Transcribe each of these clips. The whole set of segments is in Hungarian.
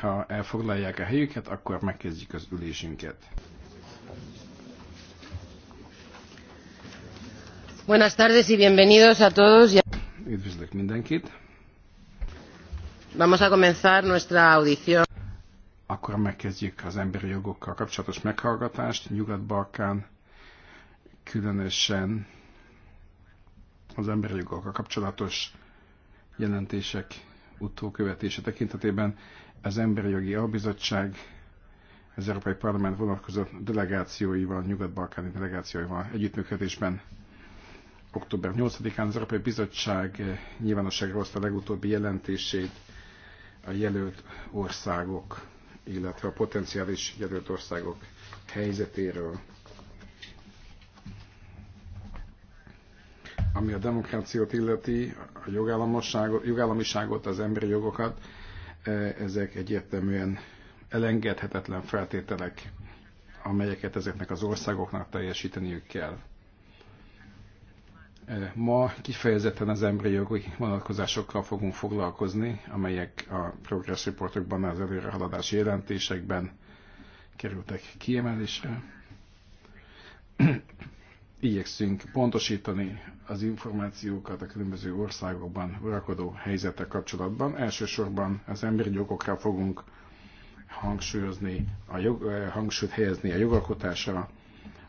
Ha elfoglalják a helyüket, akkor megkezdjük az ülésünket. Buenas tardes y bienvenidos a todos. Üdvözlök mindenkit. Vamos a comenzar nuestra audición. Akkor megkezdjük az emberi jogokkal kapcsolatos meghallgatást Nyugat-Balkán, különösen az emberi jogokkal kapcsolatos jelentések utókövetése tekintetében az Emberi Jogi Albizottság az Európai Parlament vonatkozó delegációival, nyugat-balkáni delegációival együttműködésben október 8-án az Európai Bizottság eh, nyilvánosságra hozta a legutóbbi jelentését a jelölt országok, illetve a potenciális jelölt országok helyzetéről. ami a demokrációt illeti, a jogállamiságot, az emberi jogokat, e, ezek egyértelműen elengedhetetlen feltételek, amelyeket ezeknek az országoknak teljesíteniük kell. E, ma kifejezetten az emberi jogi vonatkozásokkal fogunk foglalkozni, amelyek a progress reportokban, az előrehaladási jelentésekben kerültek kiemelésre igyekszünk pontosítani az információkat a különböző országokban urakodó helyzetek kapcsolatban. Elsősorban az emberi jogokra fogunk hangsúlyozni, a jog, eh, hangsúlyt helyezni a jogalkotásra,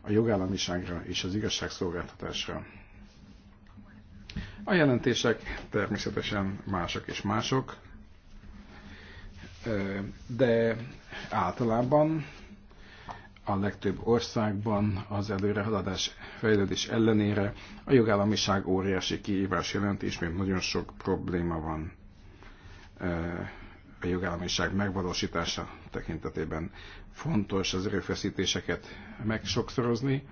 a jogállamiságra és az igazságszolgáltatásra. A jelentések természetesen mások és mások, eh, de általában a legtöbb országban az előrehaladás fejlődés ellenére a jogállamiság óriási kihívás jelent, és még nagyon sok probléma van a jogállamiság megvalósítása tekintetében. Fontos az erőfeszítéseket megsokszorozni,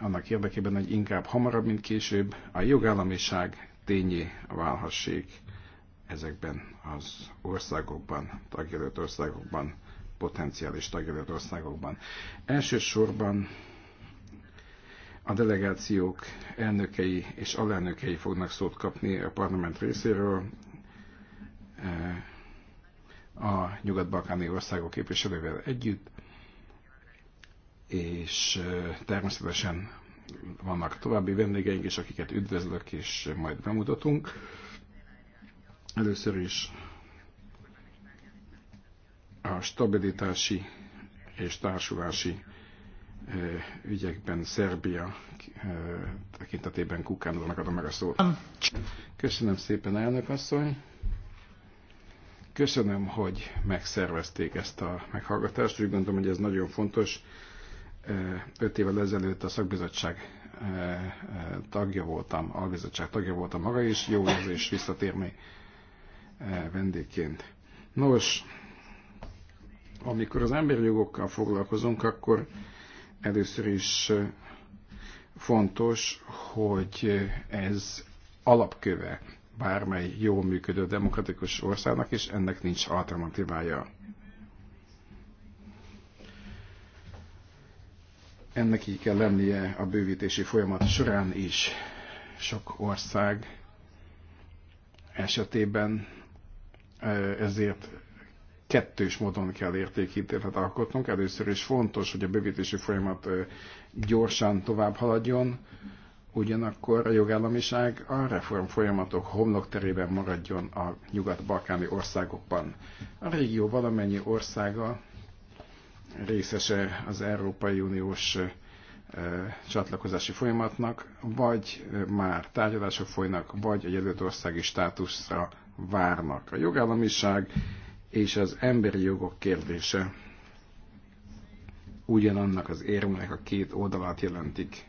annak érdekében, hogy inkább hamarabb, mint később a jogállamiság tényé válhassék ezekben az országokban, tagjelölt országokban potenciális tagjelölt országokban. Elsősorban a delegációk elnökei és alelnökei fognak szót kapni a parlament részéről, eh, a nyugat-balkáni országok képviselővel együtt, és eh, természetesen vannak további vendégeink is, akiket üdvözlök, és majd bemutatunk. Először is a stabilitási és társulási ügyekben Szerbia tekintetében Kukán adom meg a szót. Um, Köszönöm szépen, elnök asszony. Köszönöm, hogy megszervezték ezt a meghallgatást. Úgy gondolom, hogy ez nagyon fontos. Öt évvel ezelőtt a szakbizottság tagja voltam, a bizottság tagja voltam maga is. Jó érzés visszatérni vendégként. Nos, amikor az emberi jogokkal foglalkozunk, akkor először is fontos, hogy ez alapköve bármely jó működő demokratikus országnak, és ennek nincs alternatívája. Ennek így kell lennie a bővítési folyamat során is. Sok ország esetében ezért kettős módon kell értékítéletet alkotnunk. Először is fontos, hogy a bővítési folyamat gyorsan tovább haladjon, ugyanakkor a jogállamiság a reform folyamatok homlokterében maradjon a nyugat-balkáni országokban. A régió valamennyi országa részese az Európai Uniós csatlakozási folyamatnak, vagy már tárgyalások folynak, vagy egy előtt országi státuszra várnak. A jogállamiság és az emberi jogok kérdése ugyanannak az érmének a két oldalát jelentik.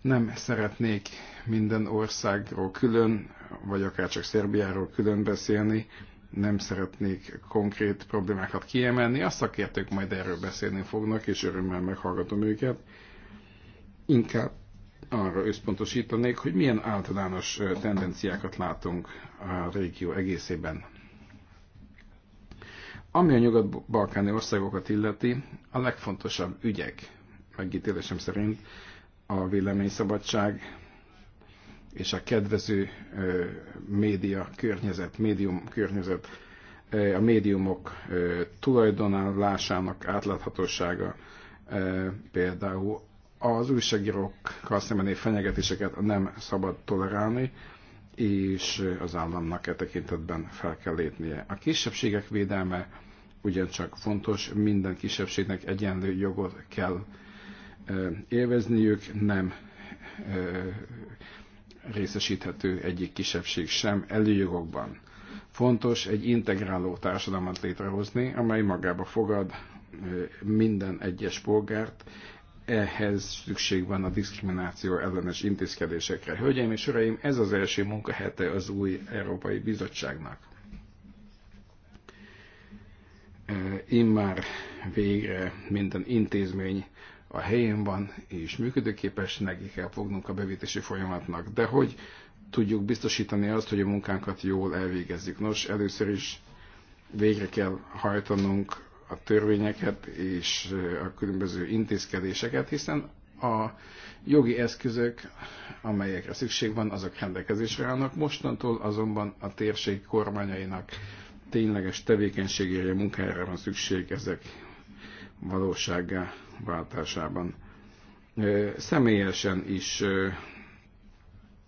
Nem szeretnék minden országról külön, vagy akár csak Szerbiáról külön beszélni, nem szeretnék konkrét problémákat kiemelni, a szakértők majd erről beszélni fognak, és örömmel meghallgatom őket. Inkább arra összpontosítanék, hogy milyen általános tendenciákat látunk a régió egészében. Ami a nyugat-balkáni országokat illeti, a legfontosabb ügyek, megítélésem szerint, a véleményszabadság és a kedvező média környezet, médium környezet, a médiumok tulajdonállásának átláthatósága például az újságírókkal szembeni fenyegetéseket nem szabad tolerálni, és az államnak e tekintetben fel kell lépnie. A kisebbségek védelme ugyancsak fontos, minden kisebbségnek egyenlő jogot kell élvezniük, nem részesíthető egyik kisebbség sem előjogokban. Fontos egy integráló társadalmat létrehozni, amely magába fogad minden egyes polgárt, ehhez szükség van a diszkrimináció ellenes intézkedésekre. Hölgyeim és Uraim, ez az első munkahete az új Európai Bizottságnak. Immár végre minden intézmény a helyén van és működőképes, neki kell fognunk a bevétési folyamatnak. De hogy tudjuk biztosítani azt, hogy a munkánkat jól elvégezzük? Nos, először is végre kell hajtanunk a törvényeket és a különböző intézkedéseket, hiszen a jogi eszközök, amelyekre szükség van, azok rendelkezésre állnak. Mostantól azonban a térség kormányainak tényleges tevékenységére, munkájára van szükség ezek valósággá váltásában. Személyesen is,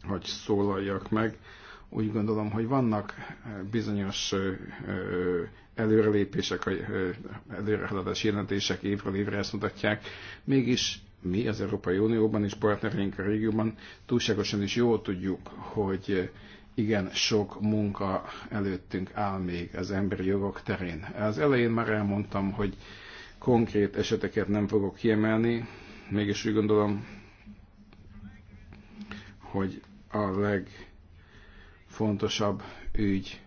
hogy szólaljak meg, úgy gondolom, hogy vannak bizonyos előrelépések, előrehaladás jelentések évről évre ezt mutatják. Mégis mi az Európai Unióban és partnereink a régióban túlságosan is jól tudjuk, hogy igen sok munka előttünk áll még az emberi jogok terén. Az elején már elmondtam, hogy konkrét eseteket nem fogok kiemelni, mégis úgy gondolom, hogy a legfontosabb ügy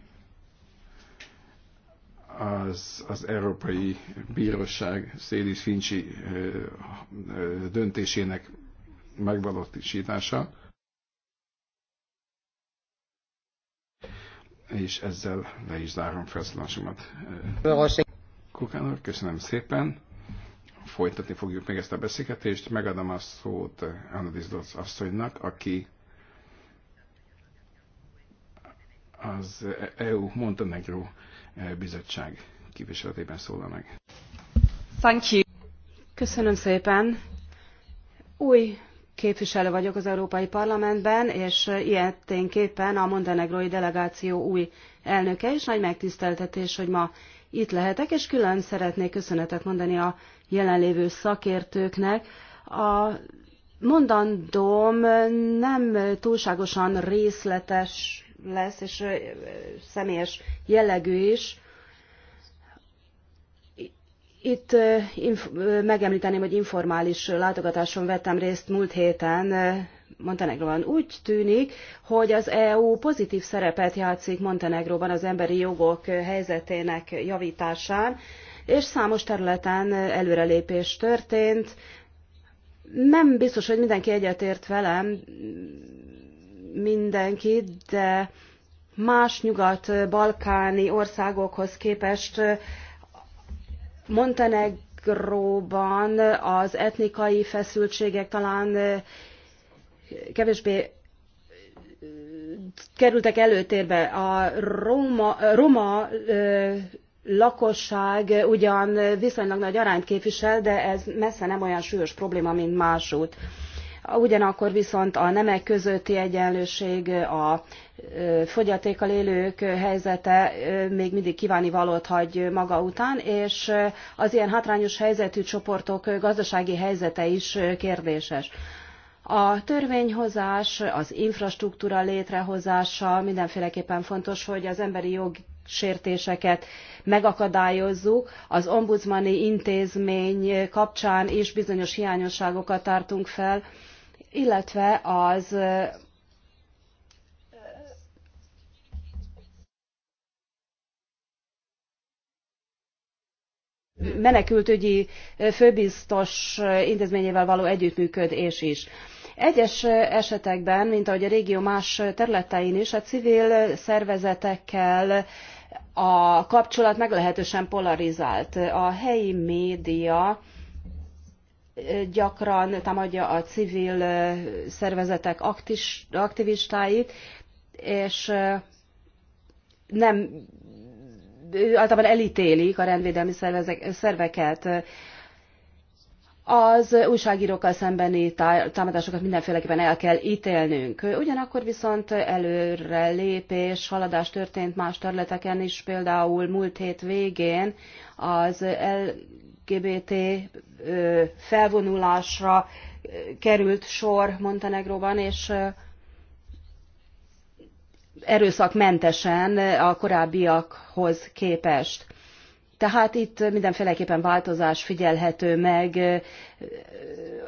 az, az Európai Bíróság Szélis Fincsi döntésének megvalósítása. És ezzel le is zárom felszólásomat. Kukán köszönöm szépen. Folytatni fogjuk még ezt a beszélgetést. Megadom a szót Anadis Dodds asszonynak, aki az EU e Montenegro bizottság képviseletében szólal meg. Thank you. Köszönöm szépen. Új képviselő vagyok az Európai Parlamentben, és tényképpen, a montenegrói delegáció új elnöke, és nagy megtiszteltetés, hogy ma itt lehetek, és külön szeretnék köszönetet mondani a jelenlévő szakértőknek. A mondandóm nem túlságosan részletes lesz, és személyes jellegű is. Itt megemlíteném, hogy informális látogatáson vettem részt múlt héten Montenegróban. Úgy tűnik, hogy az EU pozitív szerepet játszik Montenegróban az emberi jogok helyzetének javításán, és számos területen előrelépés történt. Nem biztos, hogy mindenki egyetért velem, mindenkit, de más nyugat-balkáni országokhoz képest Montenegróban az etnikai feszültségek talán kevésbé kerültek előtérbe. A roma, roma lakosság ugyan viszonylag nagy arányt képvisel, de ez messze nem olyan súlyos probléma, mint másút. Ugyanakkor viszont a nemek közötti egyenlőség, a fogyatékkal élők helyzete még mindig kíváni valót hagy maga után, és az ilyen hátrányos helyzetű csoportok gazdasági helyzete is kérdéses. A törvényhozás, az infrastruktúra létrehozása mindenféleképpen fontos, hogy az emberi jog sértéseket megakadályozzuk. Az ombudsmani intézmény kapcsán is bizonyos hiányosságokat tártunk fel, illetve az menekültügyi főbiztos intézményével való együttműködés is. Egyes esetekben, mint ahogy a régió más területein is, a civil szervezetekkel a kapcsolat meglehetősen polarizált. A helyi média gyakran támadja a civil szervezetek aktivistáit, és nem általában elítélik a rendvédelmi szerveket. Az újságírókkal szembeni támadásokat mindenféleképpen el kell ítélnünk. Ugyanakkor viszont előre lépés, haladás történt más területeken is, például múlt hét végén az el LGBT felvonulásra került sor Montenegróban, és erőszakmentesen a korábbiakhoz képest. Tehát itt mindenféleképpen változás figyelhető meg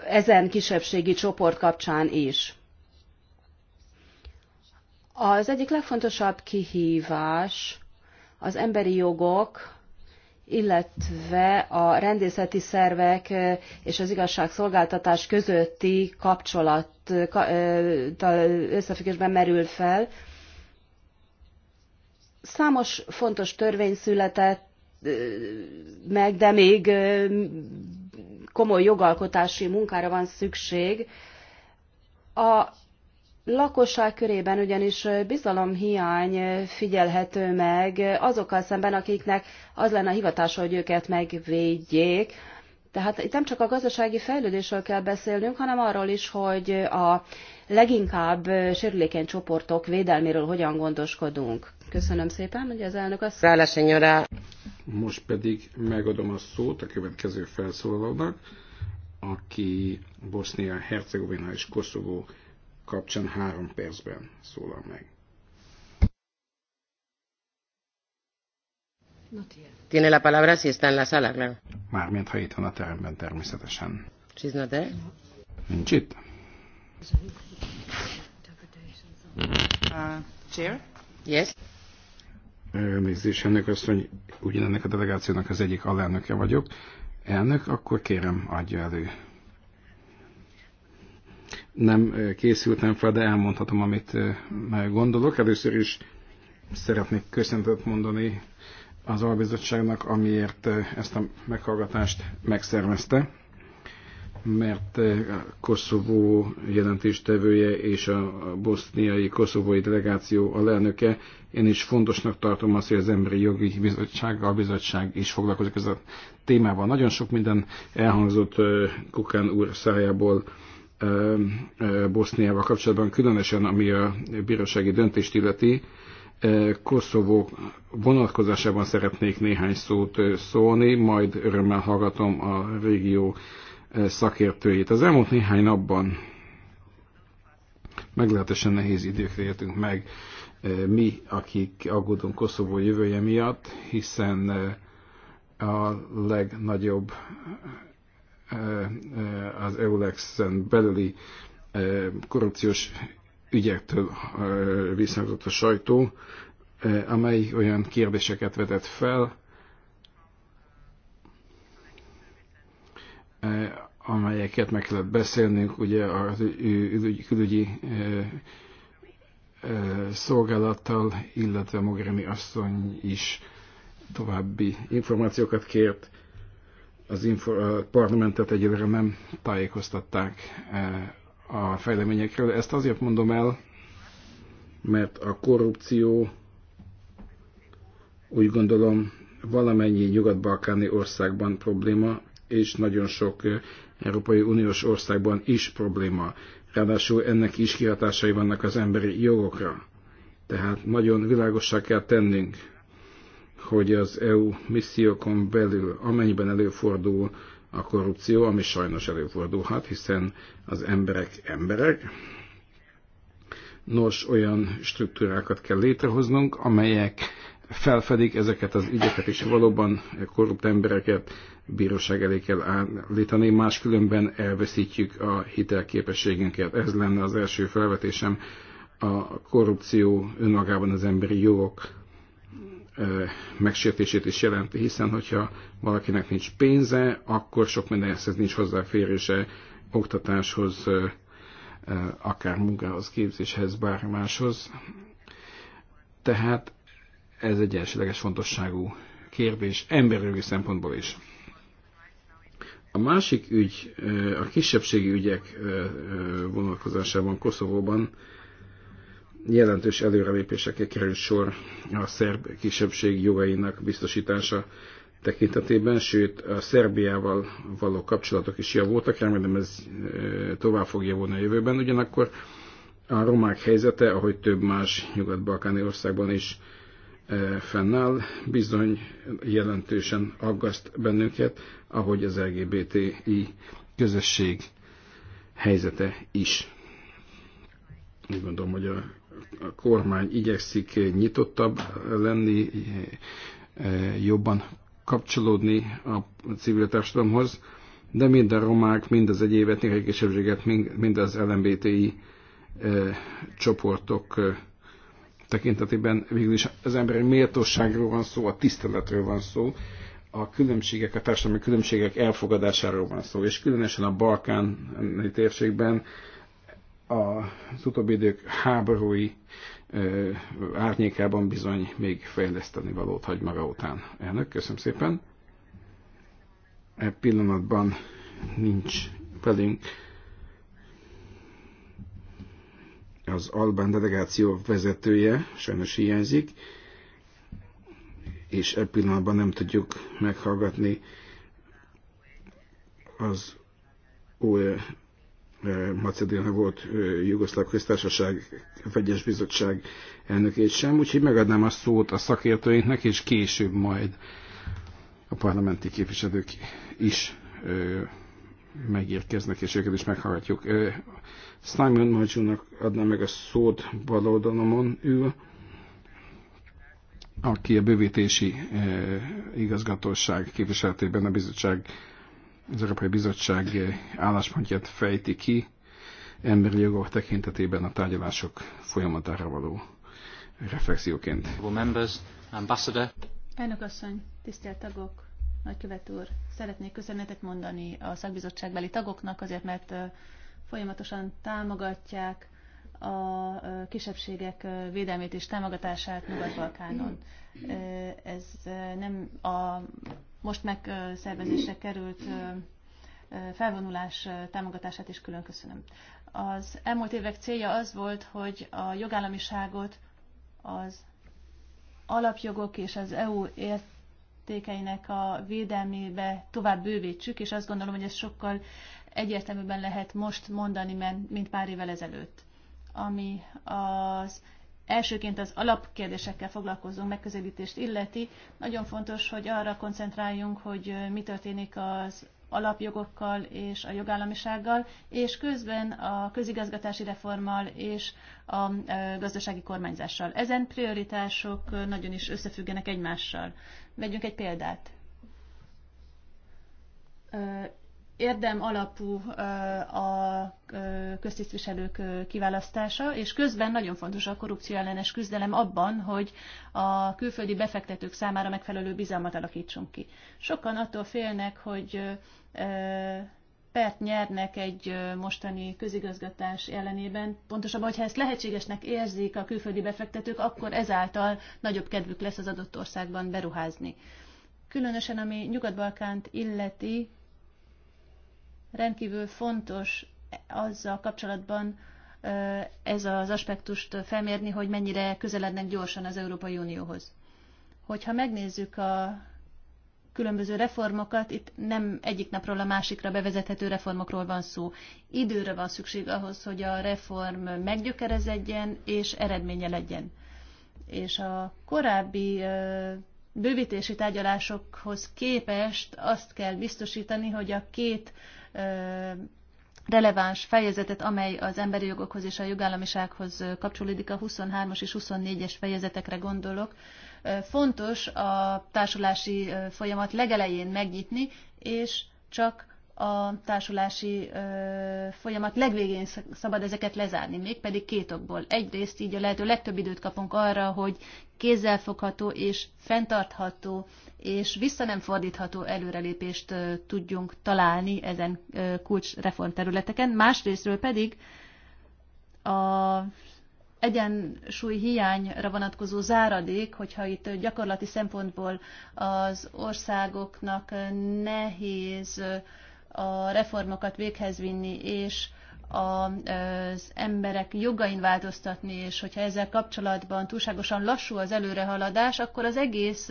ezen kisebbségi csoport kapcsán is. Az egyik legfontosabb kihívás az emberi jogok illetve a rendészeti szervek és az igazságszolgáltatás közötti kapcsolat összefüggésben merül fel. Számos fontos törvény született meg, de még komoly jogalkotási munkára van szükség. A lakosság körében ugyanis bizalomhiány figyelhető meg azokkal szemben, akiknek az lenne a hivatása, hogy őket megvédjék. Tehát itt nem csak a gazdasági fejlődésről kell beszélnünk, hanem arról is, hogy a leginkább sérülékeny csoportok védelméről hogyan gondoskodunk. Köszönöm szépen, hogy az elnök azt... mondja. senyora. Most pedig megadom a szót a következő felszólalónak, aki Bosznia, Hercegovina és Koszovó kapcsán három percben szólal meg. Tiene la palabra si está en la sala, claro. Mármint, ha itt van a teremben, természetesen. She's not there? Nincs itt. Uh, chair? Yes. Elnézést, elnök asszony, ugyanennek a delegációnak az egyik alelnöke vagyok. Elnök, akkor kérem, adja elő nem készültem fel, de elmondhatom, amit gondolok. Először is szeretnék köszöntet mondani az albizottságnak, amiért ezt a meghallgatást megszervezte, mert Koszovó jelentéstevője és a boszniai koszovói delegáció a lelnöke. Én is fontosnak tartom azt, hogy az Emberi Jogi Bizottság, albizottság is foglalkozik ezzel a témával. Nagyon sok minden elhangzott Kukán úr szájából, Boszniával kapcsolatban, különösen ami a bírósági döntést illeti, Koszovó vonatkozásában szeretnék néhány szót szólni, majd örömmel hallgatom a régió szakértőjét. Az elmúlt néhány napban meglehetősen nehéz időkre éltünk meg mi, akik aggódunk Koszovó jövője miatt, hiszen a legnagyobb az EULEX-en belüli korrupciós ügyektől visszhangozott a sajtó, amely olyan kérdéseket vetett fel, amelyeket meg kellett beszélnünk, ugye a külügyi szolgálattal, illetve Mogherini asszony is további információkat kért az infor, parlamentet egyelőre nem tájékoztatták eh, a fejleményekről. Ezt azért mondom el, mert a korrupció úgy gondolom valamennyi nyugat-balkáni országban probléma, és nagyon sok eh, Európai Uniós országban is probléma. Ráadásul ennek is kihatásai vannak az emberi jogokra. Tehát nagyon világosá kell tennünk hogy az EU missziókon belül, amennyiben előfordul a korrupció, ami sajnos előfordulhat, hiszen az emberek emberek, nos, olyan struktúrákat kell létrehoznunk, amelyek felfedik ezeket az ügyeket, és valóban korrupt embereket bíróság elé kell állítani, máskülönben elveszítjük a hitelképességünket. Ez lenne az első felvetésem, a korrupció önmagában az emberi jogok megsértését is jelenti, hiszen hogyha valakinek nincs pénze, akkor sok mindenhez nincs hozzáférése oktatáshoz, akár munkához, képzéshez, bármi máshoz. Tehát ez egy elsőleges fontosságú kérdés, emberjogi szempontból is. A másik ügy, a kisebbségi ügyek vonatkozásában Koszovóban jelentős előrelépésekkel került sor a szerb kisebbség jogainak biztosítása tekintetében, sőt a Szerbiával való kapcsolatok is javultak, remélem ez tovább fog javulni a jövőben, ugyanakkor a romák helyzete, ahogy több más nyugat-balkáni országban is fennáll, bizony jelentősen aggaszt bennünket, ahogy az LGBTI közösség helyzete is. Úgy gondolom, hogy a a kormány igyekszik nyitottabb lenni, jobban kapcsolódni a civil társadalomhoz, de mind a romák, mind az egyéb etnikai kisebbséget, mind az LMBTI eh, csoportok eh, tekintetében végül is az emberi méltóságról van szó, a tiszteletről van szó, a különbségek, a társadalmi különbségek elfogadásáról van szó, és különösen a Balkán térségben az utóbbi idők háborúi árnyékában bizony még fejleszteni valót hagy maga után. Elnök, köszönöm szépen. E pillanatban nincs velünk az Albán delegáció vezetője, sajnos hiányzik, és e pillanatban nem tudjuk meghallgatni az új Macedónia volt Jugoszláv köztársaság vegyes bizottság elnökét sem, úgyhogy megadnám a szót a szakértőinknek, és később majd a parlamenti képviselők is ö, megérkeznek, és őket is meghallgatjuk. Ö, Simon Majcsúnak adnám meg a szót baloldalamon ül, aki a bővítési ö, igazgatóság képviseletében a bizottság az Európai Bizottság álláspontját fejti ki emberi jogok tekintetében a tárgyalások folyamatára való reflexióként. Members, ambassador. Elnök asszony, tisztelt tagok, nagykövet úr, szeretnék köszönetet mondani a szakbizottságbeli tagoknak azért, mert folyamatosan támogatják a kisebbségek védelmét és támogatását Nyugat-Balkánon. Ez nem a most megszervezésre került felvonulás támogatását is külön köszönöm. Az elmúlt évek célja az volt, hogy a jogállamiságot az alapjogok és az EU értékeinek a védelmébe tovább bővítsük, és azt gondolom, hogy ez sokkal egyértelműbben lehet most mondani, mint pár évvel ezelőtt ami az elsőként az alapkérdésekkel foglalkozó megközelítést illeti, nagyon fontos, hogy arra koncentráljunk, hogy mi történik az alapjogokkal és a jogállamisággal, és közben a közigazgatási reformmal és a gazdasági kormányzással. Ezen prioritások nagyon is összefüggenek egymással. Vegyünk egy példát érdem alapú a köztisztviselők kiválasztása, és közben nagyon fontos a korrupció ellenes küzdelem abban, hogy a külföldi befektetők számára megfelelő bizalmat alakítsunk ki. Sokan attól félnek, hogy pert nyernek egy mostani közigazgatás ellenében. Pontosabban, hogyha ezt lehetségesnek érzik a külföldi befektetők, akkor ezáltal nagyobb kedvük lesz az adott országban beruházni. Különösen ami Nyugat-Balkánt illeti, rendkívül fontos azzal kapcsolatban ez az aspektust felmérni, hogy mennyire közelednek gyorsan az Európai Unióhoz. Hogyha megnézzük a különböző reformokat, itt nem egyik napról a másikra bevezethető reformokról van szó. Időre van szükség ahhoz, hogy a reform meggyökerezedjen és eredménye legyen. És a korábbi bővítési tárgyalásokhoz képest azt kell biztosítani, hogy a két releváns fejezetet, amely az emberi jogokhoz és a jogállamisághoz kapcsolódik, a 23-as és 24-es fejezetekre gondolok. Fontos a társulási folyamat legelején megnyitni, és csak a társulási folyamat legvégén szabad ezeket lezárni, mégpedig két okból. Egyrészt így a lehető legtöbb időt kapunk arra, hogy kézzelfogható és fenntartható és vissza nem fordítható előrelépést tudjunk találni ezen kulcs reformterületeken. Másrésztről pedig a egyensúly hiányra vonatkozó záradék, hogyha itt gyakorlati szempontból az országoknak nehéz a reformokat véghez vinni, és az emberek jogain változtatni, és hogyha ezzel kapcsolatban túlságosan lassú az előrehaladás, akkor az egész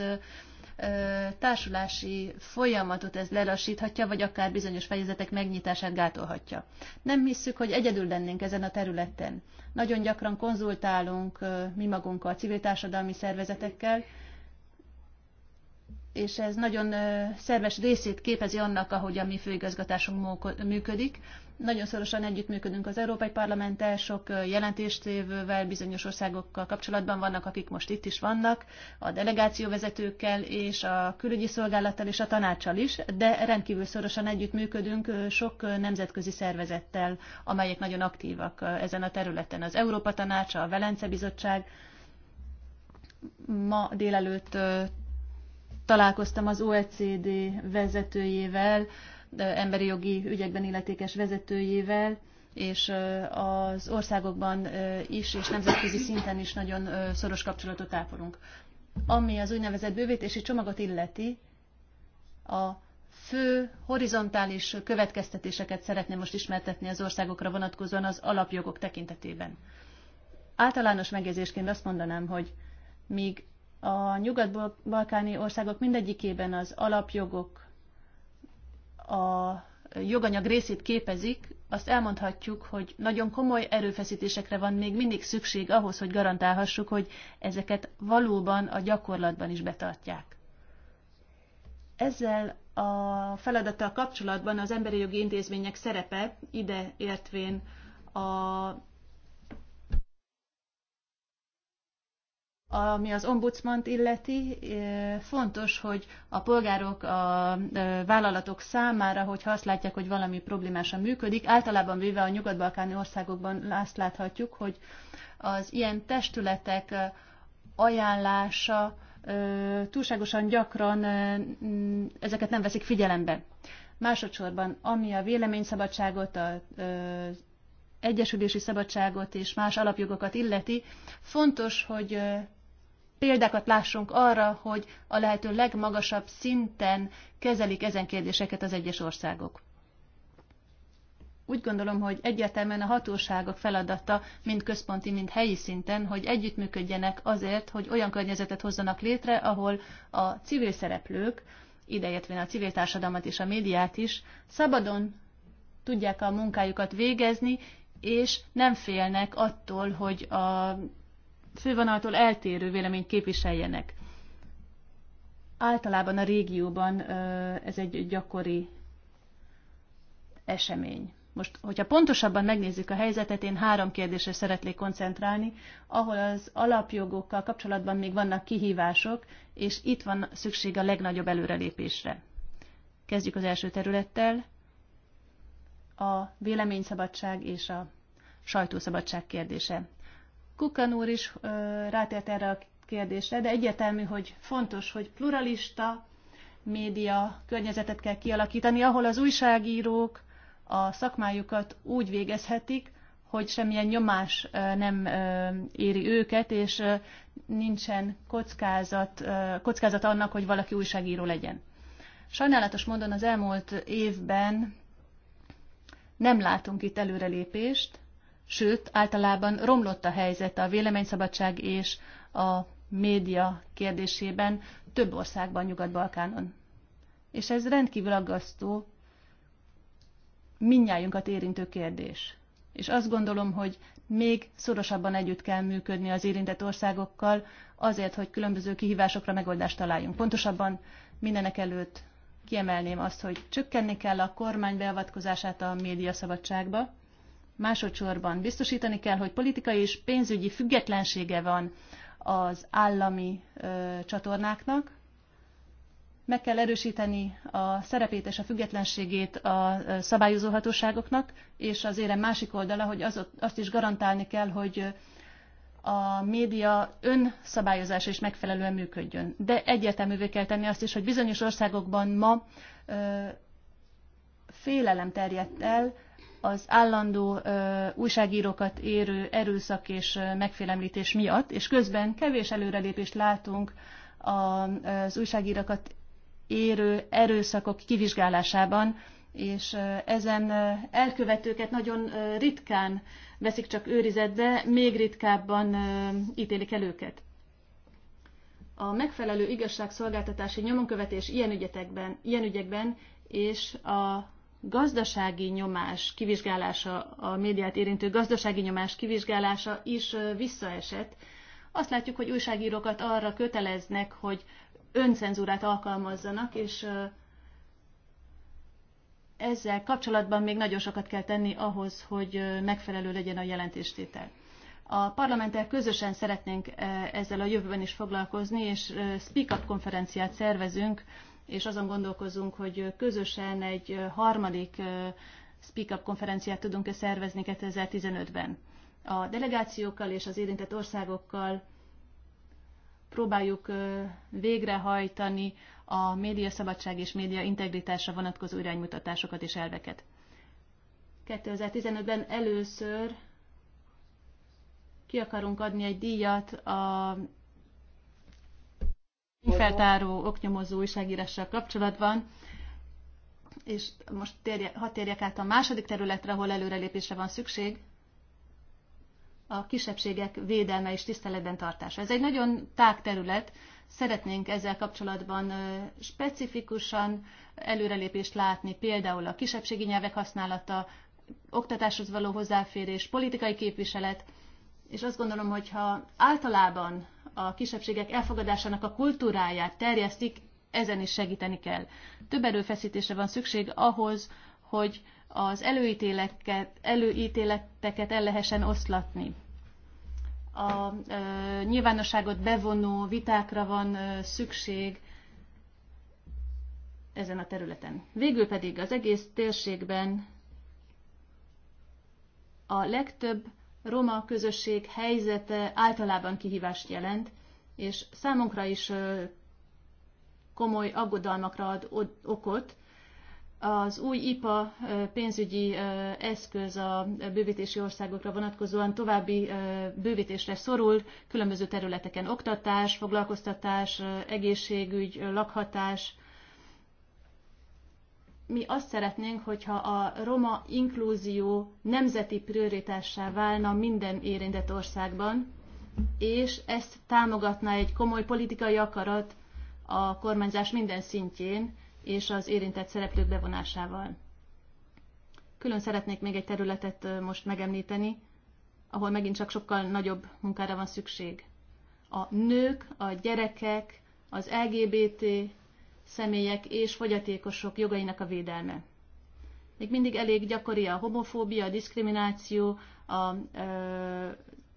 társulási folyamatot ez lelassíthatja, vagy akár bizonyos fejezetek megnyitását gátolhatja. Nem hisszük, hogy egyedül lennénk ezen a területen. Nagyon gyakran konzultálunk mi magunkkal, civil társadalmi szervezetekkel, és ez nagyon szerves részét képezi annak, ahogy a mi főigazgatásunk működik. Nagyon szorosan együttműködünk az európai parlamenttel, sok jelentéstévővel, bizonyos országokkal kapcsolatban vannak, akik most itt is vannak, a delegációvezetőkkel és a külügyi szolgálattal és a tanácsal is, de rendkívül szorosan együttműködünk sok nemzetközi szervezettel, amelyek nagyon aktívak ezen a területen. Az Európa Tanács, a Velence Bizottság, ma délelőtt találkoztam az OECD vezetőjével, emberi jogi ügyekben illetékes vezetőjével, és az országokban is, és nemzetközi szinten is nagyon szoros kapcsolatot ápolunk. Ami az úgynevezett bővítési csomagot illeti, a fő horizontális következtetéseket szeretném most ismertetni az országokra vonatkozóan az alapjogok tekintetében. Általános megjegyzésként azt mondanám, hogy míg a nyugat-balkáni országok mindegyikében az alapjogok a joganyag részét képezik, azt elmondhatjuk, hogy nagyon komoly erőfeszítésekre van még mindig szükség ahhoz, hogy garantálhassuk, hogy ezeket valóban a gyakorlatban is betartják. Ezzel a feladattal kapcsolatban az emberi jogi intézmények szerepe ide értvén a Ami az ombudsmant illeti, fontos, hogy a polgárok a vállalatok számára, hogyha azt látják, hogy valami problémásan működik, általában véve a nyugat-balkáni országokban azt láthatjuk, hogy az ilyen testületek ajánlása túlságosan gyakran ezeket nem veszik figyelembe. Másodszorban, ami a véleményszabadságot, a egyesülési szabadságot és más alapjogokat illeti, fontos, hogy példákat lássunk arra, hogy a lehető legmagasabb szinten kezelik ezen kérdéseket az egyes országok. Úgy gondolom, hogy egyértelműen a hatóságok feladata mind központi, mind helyi szinten, hogy együttműködjenek azért, hogy olyan környezetet hozzanak létre, ahol a civil szereplők, idejétve a civil társadalmat és a médiát is, szabadon tudják a munkájukat végezni, és nem félnek attól, hogy a fővonaltól eltérő véleményt képviseljenek. Általában a régióban ez egy gyakori esemény. Most, hogyha pontosabban megnézzük a helyzetet, én három kérdésre szeretnék koncentrálni, ahol az alapjogokkal kapcsolatban még vannak kihívások, és itt van szükség a legnagyobb előrelépésre. Kezdjük az első területtel, a véleményszabadság és a sajtószabadság kérdése. Kukan úr is ö, rátért erre a kérdésre, de egyértelmű, hogy fontos, hogy pluralista média környezetet kell kialakítani, ahol az újságírók a szakmájukat úgy végezhetik, hogy semmilyen nyomás nem éri őket, és nincsen kockázat, kockázat annak, hogy valaki újságíró legyen. Sajnálatos módon az elmúlt évben nem látunk itt előrelépést, sőt, általában romlott a helyzet a véleményszabadság és a média kérdésében több országban, Nyugat-Balkánon. És ez rendkívül aggasztó, minnyájunkat érintő kérdés. És azt gondolom, hogy még szorosabban együtt kell működni az érintett országokkal, azért, hogy különböző kihívásokra megoldást találjunk. Pontosabban mindenek előtt kiemelném azt, hogy csökkenni kell a kormány beavatkozását a médiaszabadságba, Másodszorban biztosítani kell, hogy politikai és pénzügyi függetlensége van az állami ö, csatornáknak. Meg kell erősíteni a szerepét és a függetlenségét a szabályozó hatóságoknak, és az érem másik oldala, hogy az, azt is garantálni kell, hogy a média önszabályozása is megfelelően működjön. De egyértelművé kell tenni azt is, hogy bizonyos országokban ma ö, félelem terjedt el, az állandó ö, újságírókat érő erőszak és ö, megfélemlítés miatt, és közben kevés előrelépést látunk a, az újságírókat érő erőszakok kivizsgálásában, és ö, ezen ö, elkövetőket nagyon ö, ritkán veszik csak őrizetbe, még ritkábban ö, ítélik el őket. A megfelelő igazságszolgáltatási nyomonkövetés ilyen ügyetekben, ilyen ügyekben és a gazdasági nyomás kivizsgálása, a médiát érintő gazdasági nyomás kivizsgálása is visszaesett. Azt látjuk, hogy újságírókat arra köteleznek, hogy öncenzúrát alkalmazzanak, és ezzel kapcsolatban még nagyon sokat kell tenni ahhoz, hogy megfelelő legyen a jelentéstétel. A parlamenttel közösen szeretnénk ezzel a jövőben is foglalkozni, és Speak Up konferenciát szervezünk és azon gondolkozunk, hogy közösen egy harmadik Speak Up konferenciát tudunk-e szervezni 2015-ben. A delegációkkal és az érintett országokkal próbáljuk végrehajtani a médiaszabadság és média integritásra vonatkozó iránymutatásokat és elveket. 2015-ben először ki akarunk adni egy díjat a feltáró, oknyomozó újságírással kapcsolatban. És most térje, hadd térjek át a második területre, ahol előrelépésre van szükség, a kisebbségek védelme és tiszteletben tartása. Ez egy nagyon tág terület, szeretnénk ezzel kapcsolatban specifikusan előrelépést látni, például a kisebbségi nyelvek használata, oktatáshoz való hozzáférés, politikai képviselet, és azt gondolom, hogy ha általában a kisebbségek elfogadásának a kultúráját terjesztik, ezen is segíteni kell. Több erőfeszítésre van szükség ahhoz, hogy az előítéleket, előítéleteket el lehessen oszlatni. A ö, nyilvánosságot bevonó vitákra van ö, szükség ezen a területen. Végül pedig az egész térségben a legtöbb roma közösség helyzete általában kihívást jelent, és számunkra is komoly aggodalmakra ad okot. Az új IPA pénzügyi eszköz a bővítési országokra vonatkozóan további bővítésre szorul, különböző területeken oktatás, foglalkoztatás, egészségügy, lakhatás, mi azt szeretnénk, hogyha a roma inklúzió nemzeti prioritássá válna minden érintett országban, és ezt támogatná egy komoly politikai akarat a kormányzás minden szintjén és az érintett szereplők bevonásával. Külön szeretnék még egy területet most megemlíteni, ahol megint csak sokkal nagyobb munkára van szükség. A nők, a gyerekek, az LGBT személyek és fogyatékosok jogainak a védelme. Még mindig elég gyakori a homofóbia, a diszkrimináció, a ö,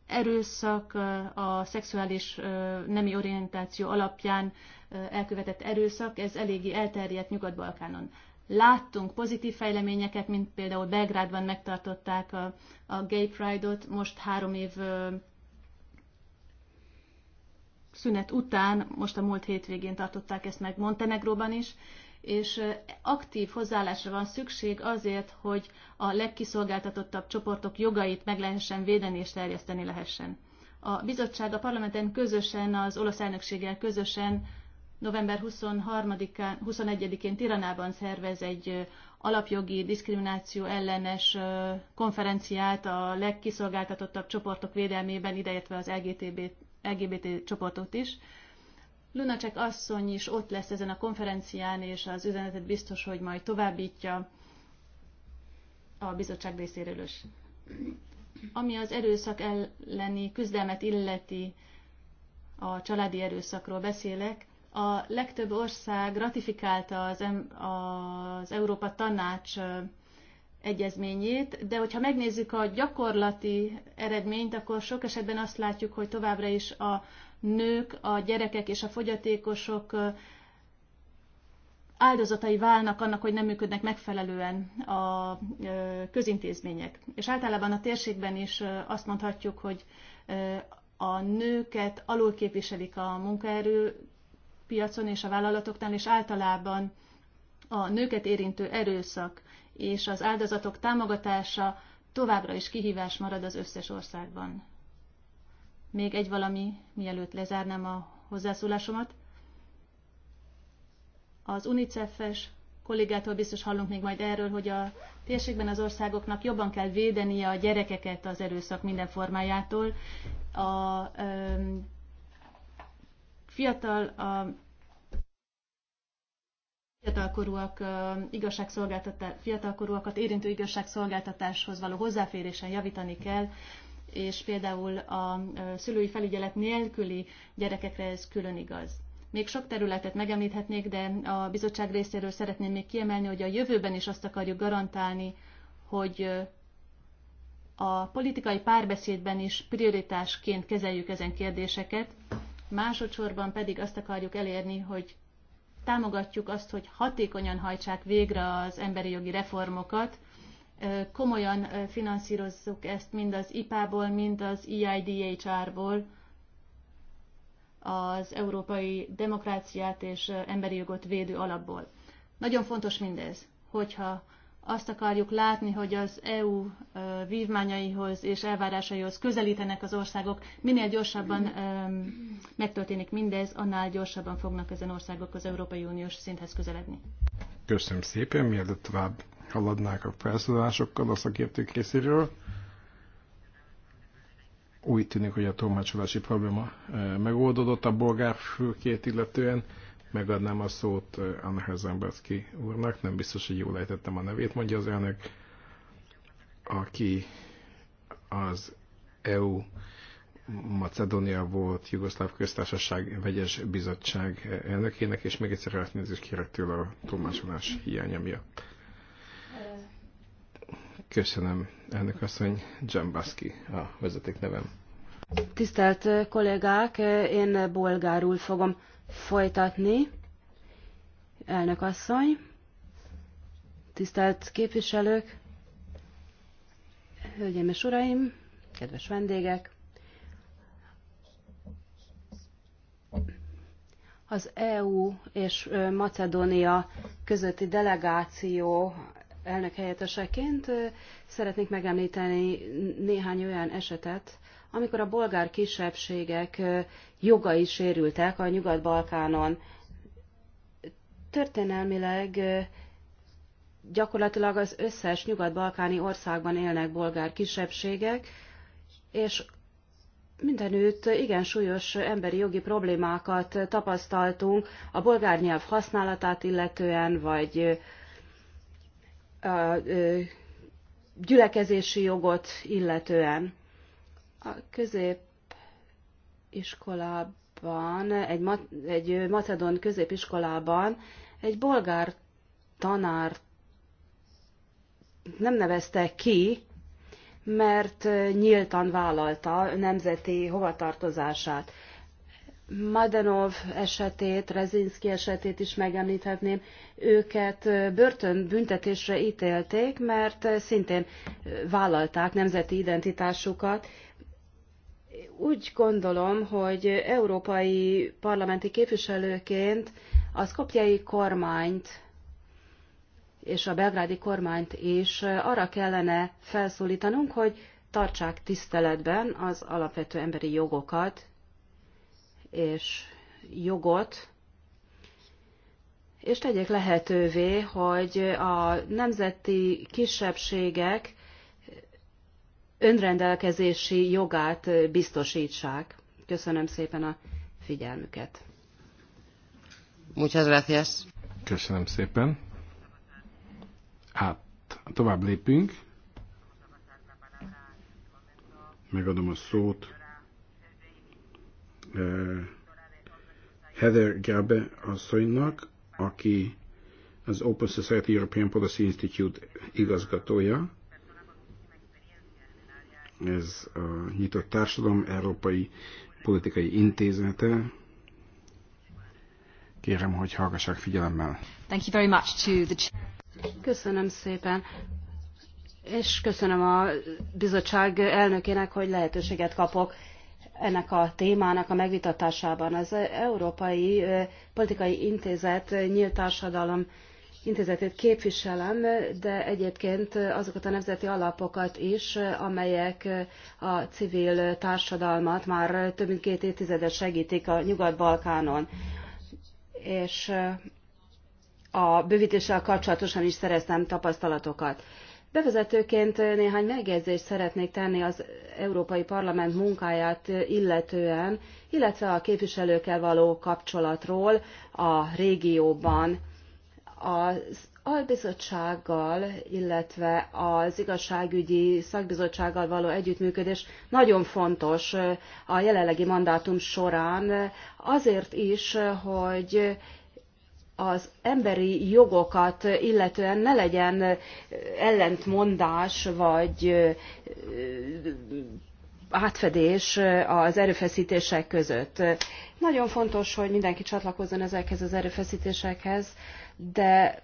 erőszak, a szexuális ö, nemi orientáció alapján ö, elkövetett erőszak, ez eléggé elterjedt Nyugat-Balkánon. Láttunk pozitív fejleményeket, mint például Belgrádban megtartották a, a Gay Pride-ot, most három év szünet után, most a múlt hétvégén tartották ezt meg Montenegróban is, és aktív hozzáállásra van szükség azért, hogy a legkiszolgáltatottabb csoportok jogait meg lehessen védeni és terjeszteni lehessen. A bizottság a parlamenten közösen, az olasz elnökséggel közösen november 23-án, 21-én Tiranában szervez egy alapjogi diszkrimináció ellenes konferenciát a legkiszolgáltatottabb csoportok védelmében, ideértve az LGTB LGBT csoportot is. Lunacek asszony is ott lesz ezen a konferencián, és az üzenetet biztos, hogy majd továbbítja a bizottság részéről is. Ami az erőszak elleni küzdelmet illeti, a családi erőszakról beszélek, a legtöbb ország ratifikálta az, az Európa Tanács egyezményét, de hogyha megnézzük a gyakorlati eredményt, akkor sok esetben azt látjuk, hogy továbbra is a nők, a gyerekek és a fogyatékosok áldozatai válnak annak, hogy nem működnek megfelelően a közintézmények. És általában a térségben is azt mondhatjuk, hogy a nőket képviselik a munkaerő piacon és a vállalatoknál, és általában a nőket érintő erőszak és az áldozatok támogatása továbbra is kihívás marad az összes országban. Még egy valami, mielőtt lezárnám a hozzászólásomat. Az UNICEF-es kollégától biztos hallunk még majd erről, hogy a térségben az országoknak jobban kell védenie a gyerekeket az erőszak minden formájától. A ö, fiatal, a fiatalkorúak igazságszolgáltatás, fiatalkorúakat érintő igazságszolgáltatáshoz való hozzáférésen javítani kell, és például a szülői felügyelet nélküli gyerekekre ez külön igaz. Még sok területet megemlíthetnék, de a bizottság részéről szeretném még kiemelni, hogy a jövőben is azt akarjuk garantálni, hogy a politikai párbeszédben is prioritásként kezeljük ezen kérdéseket, másodszorban pedig azt akarjuk elérni, hogy támogatjuk azt, hogy hatékonyan hajtsák végre az emberi jogi reformokat, komolyan finanszírozzuk ezt mind az IPA-ból, mind az EIDHR-ból, az Európai Demokráciát és Emberi Jogot Védő Alapból. Nagyon fontos mindez, hogyha azt akarjuk látni, hogy az EU vívmányaihoz és elvárásaihoz közelítenek az országok, minél gyorsabban megtörténik mindez, annál gyorsabban fognak ezen országok az Európai Uniós szinthez közeledni. Köszönöm szépen, mielőtt tovább haladnák a felszólásokkal a szakértők részéről. Úgy tűnik, hogy a tolmácsolási probléma megoldódott a bolgár fülkét illetően megadnám a szót Anna Hezenbecki úrnak, nem biztos, hogy jól ejtettem a nevét, mondja az elnök, aki az EU Macedónia volt Jugoszláv köztársaság vegyes bizottság elnökének, és még egyszer elnézést kérek tőle a tolmácsolás hiánya miatt. Köszönöm, elnök asszony, Dzsambaszki a vezeték nevem. Tisztelt kollégák, én bolgárul fogom folytatni. Elnök asszony, tisztelt képviselők, hölgyeim és uraim, kedves vendégek! Az EU és Macedónia közötti delegáció elnök helyetteseként szeretnék megemlíteni néhány olyan esetet, amikor a bolgár kisebbségek jogai sérültek a Nyugat-Balkánon. Történelmileg gyakorlatilag az összes nyugat-balkáni országban élnek bolgár kisebbségek, és mindenütt igen súlyos emberi jogi problémákat tapasztaltunk a bolgár nyelv használatát illetően, vagy a gyülekezési jogot illetően. A középiskolában, egy, ma, egy macedon középiskolában egy bolgár tanár nem nevezte ki, mert nyíltan vállalta nemzeti hovatartozását. Madenov esetét, Rezinski esetét is megemlíthetném, őket börtönbüntetésre ítélték, mert szintén vállalták nemzeti identitásukat, úgy gondolom, hogy európai parlamenti képviselőként a szkopjai kormányt és a belgrádi kormányt is arra kellene felszólítanunk, hogy tartsák tiszteletben az alapvető emberi jogokat és jogot, és tegyék lehetővé, hogy a nemzeti kisebbségek önrendelkezési jogát biztosítsák. Köszönöm szépen a figyelmüket. Muchas gracias. Köszönöm szépen. Hát, tovább lépünk. Megadom a szót. Heather Gabe asszonynak, aki az Open Society European Policy Institute igazgatója ez a nyitott társadalom európai politikai intézete. Kérem, hogy hallgassák figyelemmel. Thank you very much to the... Köszönöm szépen. És köszönöm a bizottság elnökének, hogy lehetőséget kapok ennek a témának a megvitatásában. Az Európai Politikai Intézet nyílt társadalom intézetét képviselem, de egyébként azokat a nemzeti alapokat is, amelyek a civil társadalmat már több mint két évtizedet segítik a Nyugat-Balkánon. És a bővítéssel kapcsolatosan is szereztem tapasztalatokat. Bevezetőként néhány megjegyzést szeretnék tenni az Európai Parlament munkáját illetően, illetve a képviselőkkel való kapcsolatról a régióban az albizottsággal, illetve az igazságügyi szakbizottsággal való együttműködés nagyon fontos a jelenlegi mandátum során, azért is, hogy az emberi jogokat illetően ne legyen ellentmondás vagy átfedés az erőfeszítések között. Nagyon fontos, hogy mindenki csatlakozzon ezekhez az erőfeszítésekhez, de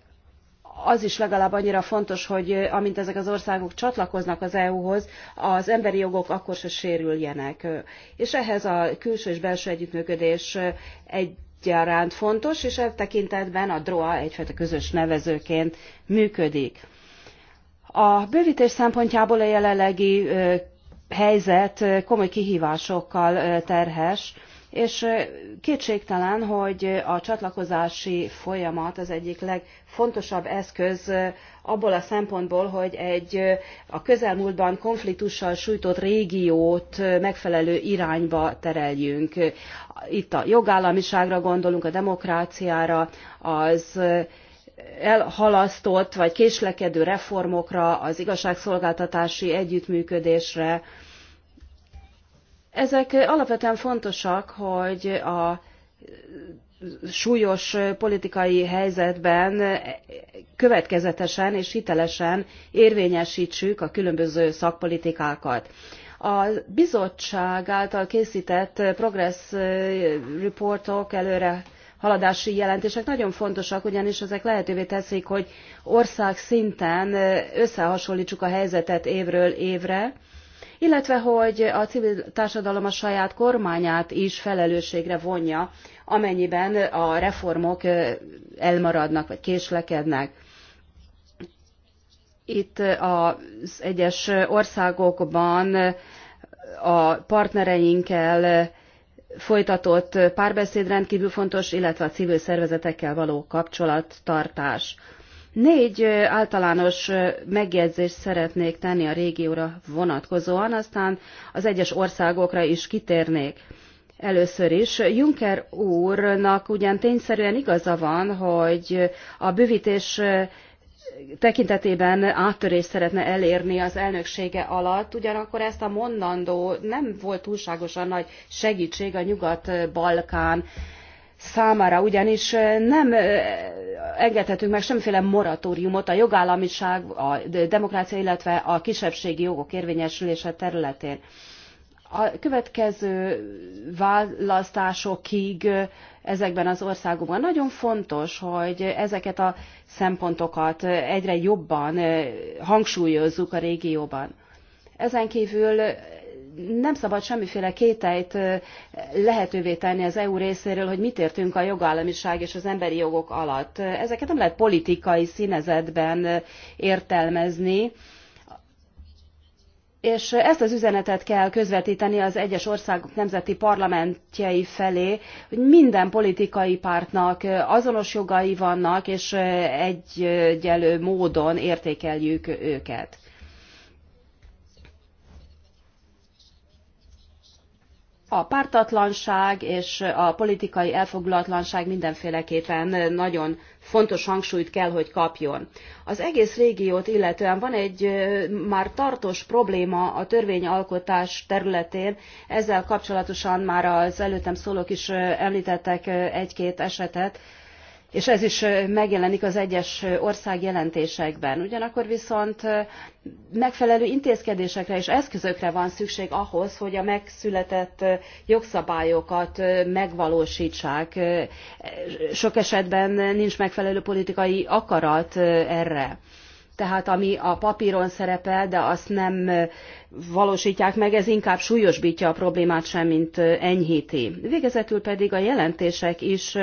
az is legalább annyira fontos, hogy eh, amint ezek az országok csatlakoznak az EU-hoz, az emberi jogok akkor se sérüljenek. Eh, és ehhez a külső és belső együttműködés eh, egyaránt fontos, és e tekintetben a DROA egyfajta közös nevezőként működik. A bővítés szempontjából a jelenlegi helyzet komoly kihívásokkal terhes, és kétségtelen, hogy a csatlakozási folyamat az egyik legfontosabb eszköz abból a szempontból, hogy egy a közelmúltban konfliktussal sújtott régiót megfelelő irányba tereljünk. Itt a jogállamiságra gondolunk, a demokráciára, az elhalasztott vagy késlekedő reformokra, az igazságszolgáltatási együttműködésre, ezek alapvetően fontosak, hogy a súlyos politikai helyzetben következetesen és hitelesen érvényesítsük a különböző szakpolitikákat. A bizottság által készített progress reportok előre haladási jelentések nagyon fontosak, ugyanis ezek lehetővé teszik, hogy ország szinten összehasonlítsuk a helyzetet évről évre, illetve hogy a civil társadalom a saját kormányát is felelősségre vonja, amennyiben a reformok elmaradnak vagy késlekednek. Itt az egyes országokban a partnereinkkel folytatott párbeszéd rendkívül fontos, illetve a civil szervezetekkel való kapcsolattartás. Négy általános megjegyzést szeretnék tenni a régióra vonatkozóan, aztán az egyes országokra is kitérnék. Először is Juncker úrnak ugyan tényszerűen igaza van, hogy a bővítés tekintetében áttörést szeretne elérni az elnöksége alatt, ugyanakkor ezt a mondandó nem volt túlságosan nagy segítség a Nyugat-Balkán számára, ugyanis nem engedhetünk meg semmiféle moratóriumot a jogállamiság, a demokrácia, illetve a kisebbségi jogok érvényesülése területén. A következő választásokig ezekben az országokban nagyon fontos, hogy ezeket a szempontokat egyre jobban hangsúlyozzuk a régióban. Ezen kívül nem szabad semmiféle kételyt lehetővé tenni az EU részéről, hogy mit értünk a jogállamiság és az emberi jogok alatt. Ezeket nem lehet politikai színezetben értelmezni, és ezt az üzenetet kell közvetíteni az egyes országok nemzeti parlamentjei felé, hogy minden politikai pártnak azonos jogai vannak, és egyelő módon értékeljük őket. a pártatlanság és a politikai elfoglalatlanság mindenféleképpen nagyon fontos hangsúlyt kell, hogy kapjon. Az egész régiót illetően van egy már tartós probléma a törvényalkotás területén, ezzel kapcsolatosan már az előttem szólók is említettek egy-két esetet, és ez is megjelenik az egyes ország jelentésekben. Ugyanakkor viszont megfelelő intézkedésekre és eszközökre van szükség ahhoz, hogy a megszületett jogszabályokat megvalósítsák. Sok esetben nincs megfelelő politikai akarat erre. Tehát ami a papíron szerepel, de azt nem valósítják meg, ez inkább súlyosbítja a problémát sem, mint enyhíti. Végezetül pedig a jelentések is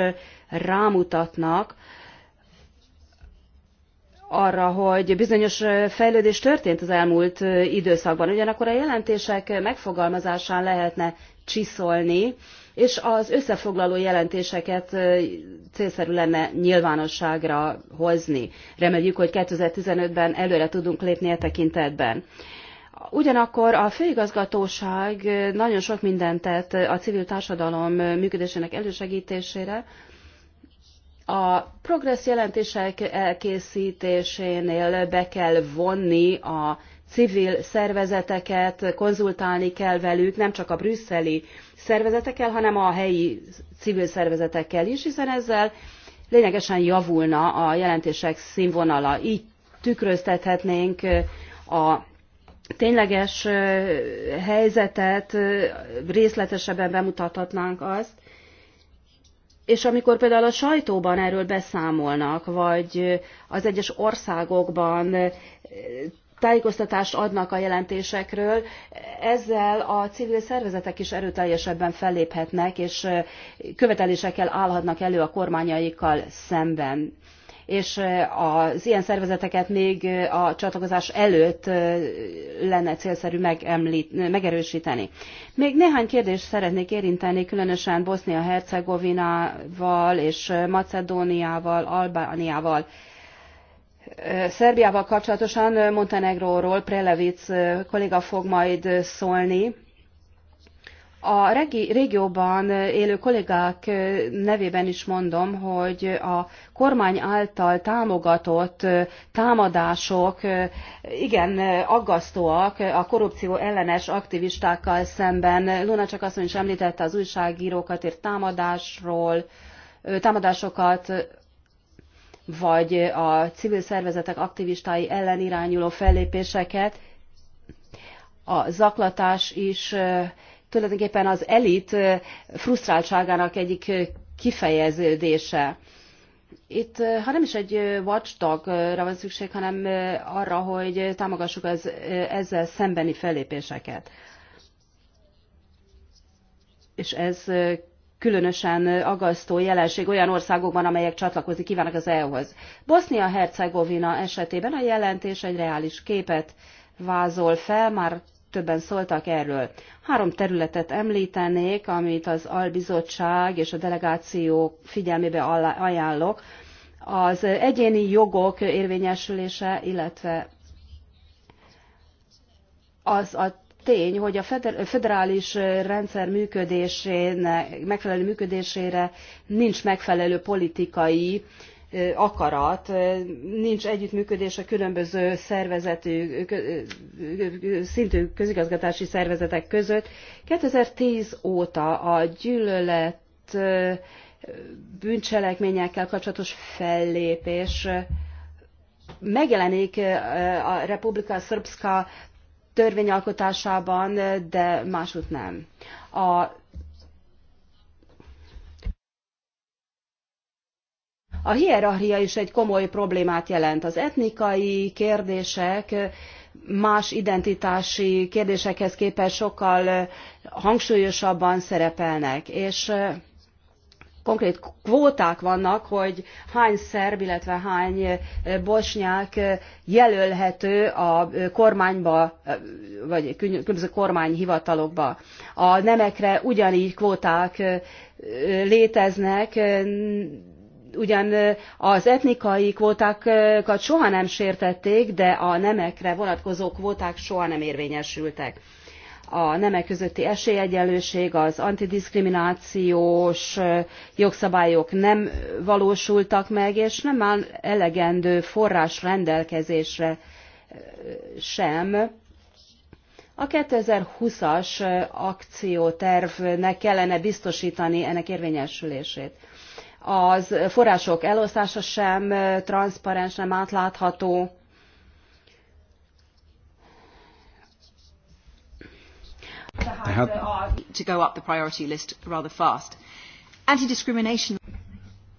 rámutatnak arra, hogy bizonyos fejlődés történt az elmúlt időszakban. Ugyanakkor a jelentések megfogalmazásán lehetne csiszolni, és az összefoglaló jelentéseket célszerű lenne nyilvánosságra hozni. Reméljük, hogy 2015-ben előre tudunk lépni e tekintetben. Ugyanakkor a főigazgatóság nagyon sok mindent tett a civil társadalom működésének elősegítésére, a progressz jelentések elkészítésénél be kell vonni a civil szervezeteket, konzultálni kell velük, nem csak a brüsszeli szervezetekkel, hanem a helyi civil szervezetekkel is, hiszen ezzel lényegesen javulna a jelentések színvonala. Így tükröztethetnénk a tényleges helyzetet, részletesebben bemutathatnánk azt, és amikor például a sajtóban erről beszámolnak, vagy az egyes országokban eh, tájékoztatást adnak a jelentésekről, ezzel a civil szervezetek is erőteljesebben felléphetnek, és eh, követelésekkel állhatnak elő a kormányaikkal szemben és az ilyen szervezeteket még a csatlakozás előtt lenne célszerű megemlít, megerősíteni. Még néhány kérdést szeretnék érinteni, különösen Bosznia-Hercegovinával és Macedóniával, Albániával. Szerbiával kapcsolatosan Montenegróról Prelevic kolléga fog majd szólni a regi, régióban élő kollégák nevében is mondom, hogy a kormány által támogatott támadások igen aggasztóak a korrupció ellenes aktivistákkal szemben. Luna csak azt is említette az újságírókat ért támadásról, támadásokat, vagy a civil szervezetek aktivistái ellen irányuló fellépéseket. A zaklatás is tulajdonképpen az elit frusztráltságának egyik kifejeződése. Itt, ha nem is egy watchdogra van szükség, hanem arra, hogy támogassuk az ezzel szembeni fellépéseket. És ez különösen aggasztó jelenség olyan országokban, amelyek csatlakozni kívánnak az EU-hoz. bosnia hercegovina esetében a jelentés egy reális képet vázol fel, már többen szóltak erről. Három területet említenék, amit az albizottság és a delegáció figyelmébe ajánlok. Az egyéni jogok érvényesülése, illetve az a tény, hogy a federális rendszer megfelelő működésére nincs megfelelő politikai akarat, nincs együttműködés a különböző szervezetű, szintű közigazgatási szervezetek között. 2010 óta a gyűlölet bűncselekményekkel kapcsolatos fellépés megjelenik a Republika Srpska törvényalkotásában, de másút nem. A A hierarchia is egy komoly problémát jelent. Az etnikai kérdések más identitási kérdésekhez képest sokkal hangsúlyosabban szerepelnek, és konkrét kvóták vannak, hogy hány szerb, illetve hány bosnyák jelölhető a kormányba, vagy különböző kormányhivatalokba. A nemekre ugyanígy kvóták léteznek, ugyan az etnikai kvótákat soha nem sértették, de a nemekre vonatkozó kvóták soha nem érvényesültek. A nemek közötti esélyegyenlőség, az antidiszkriminációs jogszabályok nem valósultak meg, és nem áll elegendő forrás rendelkezésre sem. A 2020-as akciótervnek kellene biztosítani ennek érvényesülését az források elosztása sem transzparens, nem átlátható. Tehát to go up the priority list rather fast. Anti-discrimination.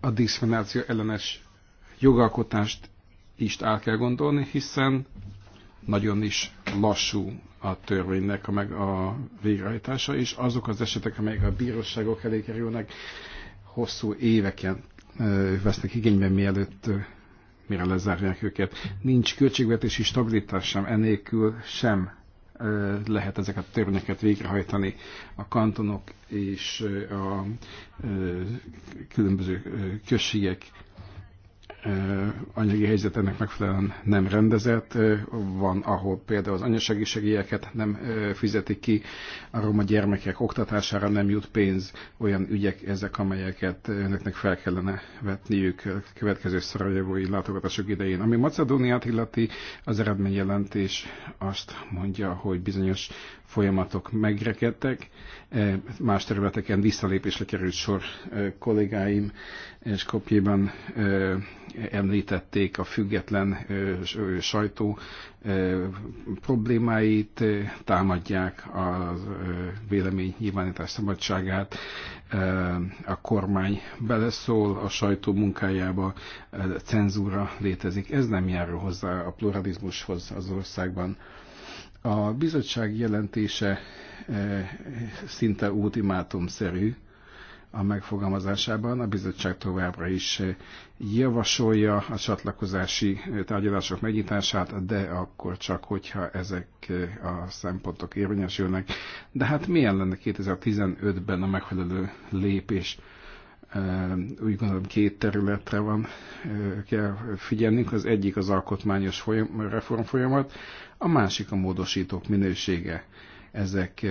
A diszkrimináció ellenes jogalkotást is el kell gondolni, hiszen nagyon is lassú a törvénynek a, meg a végrehajtása, és azok az esetek, amelyek a bíróságok elé kerülnek, hosszú éveken vesznek igénybe, mielőtt mire lezárják őket. Nincs költségvetési stabilitás sem, enélkül sem lehet ezeket a törvényeket végrehajtani a kantonok és a különböző községek anyagi helyzet ennek megfelelően nem rendezett, van, ahol például az anyasági segélyeket nem fizetik ki, a roma gyermekek oktatására nem jut pénz, olyan ügyek ezek, amelyeket önöknek fel kellene vetniük a következő szarajevói látogatások idején. Ami Macedóniát illeti, az eredmény jelentés azt mondja, hogy bizonyos folyamatok megrekedtek, e, más területeken visszalépésre került sor e, kollégáim, és kopjében e, említették a független sajtó problémáit, támadják a vélemény nyilvánítás szabadságát, a kormány beleszól a sajtó munkájába, cenzúra létezik. Ez nem járul hozzá a pluralizmushoz az országban. A bizottság jelentése e, szinte ultimátumszerű a megfogalmazásában. A bizottság továbbra is e, javasolja a csatlakozási e, tárgyalások megnyitását, de akkor csak, hogyha ezek a szempontok érvényesülnek. De hát milyen lenne 2015-ben a megfelelő lépés? úgy gondolom két területre van, kell figyelnünk. Az egyik az alkotmányos folyam, reform folyamat, a másik a módosítók minősége. Ezek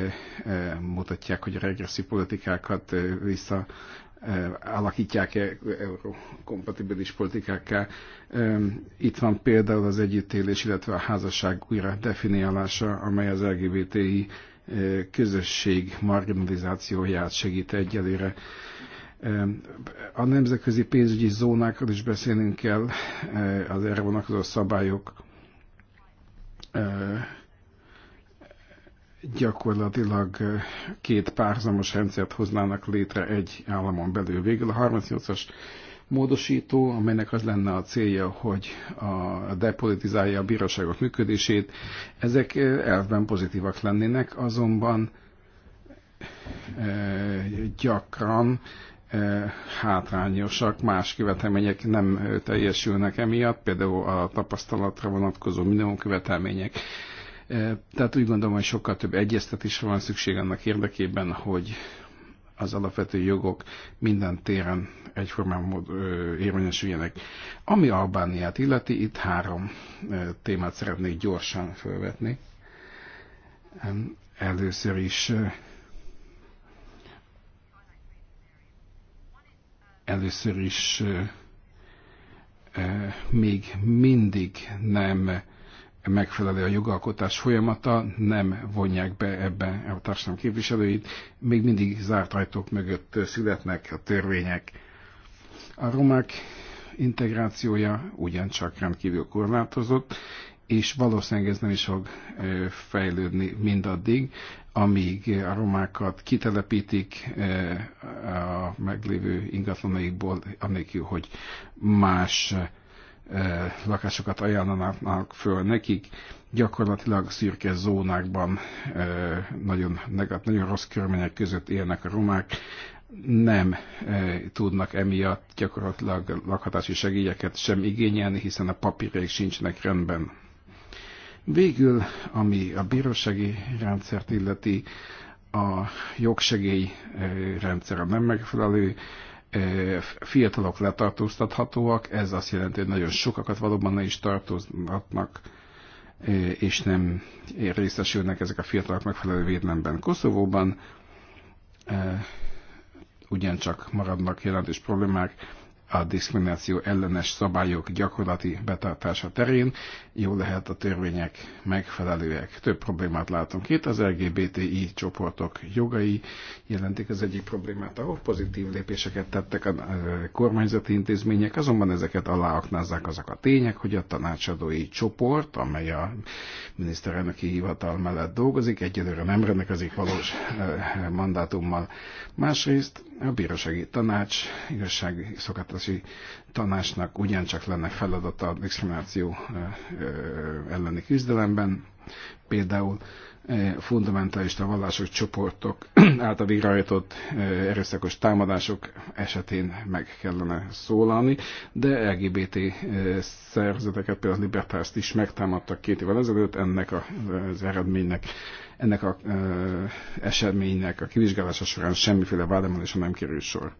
mutatják, hogy a regresszív politikákat vissza alakítják-e eurokompatibilis politikákká. Itt van például az együttélés, illetve a házasság újra definiálása, amely az LGBTI közösség marginalizációját segít egyelőre a nemzetközi pénzügyi zónákat is beszélnünk kell, e, az erre vonatkozó szabályok e, gyakorlatilag e, két párhuzamos rendszert hoznának létre egy államon belül. Végül a 38-as módosító, amelynek az lenne a célja, hogy a depolitizálja a bíróságok működését. Ezek elvben pozitívak lennének, azonban gyakran hátrányosak, más követelmények nem teljesülnek emiatt, például a tapasztalatra vonatkozó minimum követelmények. Tehát úgy gondolom, hogy sokkal több egyeztetésre van szükség annak érdekében, hogy az alapvető jogok minden téren egyformán mód, érvényesüljenek. Ami Albániát illeti, itt három témát szeretnék gyorsan felvetni. Először is Először is még mindig nem megfelelő a jogalkotás folyamata, nem vonják be ebbe a társadalom képviselőit, még mindig zárt ajtók mögött születnek a törvények. A romák integrációja ugyancsak rendkívül korlátozott, és valószínűleg ez nem is fog fejlődni mindaddig, amíg a romákat kitelepítik a meglévő ingatlanaikból, anélkül, hogy más lakásokat ajánlanak föl nekik, gyakorlatilag szürke zónákban nagyon, nagyon rossz körmények között élnek a romák, nem tudnak emiatt gyakorlatilag lakhatási segélyeket sem igényelni, hiszen a papírjaik sincsenek rendben. Végül, ami a bírósági rendszert illeti, a jogsegély eh, rendszer a nem megfelelő, eh, fiatalok letartóztathatóak, ez azt jelenti, hogy nagyon sokakat valóban le is tartóztatnak, eh, és nem részesülnek ezek a fiatalok megfelelő védelemben. Koszovóban ugyancsak maradnak jelentős problémák, a diszkrimináció ellenes szabályok gyakorlati betartása terén. Jó lehet a törvények megfelelőek. Több problémát látunk itt. Az LGBTI csoportok jogai jelentik az egyik problémát, ahol pozitív lépéseket tettek a kormányzati intézmények, azonban ezeket aláaknázzák azok a tények, hogy a tanácsadói csoport, amely a miniszterelnöki hivatal mellett dolgozik, egyelőre nem rendelkezik valós mandátummal. Másrészt a bírósági tanács, igazság szokatási tanácsnak ugyancsak lenne feladata a diszkrimináció elleni küzdelemben. Például fundamentalista vallások csoportok által végrehajtott erőszakos támadások esetén meg kellene szólalni, de LGBT szervezeteket, például a Libertást is megtámadtak két évvel ezelőtt, ennek az eredménynek ennek a ö, eseménynek a kivizsgálása során semmiféle vádemelésre nem kerül sor.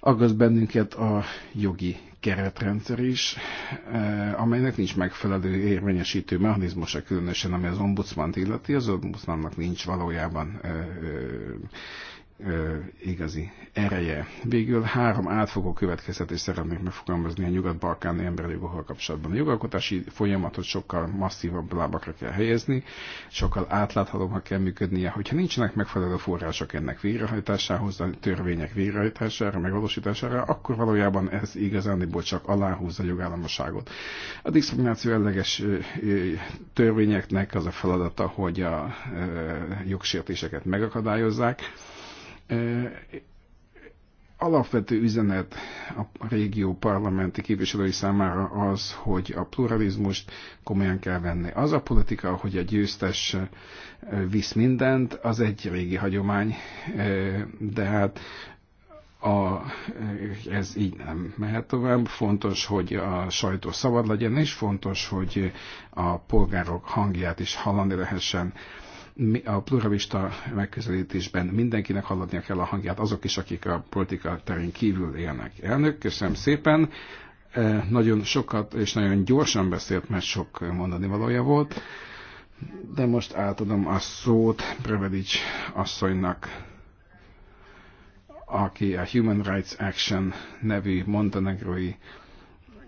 Aggaszt bennünket a jogi keretrendszer is, amelynek nincs megfelelő érvényesítő mechanizmusa, különösen ami az ombudsman illeti, az ombudsmannak nincs valójában igazi ereje. Végül három átfogó következtetést szeretnék megfogalmazni a nyugat-balkáni emberi jogokkal kapcsolatban. A jogalkotási folyamatot sokkal masszívabb lábakra kell helyezni, sokkal átláthatóbbnak kell működnie. Hogyha nincsenek megfelelő források ennek végrehajtásához, a törvények végrehajtására, megvalósítására, akkor valójában ez igazániból csak aláhúzza a jogállamoságot. A diszkrimináció elleges törvényeknek az a feladata, hogy a jogsértéseket megakadályozzák, Alapvető üzenet a régió parlamenti képviselői számára az, hogy a pluralizmust komolyan kell venni. Az a politika, hogy a győztes visz mindent, az egy régi hagyomány, de hát a, ez így nem mehet tovább. Fontos, hogy a sajtó szabad legyen, és fontos, hogy a polgárok hangját is hallani lehessen a pluralista megközelítésben mindenkinek hallatnia kell a hangját, azok is, akik a politika terén kívül élnek. Elnök, köszönöm szépen. E, nagyon sokat és nagyon gyorsan beszélt, mert sok mondani valója volt. De most átadom a szót Prevedics asszonynak, aki a Human Rights Action nevű montenegrói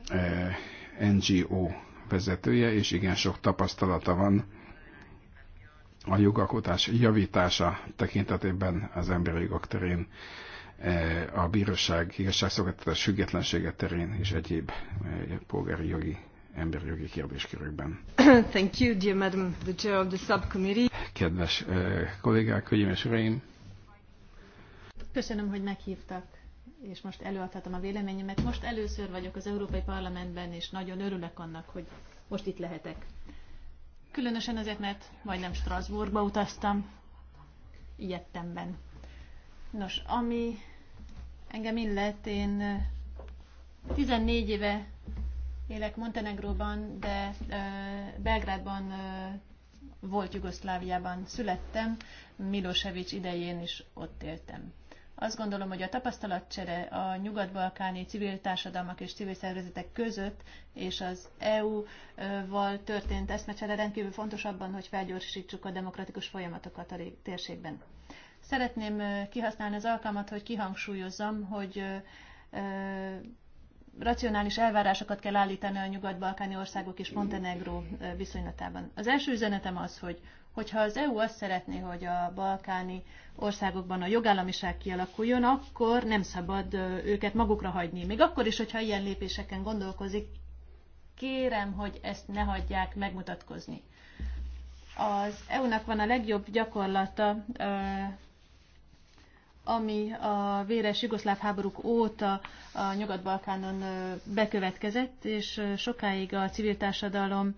e, NGO vezetője, és igen sok tapasztalata van a jogalkotás javítása tekintetében az emberi jogok terén, e, a bíróság igazságszolgáltatás függetlensége terén és egyéb e, polgári jogi emberi jogi kérdéskörökben. Thank you, dear Madam, the chair of the subcommittee. Kedves e, kollégák, hölgyeim és uraim! Köszönöm, hogy meghívtak, és most előadhatom a véleményemet. Most először vagyok az Európai Parlamentben, és nagyon örülök annak, hogy most itt lehetek. Különösen azért, mert majdnem Strasbourgba utaztam. Ilyettemben. Nos, ami engem illet, én 14 éve élek Montenegróban, de Belgrádban volt Jugoszláviában születtem, Milosevic idején is ott éltem. Azt gondolom, hogy a tapasztalatcsere a nyugat-balkáni civil társadalmak és civil szervezetek között és az EU-val történt eszmecsere rendkívül fontos abban, hogy felgyorsítsuk a demokratikus folyamatokat a térségben. Szeretném kihasználni az alkalmat, hogy kihangsúlyozzam, hogy racionális elvárásokat kell állítani a nyugat-balkáni országok és Montenegró viszonylatában. Az első üzenetem az, hogy hogyha az EU azt szeretné, hogy a balkáni országokban a jogállamiság kialakuljon, akkor nem szabad őket magukra hagyni. Még akkor is, hogyha ilyen lépéseken gondolkozik, kérem, hogy ezt ne hagyják megmutatkozni. Az EU-nak van a legjobb gyakorlata, ami a véres jugoszláv háborúk óta a Nyugat-Balkánon bekövetkezett, és sokáig a civil társadalom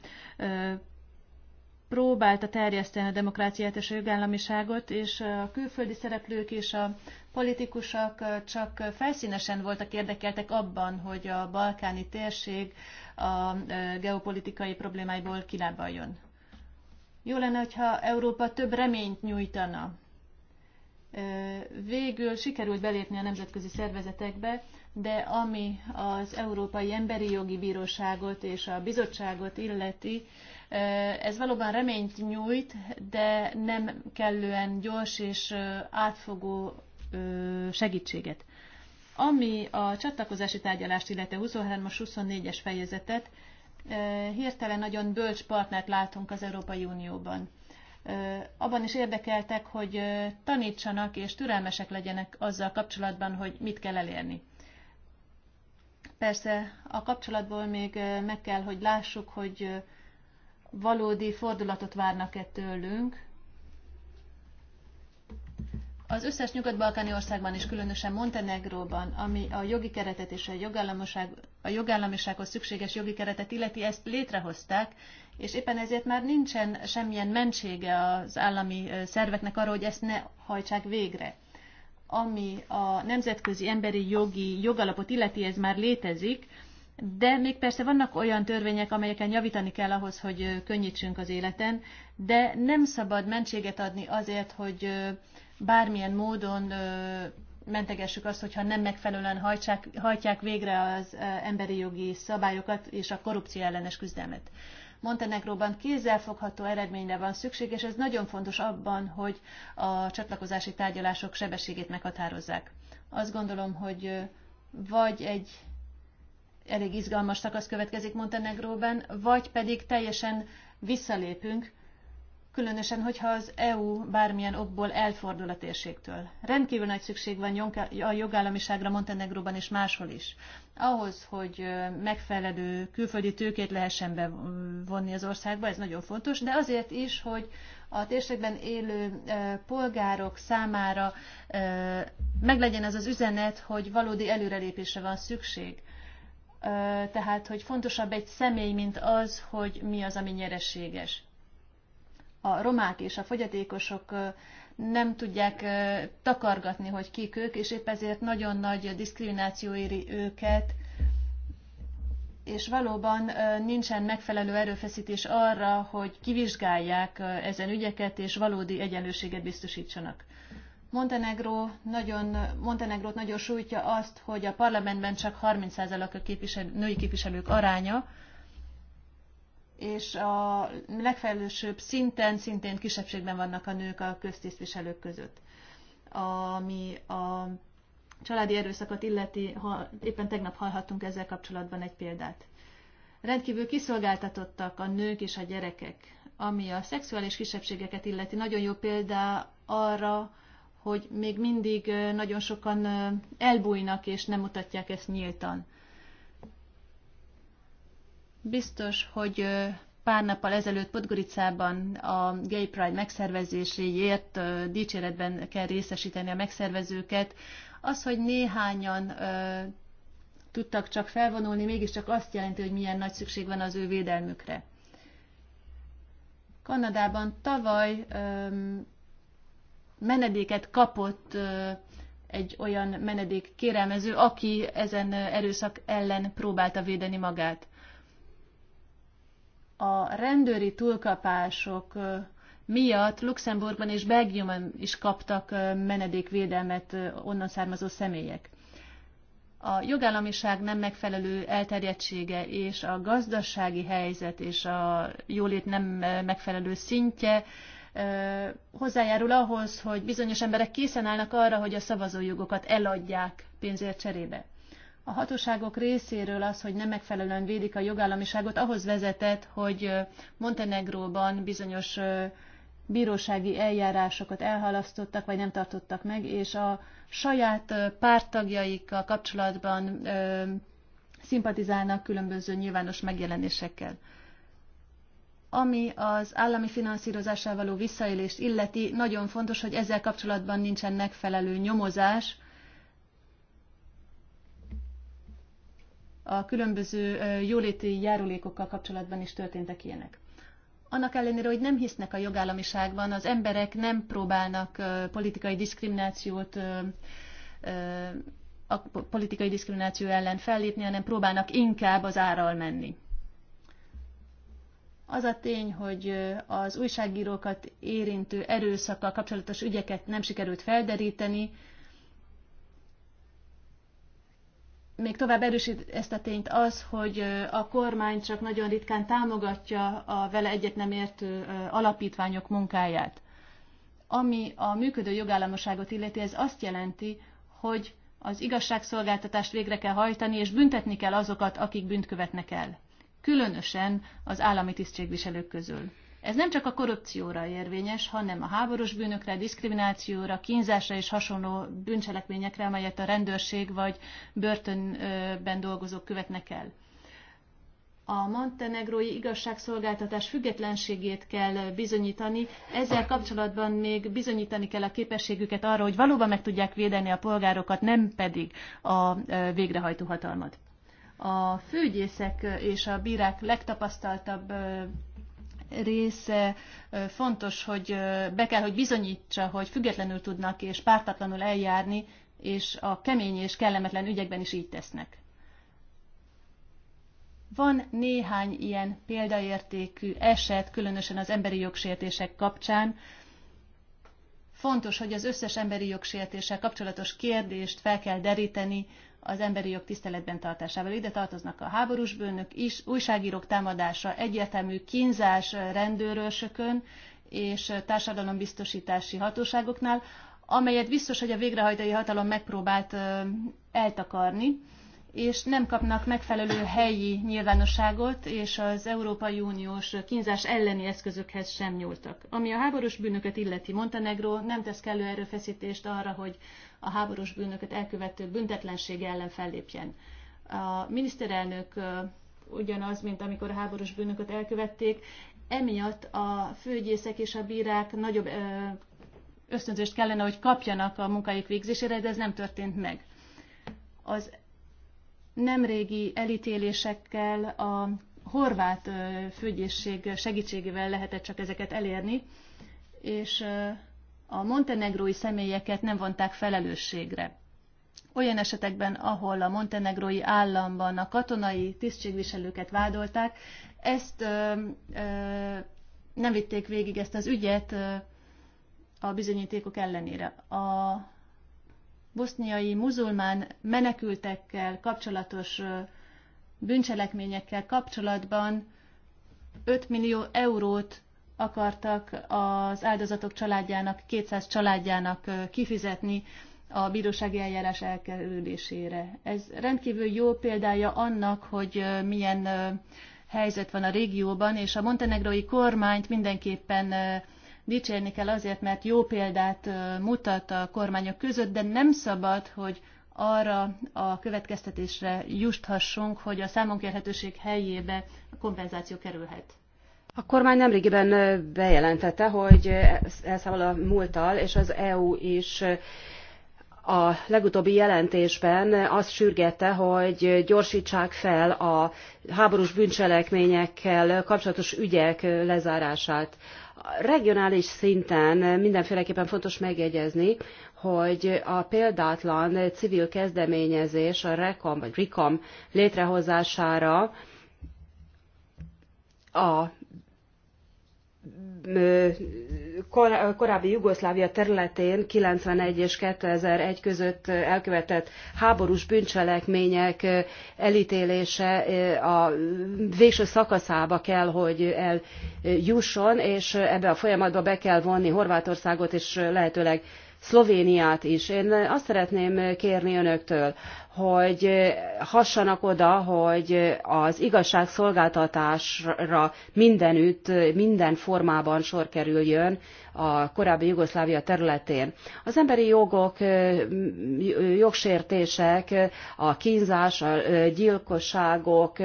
próbálta terjeszteni a demokráciát és a jogállamiságot, és a külföldi szereplők és a politikusok csak felszínesen voltak érdekeltek abban, hogy a balkáni térség a geopolitikai problémáiból kilábaljon. Jó lenne, hogyha Európa több reményt nyújtana. Végül sikerült belépni a nemzetközi szervezetekbe, de ami az Európai Emberi Jogi Bíróságot és a bizottságot illeti, ez valóban reményt nyújt, de nem kellően gyors és átfogó segítséget. Ami a csatlakozási tárgyalást, illetve 23-as 24-es fejezetet, hirtelen nagyon bölcs partnert látunk az Európai Unióban. Abban is érdekeltek, hogy tanítsanak és türelmesek legyenek azzal kapcsolatban, hogy mit kell elérni. Persze a kapcsolatból még meg kell, hogy lássuk, hogy valódi fordulatot várnak-e tőlünk. Az összes nyugat-balkáni országban és különösen Montenegróban, ami a jogi keretet és a, jogállamoság, a jogállamisághoz szükséges jogi keretet illeti, ezt létrehozták, és éppen ezért már nincsen semmilyen mentsége az állami szerveknek arra, hogy ezt ne hajtsák végre. Ami a nemzetközi emberi jogi jogalapot illeti, ez már létezik, de még persze vannak olyan törvények, amelyeken javítani kell ahhoz, hogy könnyítsünk az életen, de nem szabad mentséget adni azért, hogy bármilyen módon mentegessük azt, hogyha nem megfelelően hajtsák, hajtják végre az emberi jogi szabályokat és a korrupció ellenes küzdelmet. Montenegróban kézzelfogható eredményre van szükség, és ez nagyon fontos abban, hogy a csatlakozási tárgyalások sebességét meghatározzák. Azt gondolom, hogy vagy egy elég izgalmas szakasz következik Montenegróban, vagy pedig teljesen visszalépünk, különösen, hogyha az EU bármilyen okból elfordul a térségtől. Rendkívül nagy szükség van a jogállamiságra Montenegróban és máshol is. Ahhoz, hogy megfelelő külföldi tőkét lehessen bevonni az országba, ez nagyon fontos, de azért is, hogy a térségben élő polgárok számára meglegyen az az üzenet, hogy valódi előrelépésre van szükség tehát hogy fontosabb egy személy, mint az, hogy mi az, ami nyereséges. A romák és a fogyatékosok nem tudják takargatni, hogy kik ők, és épp ezért nagyon nagy diszkrimináció éri őket, és valóban nincsen megfelelő erőfeszítés arra, hogy kivizsgálják ezen ügyeket, és valódi egyenlőséget biztosítsanak. Montenegró nagyon, Montenegrót nagyon sújtja azt, hogy a parlamentben csak 30% a képviselő, női képviselők aránya, és a legfelelősebb szinten szintén kisebbségben vannak a nők a köztisztviselők között. Ami a családi erőszakot illeti, ha éppen tegnap hallhattunk ezzel kapcsolatban egy példát. Rendkívül kiszolgáltatottak a nők és a gyerekek, ami a szexuális kisebbségeket illeti. Nagyon jó példa arra, hogy még mindig nagyon sokan elbújnak, és nem mutatják ezt nyíltan. Biztos, hogy pár nappal ezelőtt Podgoricában a Gay Pride megszervezéséért dicséretben kell részesíteni a megszervezőket. Az, hogy néhányan tudtak csak felvonulni, mégiscsak azt jelenti, hogy milyen nagy szükség van az ő védelmükre. Kanadában tavaly menedéket kapott egy olyan menedék kérelmező, aki ezen erőszak ellen próbálta védeni magát. A rendőri túlkapások miatt Luxemburgban és Belgiumban is kaptak menedékvédelmet onnan származó személyek. A jogállamiság nem megfelelő elterjedtsége és a gazdasági helyzet és a jólét nem megfelelő szintje hozzájárul ahhoz, hogy bizonyos emberek készen állnak arra, hogy a szavazójogokat eladják pénzért cserébe. A hatóságok részéről az, hogy nem megfelelően védik a jogállamiságot, ahhoz vezetett, hogy Montenegróban bizonyos bírósági eljárásokat elhalasztottak, vagy nem tartottak meg, és a saját párttagjaikkal kapcsolatban szimpatizálnak különböző nyilvános megjelenésekkel. Ami az állami finanszírozással való visszaélést illeti, nagyon fontos, hogy ezzel kapcsolatban nincsen megfelelő nyomozás, a különböző jóléti járulékokkal kapcsolatban is történtek ilyenek. Annak ellenére, hogy nem hisznek a jogállamiságban, az emberek nem próbálnak politikai diszkriminációt a politikai diszkrimináció ellen fellépni, hanem próbálnak inkább az árral menni. Az a tény, hogy az újságírókat érintő erőszakkal kapcsolatos ügyeket nem sikerült felderíteni, még tovább erősít ezt a tényt az, hogy a kormány csak nagyon ritkán támogatja a vele egyet nem értő alapítványok munkáját. Ami a működő jogállamoságot illeti, ez azt jelenti, hogy az igazságszolgáltatást végre kell hajtani, és büntetni kell azokat, akik bűnt követnek el különösen az állami tisztségviselők közül. Ez nem csak a korrupcióra érvényes, hanem a háborús bűnökre, diszkriminációra, kínzásra és hasonló bűncselekményekre, amelyet a rendőrség vagy börtönben dolgozók követnek el. A montenegrói igazságszolgáltatás függetlenségét kell bizonyítani, ezzel kapcsolatban még bizonyítani kell a képességüket arra, hogy valóban meg tudják védeni a polgárokat, nem pedig a végrehajtó hatalmat a főgyészek és a bírák legtapasztaltabb része fontos, hogy be kell, hogy bizonyítsa, hogy függetlenül tudnak és pártatlanul eljárni, és a kemény és kellemetlen ügyekben is így tesznek. Van néhány ilyen példaértékű eset, különösen az emberi jogsértések kapcsán. Fontos, hogy az összes emberi jogsértéssel kapcsolatos kérdést fel kell deríteni, az emberi jog tiszteletben tartásával. Ide tartoznak a háborús bűnök is, újságírók támadása, egyértelmű kínzás rendőrösökön és társadalombiztosítási hatóságoknál, amelyet biztos, hogy a végrehajtói hatalom megpróbált eltakarni, és nem kapnak megfelelő helyi nyilvánosságot, és az Európai Uniós kínzás elleni eszközökhez sem nyúltak. Ami a háborús bűnöket illeti, Montenegro nem tesz kellő erőfeszítést arra, hogy a háborús bűnöket elkövető büntetlenség ellen fellépjen. A miniszterelnök ugyanaz, mint amikor a háborús bűnöket elkövették, emiatt a főgyészek és a bírák nagyobb ösztönzést kellene, hogy kapjanak a munkájuk végzésére, de ez nem történt meg. Az nemrégi elítélésekkel a horvát főgyészség segítségével lehetett csak ezeket elérni, és a montenegrói személyeket nem vonták felelősségre. Olyan esetekben, ahol a montenegrói államban a katonai tisztségviselőket vádolták, ezt ö, ö, nem vitték végig ezt az ügyet ö, a bizonyítékok ellenére. A boszniai muzulmán menekültekkel kapcsolatos ö, bűncselekményekkel kapcsolatban 5 millió eurót akartak az áldozatok családjának, 200 családjának kifizetni a bírósági eljárás elkerülésére. Ez rendkívül jó példája annak, hogy milyen helyzet van a régióban, és a montenegrói kormányt mindenképpen dicsérni kell azért, mert jó példát mutat a kormányok között, de nem szabad, hogy arra a következtetésre justhassunk, hogy a számonkérhetőség helyébe kompenzáció kerülhet. A kormány nemrégiben bejelentette, hogy elszámol a múlttal, és az EU is a legutóbbi jelentésben azt sürgette, hogy gyorsítsák fel a háborús bűncselekményekkel kapcsolatos ügyek lezárását. Regionális szinten mindenféleképpen fontos megjegyezni, hogy a példátlan civil kezdeményezés a RECOM vagy RICOM létrehozására a korábbi Jugoszlávia területén 91 és 2001 között elkövetett háborús bűncselekmények elítélése a végső szakaszába kell, hogy eljusson, és ebbe a folyamatba be kell vonni Horvátországot és lehetőleg Szlovéniát is. Én azt szeretném kérni önöktől, hogy hassanak oda, hogy az igazságszolgáltatásra mindenütt, minden formában sor kerüljön a korábbi Jugoszlávia területén. Az emberi jogok, jogsértések, a kínzás, a gyilkosságok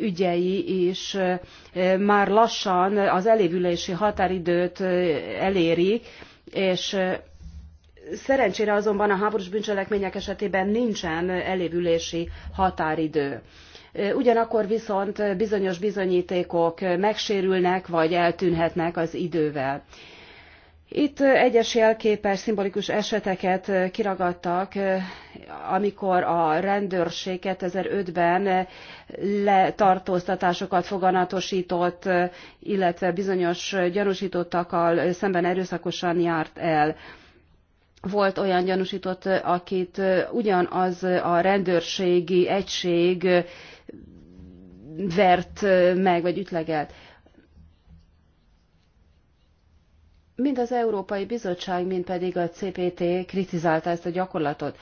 ügyei is már lassan az elévülési határidőt elérik, és Szerencsére azonban a háborús bűncselekmények esetében nincsen elévülési határidő. Ugyanakkor viszont bizonyos bizonyítékok megsérülnek vagy eltűnhetnek az idővel. Itt egyes jelképes, szimbolikus eseteket kiragadtak, amikor a rendőrség 2005-ben letartóztatásokat foganatosított, illetve bizonyos gyanúsítottakkal szemben erőszakosan járt el volt olyan gyanúsított, akit ugyanaz a rendőrségi egység vert meg, vagy ütlegelt. Mind az Európai Bizottság, mind pedig a CPT kritizálta ezt a gyakorlatot.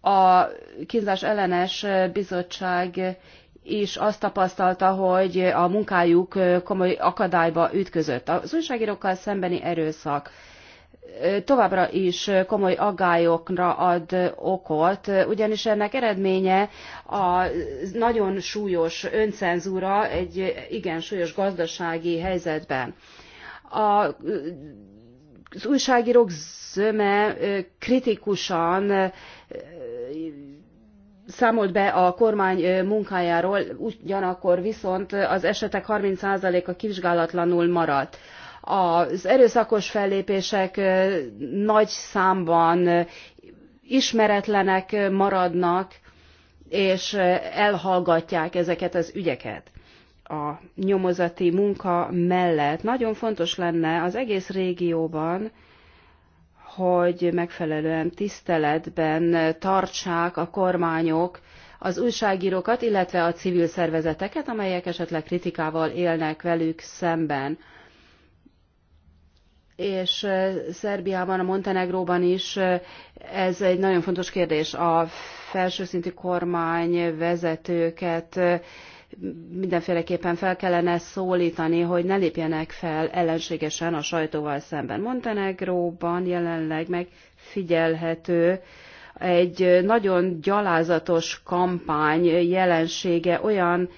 A kínzás ellenes bizottság is azt tapasztalta, hogy a munkájuk komoly akadályba ütközött. Az újságírókkal szembeni erőszak továbbra is komoly aggályokra ad okot, ugyanis ennek eredménye a nagyon súlyos öncenzúra egy igen súlyos gazdasági helyzetben. A, az újságírók zöme kritikusan számolt be a kormány munkájáról, ugyanakkor viszont az esetek 30%-a kivizsgálatlanul maradt. Az erőszakos fellépések nagy számban ismeretlenek maradnak, és elhallgatják ezeket az ügyeket a nyomozati munka mellett. Nagyon fontos lenne az egész régióban, hogy megfelelően tiszteletben tartsák a kormányok az újságírókat, illetve a civil szervezeteket, amelyek esetleg kritikával élnek velük szemben. És Szerbiában, a Montenegróban is ez egy nagyon fontos kérdés. A felsőszintű kormány vezetőket mindenféleképpen fel kellene szólítani, hogy ne lépjenek fel ellenségesen a sajtóval szemben. Montenegróban jelenleg megfigyelhető egy nagyon gyalázatos kampány jelensége olyan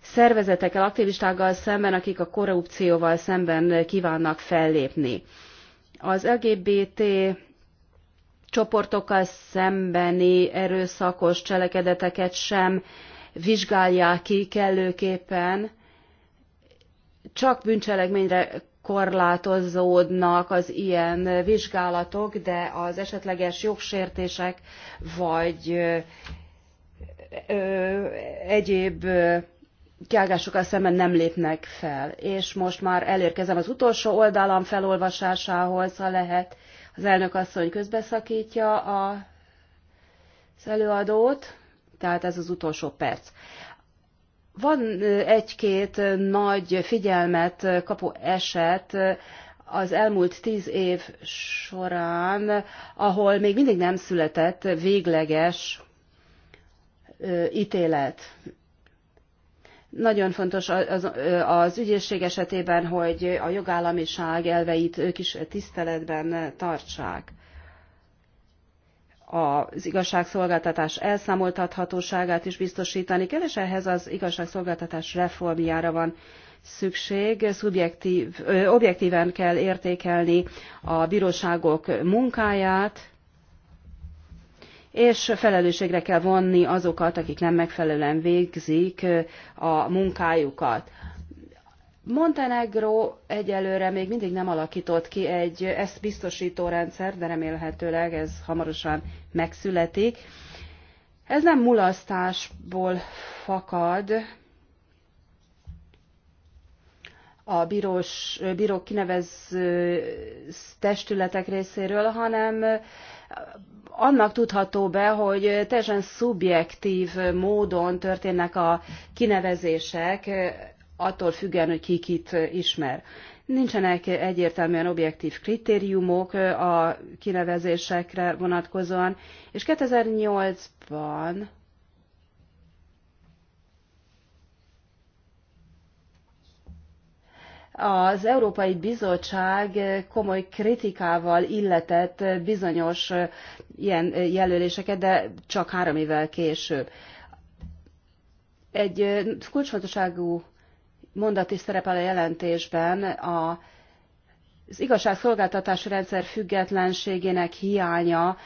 szervezetekkel, aktivistákkal szemben, akik a korrupcióval szemben kívánnak fellépni. Az LGBT csoportokkal szembeni erőszakos cselekedeteket sem vizsgálják ki kellőképpen, csak bűncselekményre korlátozódnak az ilyen vizsgálatok, de az esetleges jogsértések vagy egyéb kiágásokkal szemben nem lépnek fel. És most már elérkezem az utolsó oldalam felolvasásához, ha lehet. Az elnök asszony közbeszakítja a, az előadót tehát ez az utolsó perc. Van egy-két nagy figyelmet kapó eset az elmúlt tíz év során, ahol még mindig nem született végleges ítélet. Nagyon fontos az, az ügyészség esetében, hogy a jogállamiság elveit ők is tiszteletben tartsák az igazságszolgáltatás elszámoltathatóságát is biztosítani kell, és ehhez az igazságszolgáltatás reformjára van szükség. Szubjektív, ö, objektíven kell értékelni a bíróságok munkáját, és felelősségre kell vonni azokat, akik nem megfelelően végzik a munkájukat. Montenegro egyelőre még mindig nem alakított ki egy ezt biztosító rendszer, de remélhetőleg ez hamarosan megszületik. Ez nem mulasztásból fakad, a bírós, bírók kinevez testületek részéről, hanem annak tudható be, hogy teljesen szubjektív módon történnek a kinevezések, attól függően, hogy ki kit ismer. Nincsenek egyértelműen objektív kritériumok a kinevezésekre vonatkozóan, és 2008-ban az Európai Bizottság komoly kritikával illetett bizonyos ilyen jelöléseket, de csak három évvel később. Egy kulcsfontosságú mondat is szerepel a jelentésben, a, az igazságszolgáltatási rendszer függetlenségének hiánya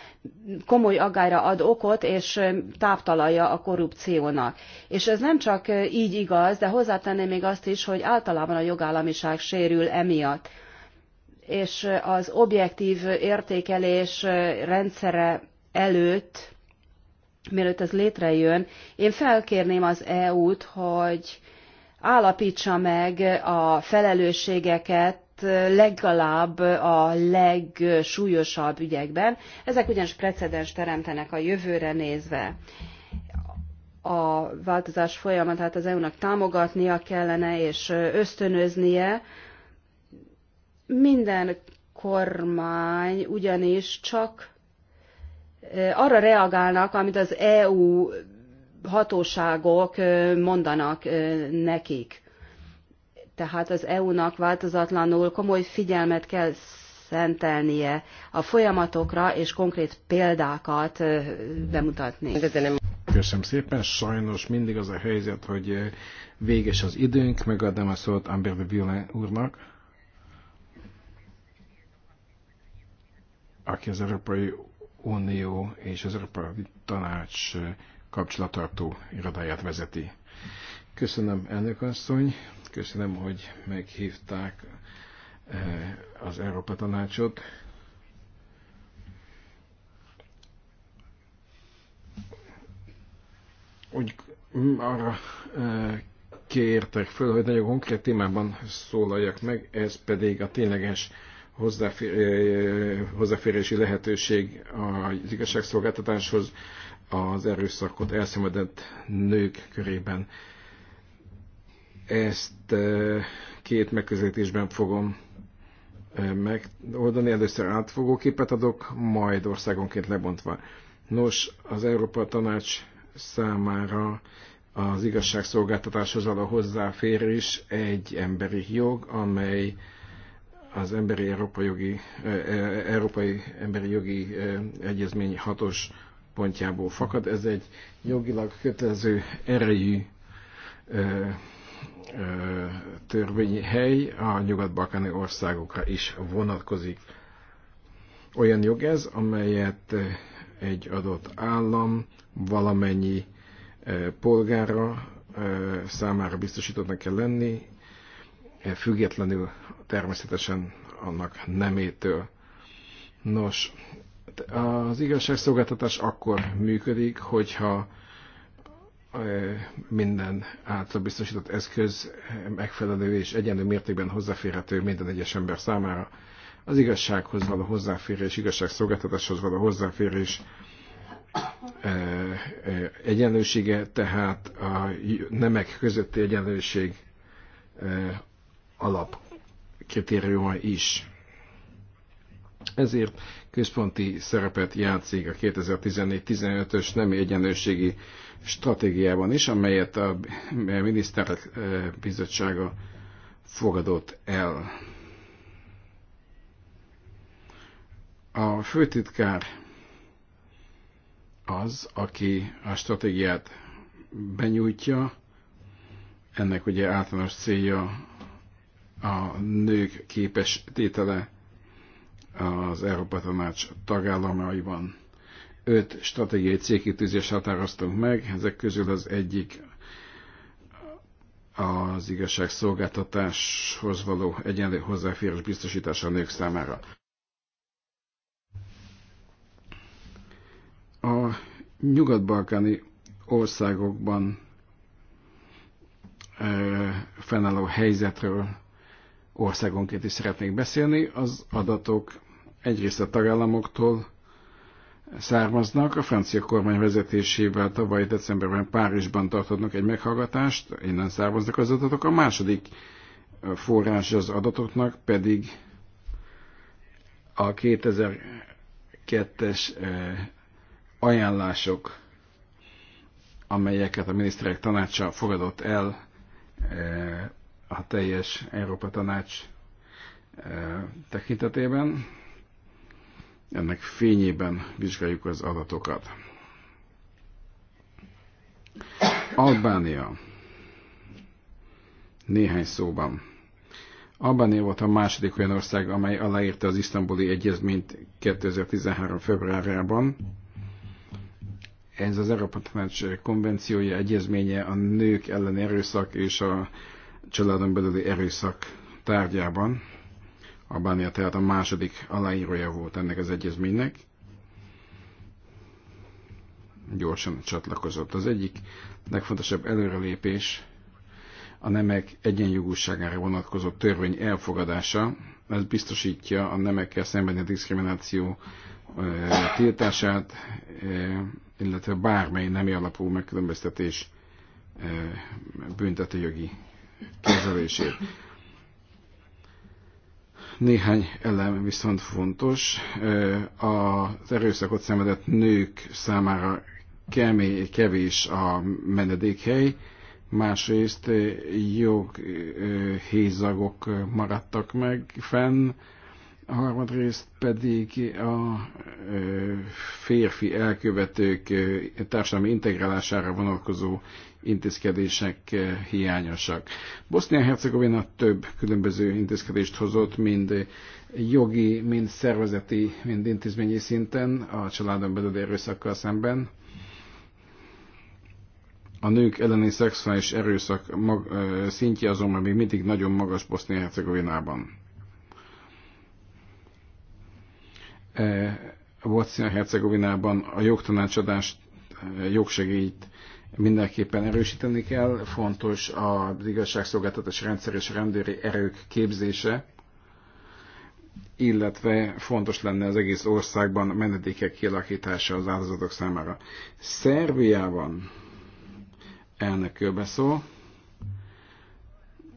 komoly agályra ad okot, és táptalaja a korrupciónak. És ez nem csak így igaz, de hozzátenném még azt is, hogy általában a jogállamiság sérül emiatt. És az objektív értékelés rendszere előtt, mielőtt ez létrejön, én felkérném az EU-t, hogy állapítsa meg a felelősségeket legalább a legsúlyosabb ügyekben. Ezek ugyanis precedens teremtenek a jövőre nézve. A változás folyamatát az EU-nak támogatnia kellene és ösztönöznie. Minden kormány ugyanis csak eh, arra reagálnak, amit az EU hatóságok mondanak nekik. Tehát az EU-nak változatlanul komoly figyelmet kell szentelnie a folyamatokra, és konkrét példákat bemutatni. Köszönöm szépen. Sajnos mindig az a helyzet, hogy véges az időnk. Megadom a szót Amber de Bule úrnak, aki az Európai Unió és az Európai Tanács kapcsolattartó irodáját vezeti. Köszönöm, elnök asszony, köszönöm, hogy meghívták eh, az Európa Tanácsot. Úgy mm, arra eh, kértek föl, hogy nagyon konkrét témában szólaljak meg, ez pedig a tényleges eh, hozzáférési lehetőség az igazságszolgáltatáshoz az erőszakot elszenvedett nők körében. Ezt e, két megközelítésben fogom e, megoldani. Először átfogó képet adok, majd országonként lebontva. Nos, az Európa Tanács számára az igazságszolgáltatáshoz való hozzáférés egy emberi jog, amely az emberi európai jogi, e, Európai Emberi Jogi Egyezmény hatos szempontjából fakad. Ez egy jogilag kötelező erejű ö, ö, törvényi hely a nyugat-balkáni országokra is vonatkozik. Olyan jog ez, amelyet egy adott állam valamennyi polgára számára biztosítottnak kell lenni, e, függetlenül természetesen annak nemétől. Nos, az igazságszolgáltatás akkor működik, hogyha minden által biztosított eszköz megfelelő és egyenlő mértékben hozzáférhető minden egyes ember számára. Az igazsághoz való hozzáférés, igazságszolgáltatáshoz való hozzáférés egyenlősége, tehát a nemek közötti egyenlőség alapkritériuma is. Ezért központi szerepet játszik a 2014-15-ös nemi egyenlőségi stratégiában is, amelyet a miniszterek eh, bizottsága fogadott el. A főtitkár az, aki a stratégiát benyújtja, ennek ugye általános célja a nők képes tétele az Európa Tanács tagállamaiban. Öt stratégiai célkitűzést határoztunk meg, ezek közül az egyik az igazságszolgáltatáshoz való egyenlő hozzáférés biztosítása a nők számára. A nyugat-balkáni országokban e, fennálló helyzetről országonként is szeretnék beszélni. Az adatok egyrészt a tagállamoktól származnak. A francia kormány vezetésével tavaly decemberben Párizsban tartottak egy meghallgatást, innen származnak az adatok. A második forrás az adatoknak pedig a 2002-es ajánlások, amelyeket a miniszterek tanácsa fogadott el a teljes Európa Tanács tekintetében ennek fényében vizsgáljuk az adatokat. Albánia. Néhány szóban. Albánia volt a második olyan ország, amely aláírta az isztambuli egyezményt 2013. februárjában. Ez az Európa Tanács konvenciója, egyezménye a nők elleni erőszak és a családon belüli erőszak tárgyában. Albánia tehát a második aláírója volt ennek az egyezménynek. Gyorsan csatlakozott. Az egyik legfontosabb előrelépés a nemek egyenjogúságára vonatkozó törvény elfogadása. Ez biztosítja a nemekkel szembeni diszkrimináció tiltását, illetve bármely nemi alapú megkülönböztetés büntetőjogi kezelését. Néhány elem viszont fontos. Az erőszakot szenvedett nők számára kemény, kevés a menedékhely, másrészt joghézagok maradtak meg fenn, a harmadrészt pedig a férfi elkövetők társadalmi integrálására vonatkozó intézkedések hiányosak. Bosznia-Hercegovina több különböző intézkedést hozott, mind jogi, mind szervezeti, mind intézményi szinten a családon belüli erőszakkal szemben. A nők elleni szexuális erőszak szintje azonban még mindig nagyon magas Bosznia-Hercegovinában E, Bosznia-Hercegovinában a jogtanácsadást, e, jogsegélyt mindenképpen erősíteni kell. Fontos az igazságszolgáltatás rendszer és rendőri erők képzése, illetve fontos lenne az egész országban menedékek kialakítása az áldozatok számára. Szerbiában elnök szó,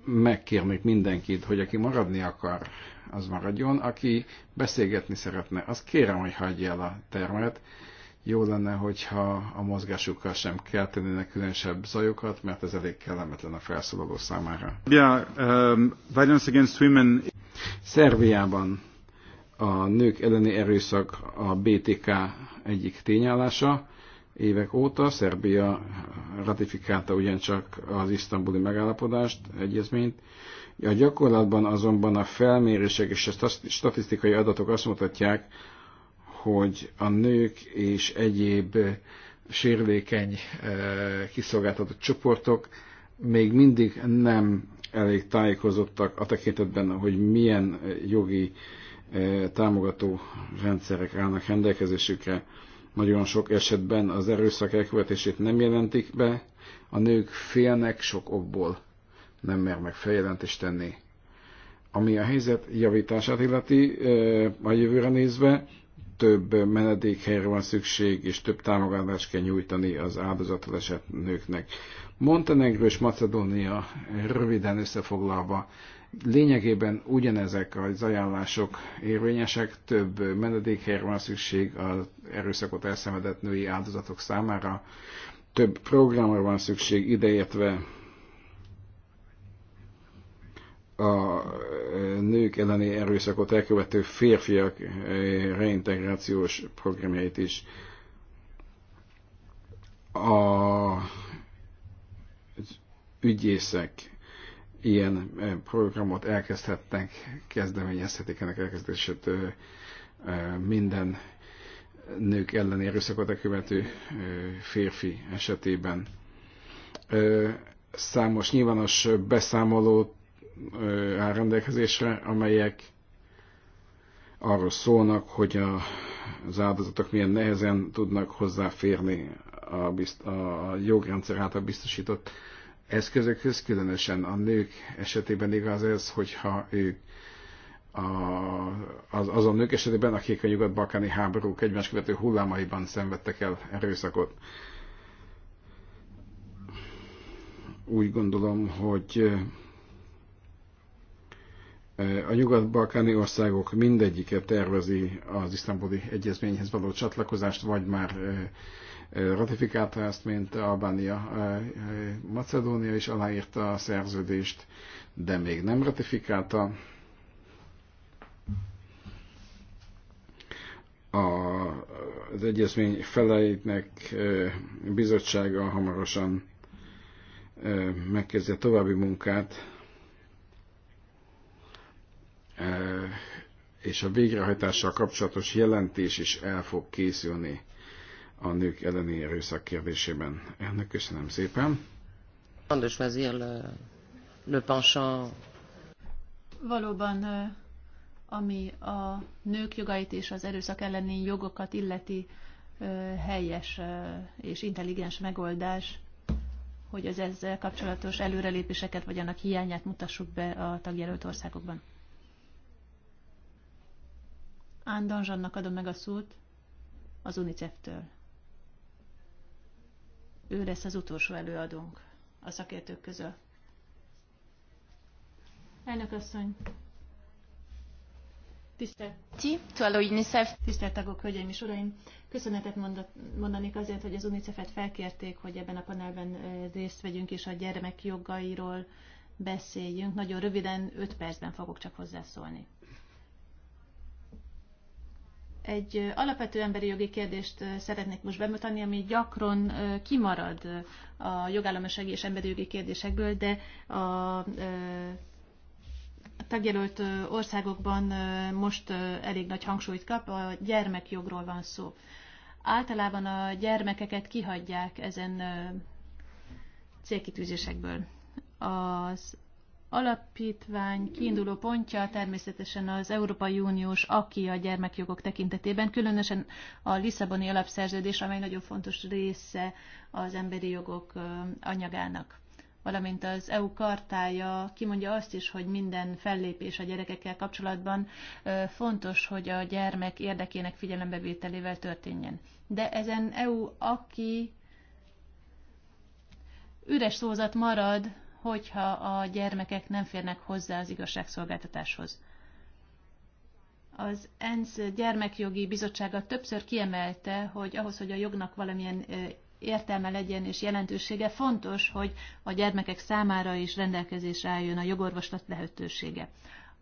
megkérnék mindenkit, hogy aki maradni akar az maradjon. Aki beszélgetni szeretne, az kérem, hogy hagyja el a termet. Jó lenne, hogyha a mozgásukkal sem kell tennének különösebb zajokat, mert ez elég kellemetlen a felszólaló számára. Yeah, um, violence against women... Szerbiában a nők elleni erőszak a BTK egyik tényállása évek óta. Szerbia ratifikálta ugyancsak az isztambuli megállapodást, egyezményt, a gyakorlatban azonban a felmérések és a statisztikai adatok azt mutatják, hogy a nők és egyéb eh, sérülékeny eh, kiszolgáltatott csoportok még mindig nem elég tájékozottak a tekintetben, hogy milyen eh, jogi támogató rendszerek állnak rendelkezésükre. Nagyon sok esetben az erőszak elkövetését nem jelentik be, a nők félnek sok okból nem mer meg feljelentést tenni. Ami a helyzet javítását illeti a jövőre nézve, több menedékhelyre van szükség, és több támogatást kell nyújtani az áldozatul esett nőknek. Montenegro és Macedónia röviden összefoglalva lényegében ugyanezek az ajánlások érvényesek, több menedékhelyre van szükség az erőszakot elszenvedett női áldozatok számára, több programra van szükség, ideértve a nők elleni erőszakot elkövető férfiak eh, reintegrációs programjait is. A ügyészek ilyen eh, programot elkezdhetnek, kezdeményezhetik ennek elkezdését eh, minden nők elleni erőszakot elkövető férfi esetében. Számos nyilvános beszámolót áll rendelkezésre, amelyek arról szólnak, hogy a, az áldozatok milyen nehezen tudnak hozzáférni a, bizt, a jogrendszer által biztosított eszközökhöz, különösen a nők esetében igaz ez, hogyha ők a, az, azon nők esetében, akik a nyugat-balkáni háborúk egymás követő hullámaiban szenvedtek el erőszakot. Úgy gondolom, hogy a nyugat-balkáni országok mindegyike tervezi az isztambuli egyezményhez való csatlakozást, vagy már ratifikálta ezt, mint Albánia, Macedónia is aláírta a szerződést, de még nem ratifikálta. A, az egyezmény feleitnek bizottsága hamarosan megkezdje további munkát Eh, és a végrehajtással kapcsolatos jelentés is el fog készülni a nők elleni erőszak kérdésében. Ennek köszönöm szépen. Eh, Valóban, eh, ami a nők jogait és az erőszak elleni jogokat illeti, helyes és intelligens megoldás, hogy az ezzel kapcsolatos előrelépéseket vagy annak hiányát mutassuk be a tagjelölt országokban. Ándon Zsannak adom meg a szót az UNICEF-től. Ő lesz az utolsó előadónk a szakértők közül. Elnök asszony! Tisztelt, tisztelt tagok, hölgyeim és uraim! Köszönetet mondanék azért, hogy az UNICEF-et felkérték, hogy ebben a panelben részt vegyünk és a gyermek jogairól beszéljünk. Nagyon röviden, 5 percben fogok csak hozzászólni egy alapvető emberi jogi kérdést szeretnék most bemutatni, ami gyakran kimarad a jogállamisági és emberi jogi kérdésekből, de a tagjelölt országokban most elég nagy hangsúlyt kap, a gyermekjogról van szó. Általában a gyermekeket kihagyják ezen célkitűzésekből. Az alapítvány kiinduló pontja természetesen az Európai Uniós, aki a gyermekjogok tekintetében, különösen a Lisszaboni alapszerződés, amely nagyon fontos része az emberi jogok anyagának. Valamint az EU kartája kimondja azt is, hogy minden fellépés a gyerekekkel kapcsolatban fontos, hogy a gyermek érdekének figyelembevételével történjen. De ezen EU, aki üres szózat marad, hogyha a gyermekek nem férnek hozzá az igazságszolgáltatáshoz. Az ENSZ gyermekjogi bizottsága többször kiemelte, hogy ahhoz, hogy a jognak valamilyen értelme legyen és jelentősége, fontos, hogy a gyermekek számára is rendelkezésre álljon a jogorvoslat lehetősége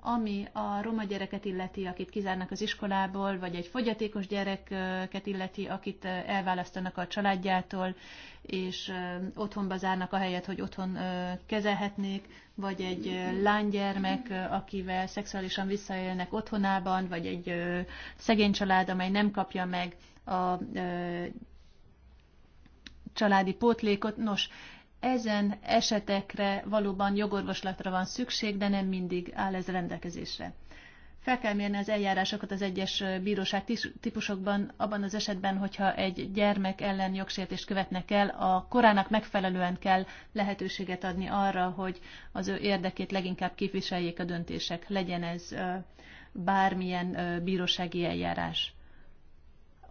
ami a roma gyereket illeti, akit kizárnak az iskolából, vagy egy fogyatékos gyereket illeti, akit elválasztanak a családjától, és otthonba zárnak a helyet, hogy otthon kezelhetnék, vagy egy lánygyermek, akivel szexuálisan visszaélnek otthonában, vagy egy szegény család, amely nem kapja meg a családi pótlékot. Nos, ezen esetekre valóban jogorvoslatra van szükség, de nem mindig áll ez rendelkezésre. Fel kell mérni az eljárásokat az egyes bíróság típusokban, abban az esetben, hogyha egy gyermek ellen jogsértést követnek el, a korának megfelelően kell lehetőséget adni arra, hogy az ő érdekét leginkább képviseljék a döntések, legyen ez bármilyen bírósági eljárás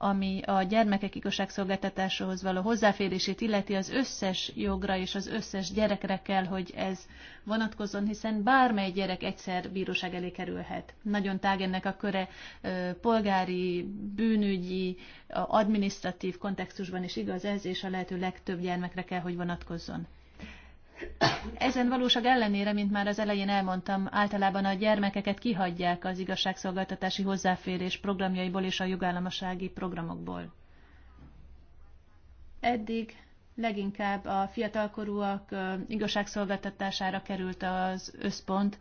ami a gyermekek igazságszolgáltatásához való hozzáférését illeti, az összes jogra és az összes gyerekre kell, hogy ez vonatkozzon, hiszen bármely gyerek egyszer bíróság elé kerülhet. Nagyon tág ennek a köre polgári, bűnügyi, administratív kontextusban is igaz ez, és a lehető legtöbb gyermekre kell, hogy vonatkozzon. Ezen valóság ellenére, mint már az elején elmondtam, általában a gyermekeket kihagyják az igazságszolgáltatási hozzáférés programjaiból és a jogállamasági programokból. Eddig leginkább a fiatalkorúak igazságszolgáltatására került az összpont.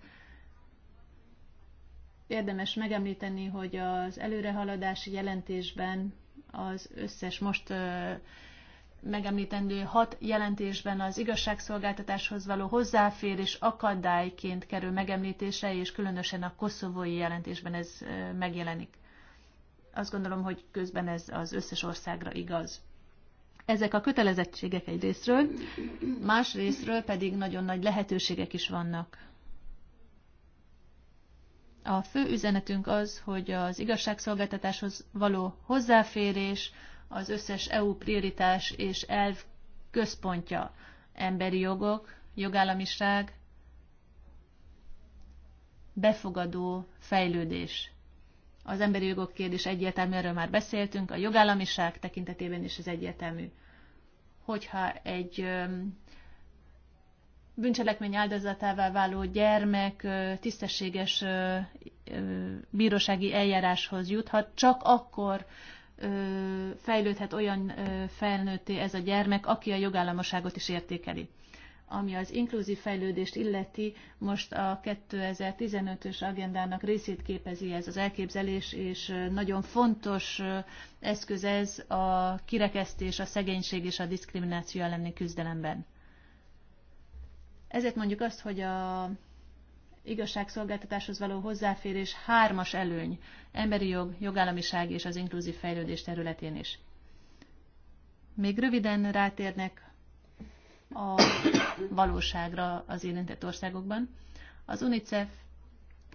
Érdemes megemlíteni, hogy az előrehaladási jelentésben az összes most megemlítendő hat jelentésben az igazságszolgáltatáshoz való hozzáférés akadályként kerül megemlítése, és különösen a koszovói jelentésben ez megjelenik. Azt gondolom, hogy közben ez az összes országra igaz. Ezek a kötelezettségek egy részről, más részről pedig nagyon nagy lehetőségek is vannak. A fő üzenetünk az, hogy az igazságszolgáltatáshoz való hozzáférés, az összes EU prioritás és elv központja. Emberi jogok, jogállamiság, befogadó fejlődés. Az emberi jogok kérdés egyértelmű, erről már beszéltünk, a jogállamiság tekintetében is ez egyértelmű. Hogyha egy bűncselekmény áldozatává váló gyermek tisztességes bírósági eljáráshoz juthat, csak akkor fejlődhet olyan felnőtté ez a gyermek, aki a jogállamoságot is értékeli. Ami az inkluzív fejlődést illeti, most a 2015-ös agendának részét képezi ez az elképzelés, és nagyon fontos eszköz ez a kirekesztés, a szegénység és a diszkrimináció elleni küzdelemben. Ezért mondjuk azt, hogy a igazságszolgáltatáshoz való hozzáférés hármas előny emberi jog, jogállamiság és az inkluzív fejlődés területén is. Még röviden rátérnek a valóságra az érintett országokban. Az UNICEF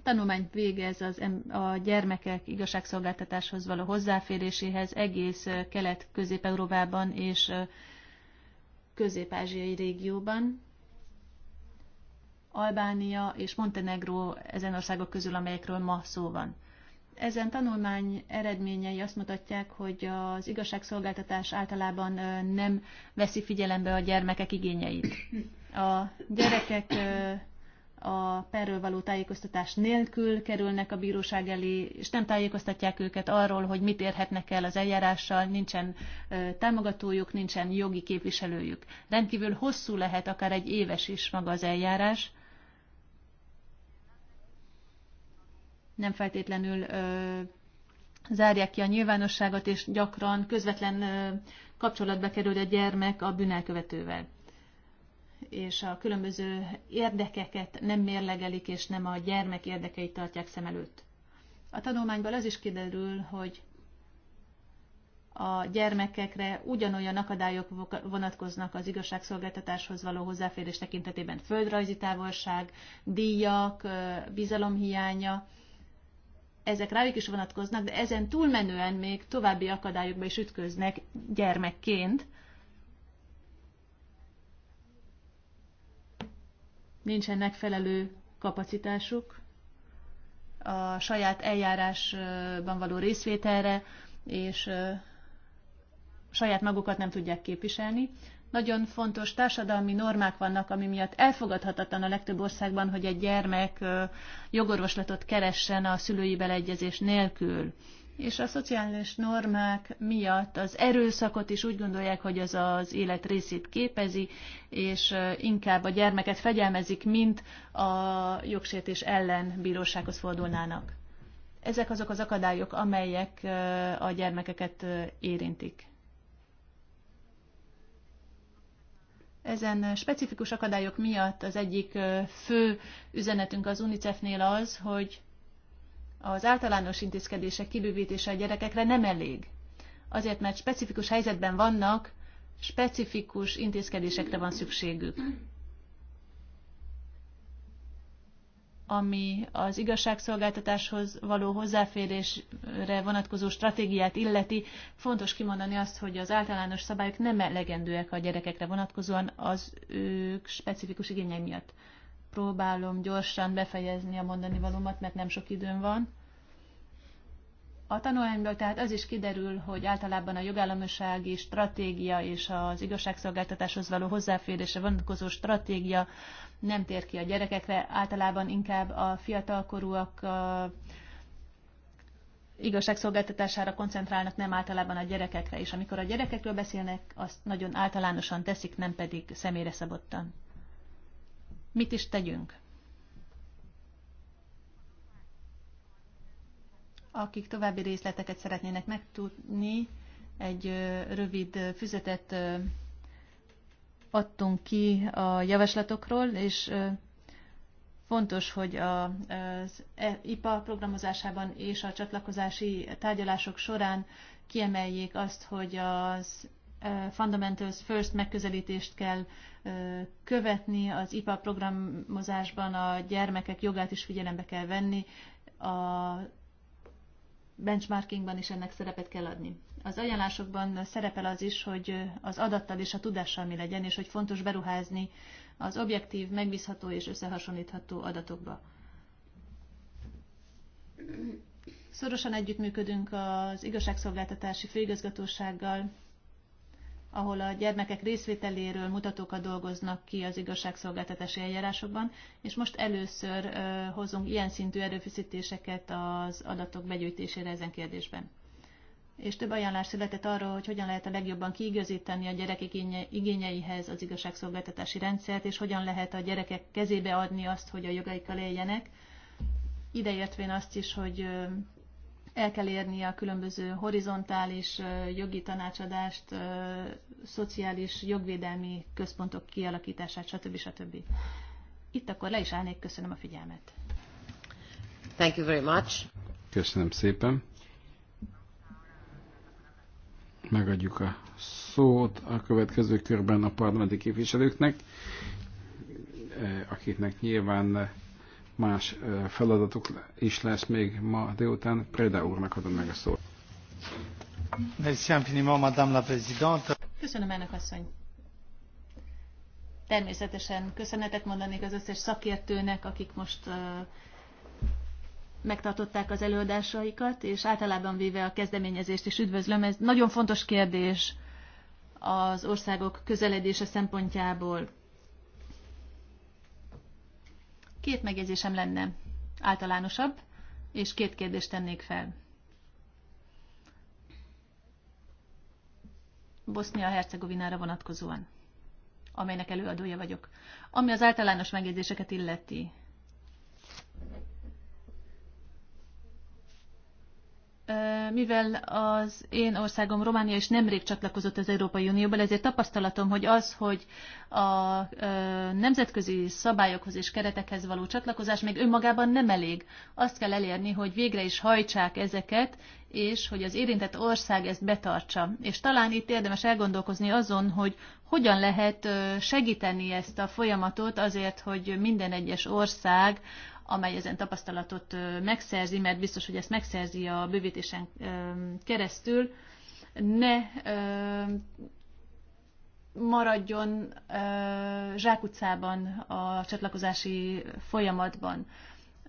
tanulmányt végez az, a gyermekek igazságszolgáltatáshoz való hozzáféréséhez egész eh, Kelet-Közép-Európában és eh, Közép-Ázsiai régióban. Albánia és Montenegró ezen országok közül, amelyekről ma szó van. Ezen tanulmány eredményei azt mutatják, hogy az igazságszolgáltatás általában nem veszi figyelembe a gyermekek igényeit. A gyerekek a perről való tájékoztatás nélkül kerülnek a bíróság elé, és nem tájékoztatják őket arról, hogy mit érhetnek el az eljárással, nincsen támogatójuk, nincsen jogi képviselőjük. Rendkívül hosszú lehet, akár egy éves is maga az eljárás, nem feltétlenül zárják ki a nyilvánosságot, és gyakran közvetlen kapcsolatba kerül a gyermek a bűnelkövetővel és a különböző érdekeket nem mérlegelik, és nem a gyermek érdekeit tartják szem előtt. A tanulmányból az is kiderül, hogy a gyermekekre ugyanolyan akadályok vonatkoznak az igazságszolgáltatáshoz való hozzáférés tekintetében földrajzi távolság, díjak, bizalomhiánya, ezek rájuk is vonatkoznak, de ezen túlmenően még további akadályokba is ütköznek gyermekként. Nincsen megfelelő kapacitásuk a saját eljárásban való részvételre, és saját magukat nem tudják képviselni nagyon fontos társadalmi normák vannak, ami miatt elfogadhatatlan a legtöbb országban, hogy egy gyermek jogorvoslatot keressen a szülői beleegyezés nélkül. És a szociális normák miatt az erőszakot is úgy gondolják, hogy az az élet részét képezi, és inkább a gyermeket fegyelmezik, mint a jogsértés ellen bírósághoz fordulnának. Ezek azok az akadályok, amelyek a gyermekeket érintik. Ezen specifikus akadályok miatt az egyik fő üzenetünk az UNICEF-nél az, hogy az általános intézkedések kibővítése a gyerekekre nem elég. Azért, mert specifikus helyzetben vannak, specifikus intézkedésekre van szükségük. ami az igazságszolgáltatáshoz való hozzáférésre vonatkozó stratégiát illeti, fontos kimondani azt, hogy az általános szabályok nem elegendőek a gyerekekre vonatkozóan az ők specifikus igényei miatt. Próbálom gyorsan befejezni a mondani valómat, mert nem sok időm van. A tanulmányból tehát az is kiderül, hogy általában a jogállamisági stratégia és az igazságszolgáltatáshoz való hozzáférése vonatkozó stratégia nem tér ki a gyerekekre, általában inkább a fiatalkorúak igazságszolgáltatására koncentrálnak, nem általában a gyerekekre, és amikor a gyerekekről beszélnek, azt nagyon általánosan teszik, nem pedig személyre szabottan. Mit is tegyünk? Akik további részleteket szeretnének megtudni, egy rövid füzetet adtunk ki a javaslatokról, és fontos, hogy az e IPA programozásában és a csatlakozási tárgyalások során kiemeljék azt, hogy az Fundamentals First megközelítést kell követni, az IPA programozásban a gyermekek jogát is figyelembe kell venni, a benchmarkingban is ennek szerepet kell adni. Az ajánlásokban szerepel az is, hogy az adattal és a tudással mi legyen, és hogy fontos beruházni az objektív, megbízható és összehasonlítható adatokba. Szorosan együttműködünk az igazságszolgáltatási főigazgatósággal, ahol a gyermekek részvételéről mutatókat dolgoznak ki az igazságszolgáltatási eljárásokban, és most először hozunk ilyen szintű erőfeszítéseket az adatok begyűjtésére ezen kérdésben. És több ajánlás született arról, hogy hogyan lehet a legjobban kiigazítani a gyerekek igényeihez az igazságszolgáltatási rendszert, és hogyan lehet a gyerekek kezébe adni azt, hogy a jogaikkal éljenek, ideértvén azt is, hogy el kell érnie a különböző horizontális jogi tanácsadást, szociális jogvédelmi központok kialakítását, stb. stb. Itt akkor le is állnék, köszönöm a figyelmet. Thank you very much. Köszönöm szépen. Megadjuk a szót a következő körben a parlamenti képviselőknek, akiknek nyilván más feladatuk is lesz még ma délután. Preda úrnak adom meg a szót. Köszönöm, elnök asszony. Természetesen köszönetet mondanék az összes szakértőnek, akik most megtartották az előadásaikat, és általában véve a kezdeményezést is üdvözlöm. Ez nagyon fontos kérdés az országok közeledése szempontjából. Két megjegyzésem lenne általánosabb, és két kérdést tennék fel. Bosznia-Hercegovinára vonatkozóan, amelynek előadója vagyok. Ami az általános megjegyzéseket illeti, mivel az én országom Románia is nemrég csatlakozott az Európai Unióba, ezért tapasztalatom, hogy az, hogy a nemzetközi szabályokhoz és keretekhez való csatlakozás még önmagában nem elég. Azt kell elérni, hogy végre is hajtsák ezeket, és hogy az érintett ország ezt betartsa. És talán itt érdemes elgondolkozni azon, hogy hogyan lehet segíteni ezt a folyamatot azért, hogy minden egyes ország amely ezen tapasztalatot megszerzi, mert biztos, hogy ezt megszerzi a bővítésen keresztül, ne maradjon zsákutcában a csatlakozási folyamatban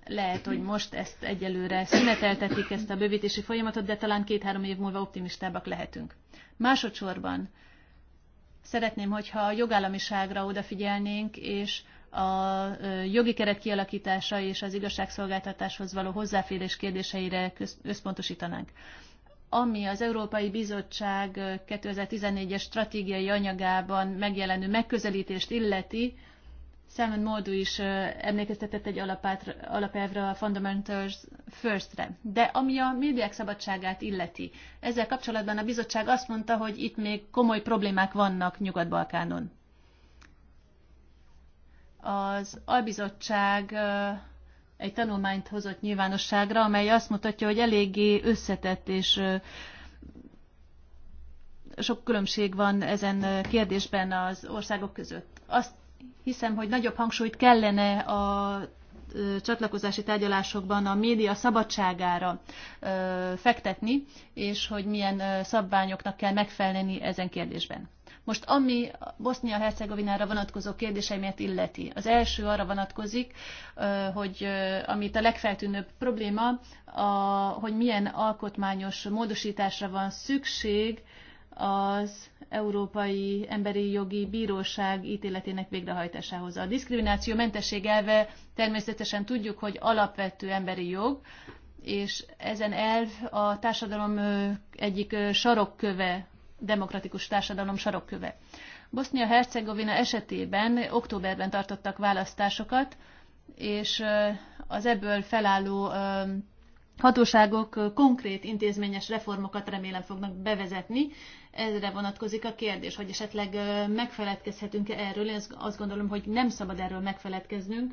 lehet, hogy most ezt egyelőre szüneteltetik, ezt a bővítési folyamatot, de talán két-három év múlva optimistábbak lehetünk. Másodszorban szeretném, hogyha a jogállamiságra odafigyelnénk, és a jogi keret kialakítása és az igazságszolgáltatáshoz való hozzáférés kérdéseire összpontosítanánk. Ami az Európai Bizottság 2014-es stratégiai anyagában megjelenő megközelítést illeti, Simon Moldu is emlékeztetett egy alapelvre, a Fundamentals First-re. De ami a médiák szabadságát illeti, ezzel kapcsolatban a bizottság azt mondta, hogy itt még komoly problémák vannak Nyugat-Balkánon. Az albizottság egy tanulmányt hozott nyilvánosságra, amely azt mutatja, hogy eléggé összetett és sok különbség van ezen kérdésben az országok között. Azt hiszem, hogy nagyobb hangsúlyt kellene a csatlakozási tárgyalásokban a média szabadságára fektetni, és hogy milyen szabványoknak kell megfelelni ezen kérdésben. Most ami Bosznia-Hercegovinára vonatkozó kérdéseimet illeti. Az első arra vonatkozik, hogy amit a legfeltűnőbb probléma, a, hogy milyen alkotmányos módosításra van szükség az Európai Emberi Jogi Bíróság ítéletének végrehajtásához. A diszkrimináció mentesség elve természetesen tudjuk, hogy alapvető emberi jog, és ezen elv a társadalom egyik sarokköve demokratikus társadalom sarokköve. bosnia hercegovina esetében októberben tartottak választásokat, és az ebből felálló hatóságok konkrét intézményes reformokat remélem fognak bevezetni. Ezre vonatkozik a kérdés, hogy esetleg megfeledkezhetünk-e erről. Én azt gondolom, hogy nem szabad erről megfeledkeznünk.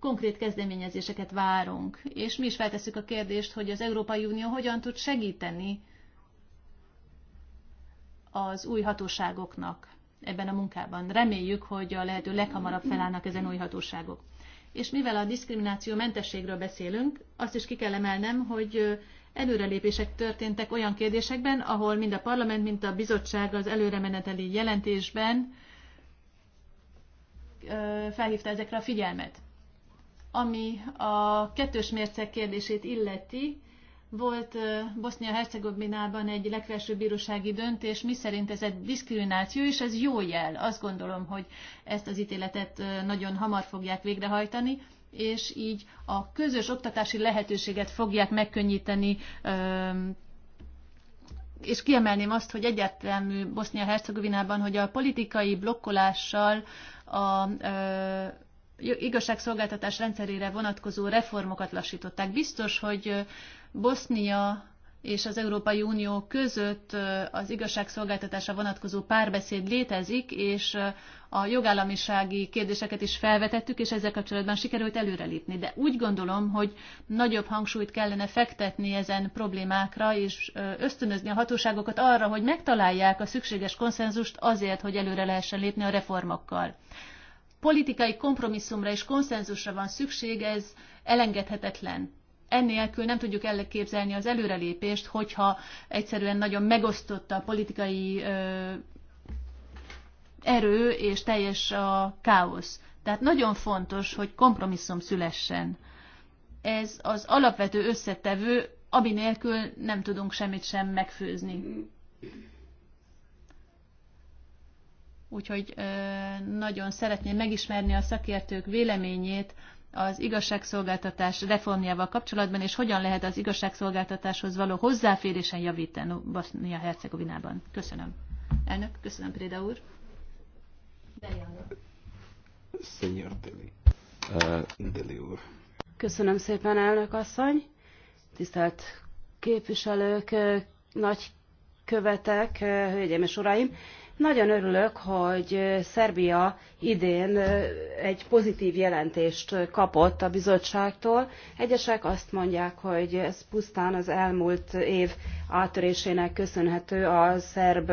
Konkrét kezdeményezéseket várunk. És mi is feltesszük a kérdést, hogy az Európai Unió hogyan tud segíteni az új hatóságoknak ebben a munkában. Reméljük, hogy a lehető leghamarabb felállnak ezen új hatóságok. És mivel a diszkrimináció mentességről beszélünk, azt is ki kell emelnem, hogy előrelépések történtek olyan kérdésekben, ahol mind a parlament, mind a bizottság az előremeneteli jelentésben felhívta ezekre a figyelmet. Ami a kettős mérce kérdését illeti, volt Bosznia-Hercegovinában egy legfelsőbb bírósági döntés, miszerint ez egy diszkrimináció, és ez jó jel. Azt gondolom, hogy ezt az ítéletet nagyon hamar fogják végrehajtani, és így a közös oktatási lehetőséget fogják megkönnyíteni és kiemelném azt, hogy egyértelmű Bosznia-Hercegovinában, hogy a politikai blokkolással a igazságszolgáltatás rendszerére vonatkozó reformokat lassították. Biztos, hogy Bosznia és az Európai Unió között az igazságszolgáltatásra vonatkozó párbeszéd létezik, és a jogállamisági kérdéseket is felvetettük, és ezzel kapcsolatban sikerült előrelépni. De úgy gondolom, hogy nagyobb hangsúlyt kellene fektetni ezen problémákra, és ösztönözni a hatóságokat arra, hogy megtalálják a szükséges konszenzust azért, hogy előre lehessen lépni a reformokkal. Politikai kompromisszumra és konszenzusra van szükség, ez elengedhetetlen ennélkül nem tudjuk elképzelni az előrelépést, hogyha egyszerűen nagyon megosztott a politikai erő és teljes a káosz. Tehát nagyon fontos, hogy kompromisszum szülessen. Ez az alapvető összetevő, ami nélkül nem tudunk semmit sem megfőzni. Úgyhogy nagyon szeretném megismerni a szakértők véleményét az igazságszolgáltatás reformjával kapcsolatban, és hogyan lehet az igazságszolgáltatáshoz való hozzáférésen javítani Bosznia-Hercegovinában. Köszönöm. Elnök, köszönöm, Préda úr. Szenyor Deli. Uh, Deli úr. Köszönöm szépen, elnök asszony. Tisztelt képviselők, nagy követek, hölgyeim és uraim. Nagyon örülök, hogy Szerbia idén egy pozitív jelentést kapott a bizottságtól. Egyesek azt mondják, hogy ez pusztán az elmúlt év áttörésének köszönhető a szerb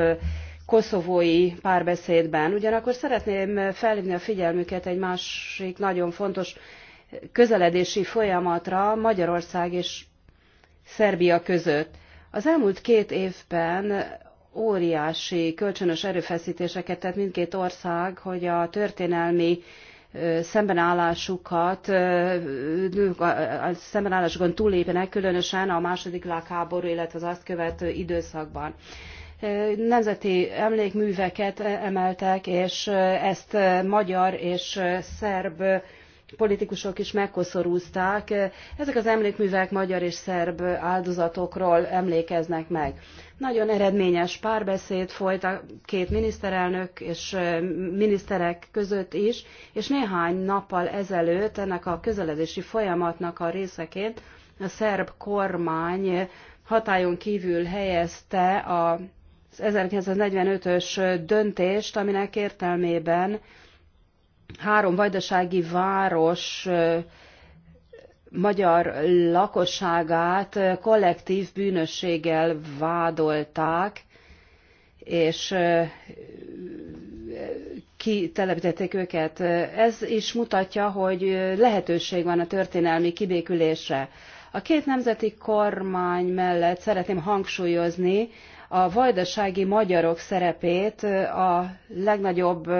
koszovói párbeszédben. Ugyanakkor szeretném felhívni a figyelmüket egy másik nagyon fontos közeledési folyamatra Magyarország és Szerbia között. Az elmúlt két évben óriási kölcsönös erőfeszítéseket tett mindkét ország, hogy a történelmi szembenállásukat, a szembenállásukon túlépjenek, különösen a második világháború, illetve az azt követő időszakban. Nemzeti emlékműveket e-, emeltek, és ezt magyar és szerb politikusok is megkoszorúzták. Ezek az emlékművek magyar és szerb áldozatokról emlékeznek meg. Nagyon eredményes párbeszéd folyt a két miniszterelnök és miniszterek között is, és néhány nappal ezelőtt ennek a közeledési folyamatnak a részeként a szerb kormány hatályon kívül helyezte a az 1945-ös döntést, aminek értelmében három vajdasági város magyar lakosságát kollektív bűnösséggel vádolták, és kitelepítették őket. Ez is mutatja, hogy lehetőség van a történelmi kibékülésre. A két nemzeti kormány mellett szeretném hangsúlyozni, a vajdasági magyarok szerepét a legnagyobb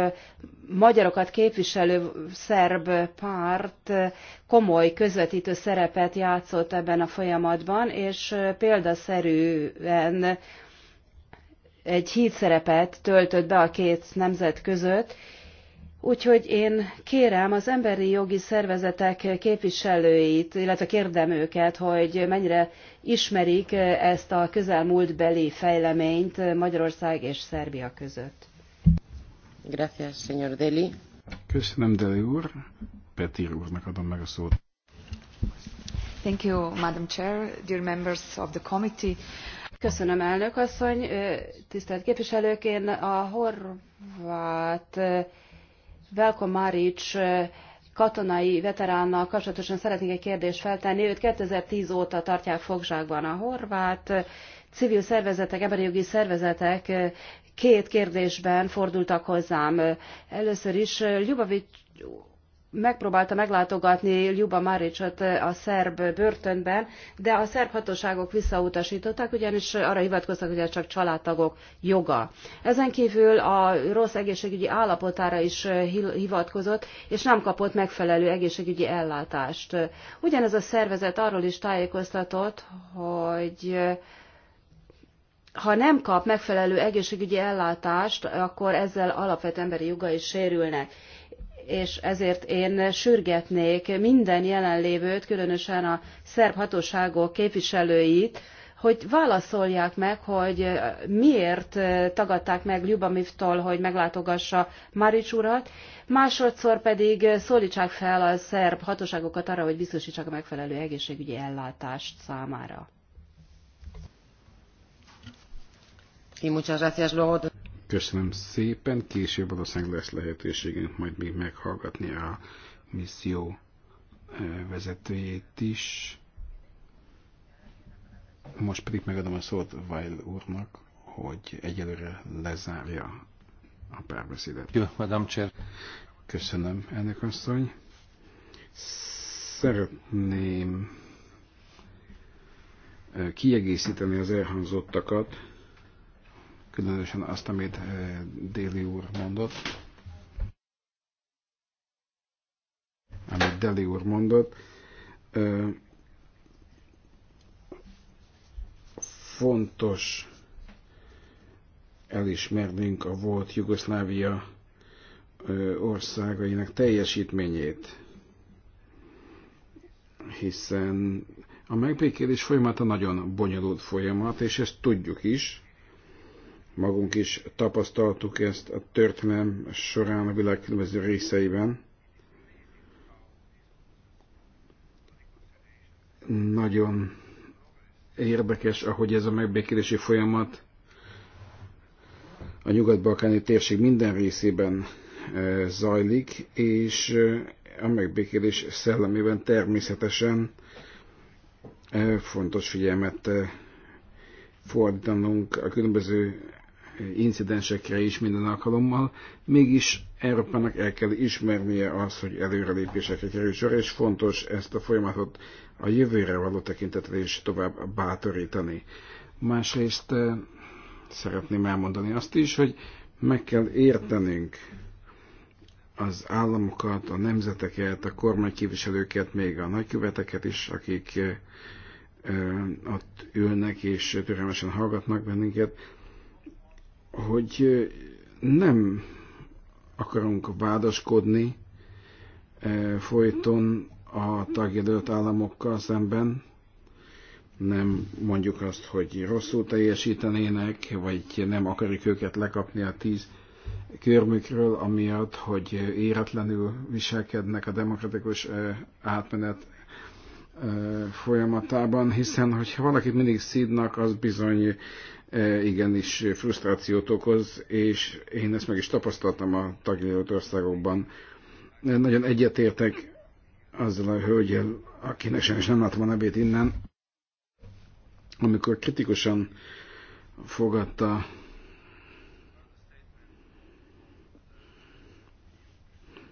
magyarokat képviselő szerb párt komoly közvetítő szerepet játszott ebben a folyamatban, és példaszerűen egy hídszerepet töltött be a két nemzet között, Úgyhogy én kérem az emberi jogi szervezetek képviselőit, illetve kérdem őket, hogy mennyire ismerik ezt a közelmúltbeli fejleményt Magyarország és Szerbia között. Gracias, señor Deli. Köszönöm, Deli úr. Petir úrnak adom meg a szót. Thank you, Madam Chair, dear members of the committee. Köszönöm, elnök asszony. Tisztelt képviselők, én a horvát Velko Marics katonai veteránnal kapcsolatosan szeretnék egy kérdést feltenni. Őt 2010 óta tartják fogságban a horvát civil szervezetek, emberi jogi szervezetek két kérdésben fordultak hozzám. Először is Ljubavics megpróbálta meglátogatni Ljuba Maricot a szerb börtönben, de a szerb hatóságok visszautasították, ugyanis arra hivatkoztak, hogy ez csak családtagok joga. Ezen kívül a rossz egészségügyi állapotára is hivatkozott, és nem kapott megfelelő egészségügyi ellátást. Ugyanez a szervezet arról is tájékoztatott, hogy ha nem kap megfelelő egészségügyi ellátást, akkor ezzel alapvető emberi jogai sérülnek és ezért én sürgetnék minden jelenlévőt, különösen a szerb hatóságok képviselőit, hogy válaszolják meg, hogy miért tagadták meg Ljubamivtól, hogy meglátogassa Marics urat, másodszor pedig szólítsák fel a szerb hatóságokat arra, hogy biztosítsák a megfelelő egészségügyi ellátást számára. Köszönöm szépen, később valószínűleg lesz lehetőségünk majd még meghallgatni a misszió eh, vezetőjét is. Most pedig megadom a szót Weil úrnak, hogy egyelőre lezárja a párbeszédet. Jó, Madame Chair. Köszönöm, elnök asszony. Szeretném eh, kiegészíteni az elhangzottakat, különösen azt, amit eh, Déli úr mondott, amit Deli úr mondott. Eh, fontos elismernünk a volt Jugoszlávia eh, országainak teljesítményét, hiszen a megbékélés folyamata nagyon bonyolult folyamat, és ezt tudjuk is magunk is tapasztaltuk ezt a történelem során a világ különböző részeiben. Nagyon érdekes, ahogy ez a megbékélési folyamat a nyugat-balkáni térség minden részében e, zajlik, és e, a megbékélés szellemében természetesen e, fontos figyelmet fordítanunk a különböző incidensekre is minden alkalommal, mégis Európának el kell ismernie az hogy előrelépésekre kerül sor, és fontos ezt a folyamatot a jövőre való tekintetre is tovább bátorítani. Másrészt eh, szeretném elmondani azt is, hogy meg kell értenünk az államokat, a nemzeteket, a kormányképviselőket, még a nagyköveteket is, akik eh, ott ülnek és türelmesen hallgatnak bennünket, hogy nem akarunk vádaskodni folyton a tagjelölt államokkal szemben, nem mondjuk azt, hogy rosszul teljesítenének, vagy nem akarjuk őket lekapni a tíz körmükről, amiatt, hogy éretlenül viselkednek a demokratikus átmenet folyamatában, hiszen hogyha valakit mindig szídnak, az bizony E, igenis frusztrációt okoz, és én ezt meg is tapasztaltam a tagjelölt országokban. E, nagyon egyetértek azzal a hölgyel, akinek is nem látom a nevét innen, amikor kritikusan fogadta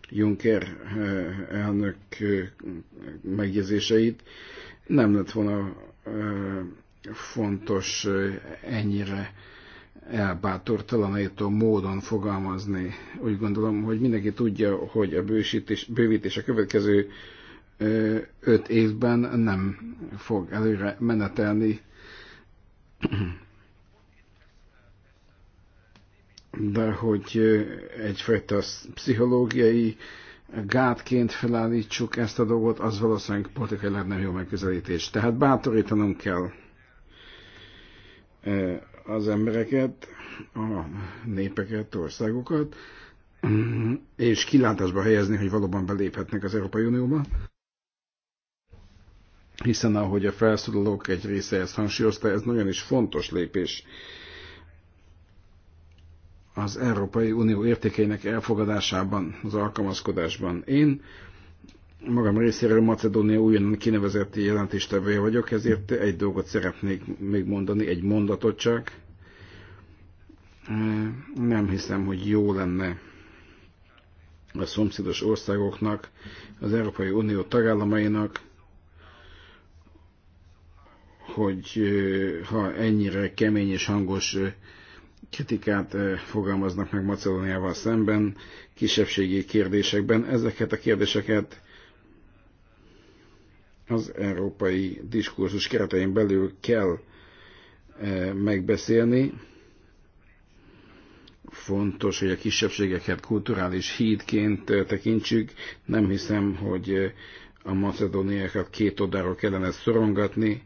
Juncker e, elnök megjegyzéseit, nem lett volna fontos ennyire elbátortalanító módon fogalmazni. Úgy gondolom, hogy mindenki tudja, hogy a bősítés, bővítés a következő öt évben nem fog előre menetelni. De hogy egyfajta pszichológiai gátként felállítsuk ezt a dolgot, az valószínűleg politikailag nem jó megközelítés. Tehát bátorítanunk kell az embereket, a népeket, országokat, és kilátásba helyezni, hogy valóban beléphetnek az Európai Unióba. Hiszen ahogy a felszólalók egy része ezt hangsúlyozta, ez nagyon is fontos lépés az Európai Unió értékeinek elfogadásában, az alkalmazkodásban. Én magam részéről Macedónia újonnan kinevezett jelentéstevője vagyok, ezért egy dolgot szeretnék még mondani, egy mondatot csak. Nem hiszem, hogy jó lenne a szomszédos országoknak, az Európai Unió tagállamainak, hogy ha ennyire kemény és hangos kritikát fogalmaznak meg Macedóniával szemben, kisebbségi kérdésekben, ezeket a kérdéseket az európai diskurzus keretein belül kell eh, megbeszélni. Fontos, hogy a kisebbségeket kulturális hídként eh, tekintsük. Nem hiszem, hogy eh, a macedóniákat két oldalról kellene szorongatni,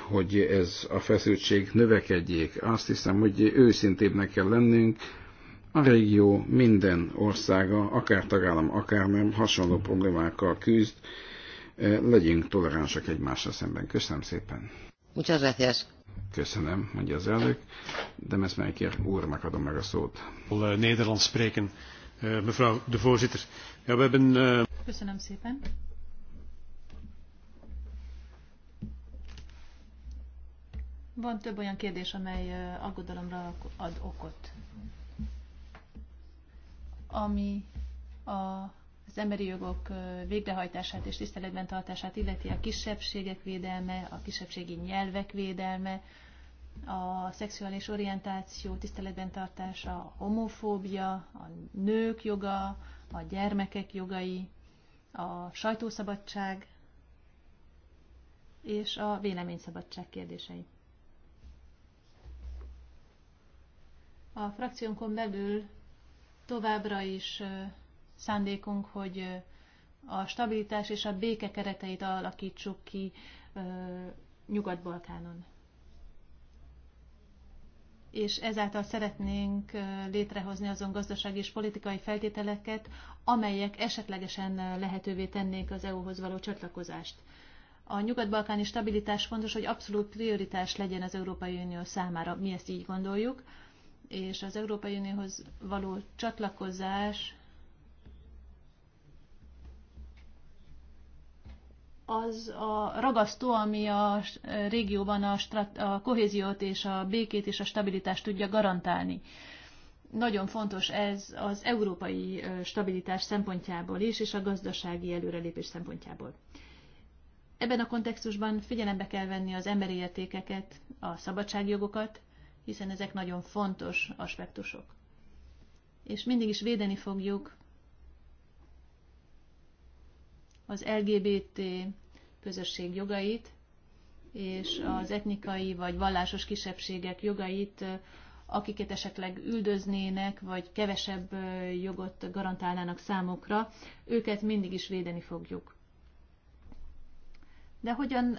hogy ez a feszültség növekedjék. Azt hiszem, hogy őszintébbnek kell lennünk. A régió minden országa, akár tagállam, akár nem, hasonló problémákkal küzd Eh, legyünk toleránsak egymással szemben. Köszönöm szépen. Muchas gracias. Köszönöm, mondja az elnök. De Mesmeiker úr, megadom meg a szót. Eh, Nederlands spreken, eh, mevrouw de voorzitter. Ja, we hebben... Köszönöm szépen. Van több olyan kérdés, amely aggodalomra ad okot. Ami a az emberi jogok végrehajtását és tiszteletben tartását illeti a kisebbségek védelme, a kisebbségi nyelvek védelme, a szexuális orientáció tiszteletben tartása, a homofóbia, a nők joga, a gyermekek jogai, a sajtószabadság és a véleményszabadság kérdései. A frakciónkon belül továbbra is szándékunk, hogy a stabilitás és a béke kereteit alakítsuk ki Nyugat-Balkánon. És ezáltal szeretnénk létrehozni azon gazdasági és politikai feltételeket, amelyek esetlegesen lehetővé tennék az EU-hoz való csatlakozást. A nyugat-balkáni stabilitás fontos, hogy abszolút prioritás legyen az Európai Unió számára. Mi ezt így gondoljuk, és az Európai Unióhoz való csatlakozás az a ragasztó, ami a régióban a, strat- a kohéziót és a békét és a stabilitást tudja garantálni. Nagyon fontos ez az európai stabilitás szempontjából is, és a gazdasági előrelépés szempontjából. Ebben a kontextusban figyelembe kell venni az emberi értékeket, a szabadságjogokat, hiszen ezek nagyon fontos aspektusok. És mindig is védeni fogjuk az LGBT közösség jogait és az etnikai vagy vallásos kisebbségek jogait, akiket esetleg üldöznének, vagy kevesebb jogot garantálnának számokra, őket mindig is védeni fogjuk. De hogyan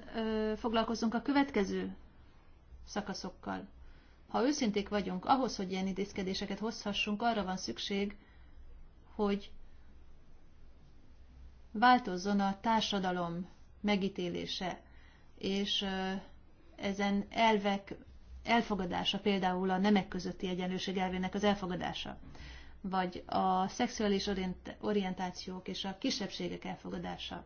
foglalkozunk a következő szakaszokkal? Ha őszinték vagyunk, ahhoz, hogy ilyen idézkedéseket hozhassunk, arra van szükség, hogy változzon a társadalom megítélése, és ezen elvek elfogadása, például a nemek közötti egyenlőség elvének az elfogadása, vagy a szexuális orientációk és a kisebbségek elfogadása.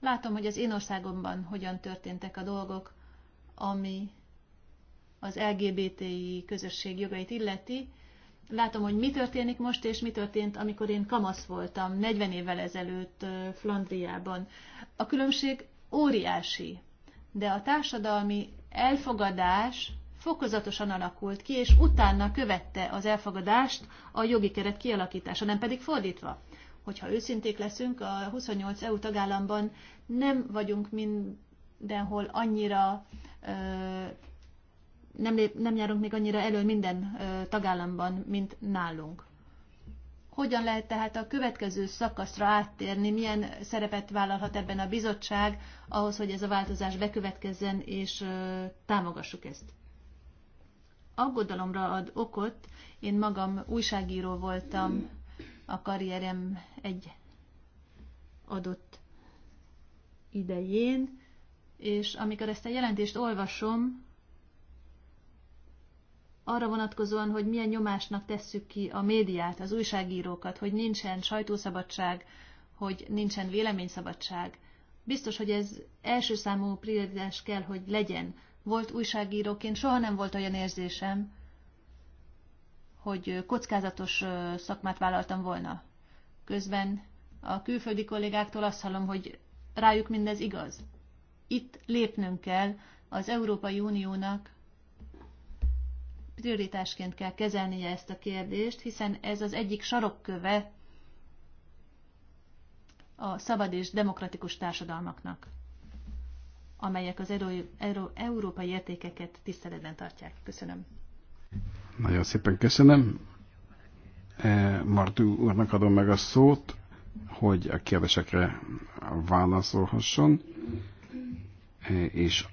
Látom, hogy az én országomban hogyan történtek a dolgok, ami az LGBTI közösség jogait illeti, látom, hogy mi történik most, és mi történt, amikor én kamasz voltam 40 évvel ezelőtt Flandriában. A különbség óriási, de a társadalmi elfogadás fokozatosan alakult ki, és utána követte az elfogadást a jogi keret kialakítása, nem pedig fordítva. Hogyha őszinték leszünk, a 28 EU tagállamban nem vagyunk mindenhol annyira nem, lép, nem járunk még annyira elő minden tagállamban, mint nálunk. Hogyan lehet tehát a következő szakaszra áttérni, milyen szerepet vállalhat ebben a bizottság ahhoz, hogy ez a változás bekövetkezzen, és támogassuk ezt? Aggodalomra ad okot, én magam újságíró voltam a karrierem egy adott idején, és amikor ezt a jelentést olvasom, arra vonatkozóan, hogy milyen nyomásnak tesszük ki a médiát, az újságírókat, hogy nincsen sajtószabadság, hogy nincsen véleményszabadság. Biztos, hogy ez első számú prioritás kell, hogy legyen. Volt újságíróként, soha nem volt olyan érzésem, hogy kockázatos szakmát vállaltam volna. Közben a külföldi kollégáktól azt hallom, hogy rájuk mindez igaz. Itt lépnünk kell az Európai Uniónak prioritásként kell kezelnie ezt a kérdést, hiszen ez az egyik sarokköve a szabad és demokratikus társadalmaknak, amelyek az euró, euró, európai értékeket tiszteletben tartják. Köszönöm. Nagyon szépen köszönöm. E, Martú úrnak adom meg a szót, hogy a kérdésekre válaszolhasson, e, és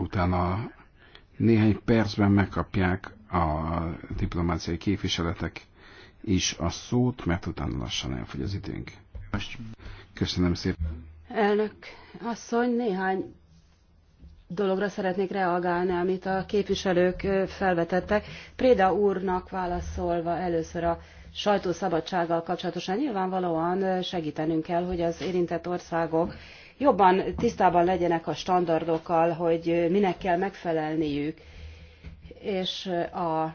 utána néhány percben megkapják a diplomáciai képviseletek is a szót, mert utána lassan elfogy az időnk. Köszönöm szépen. Elnök asszony, néhány dologra szeretnék reagálni, amit a képviselők felvetettek. Préda úrnak válaszolva először a sajtószabadsággal kapcsolatosan nyilvánvalóan segítenünk kell, hogy az érintett országok jobban tisztában legyenek a standardokkal, hogy minek kell megfelelniük, és a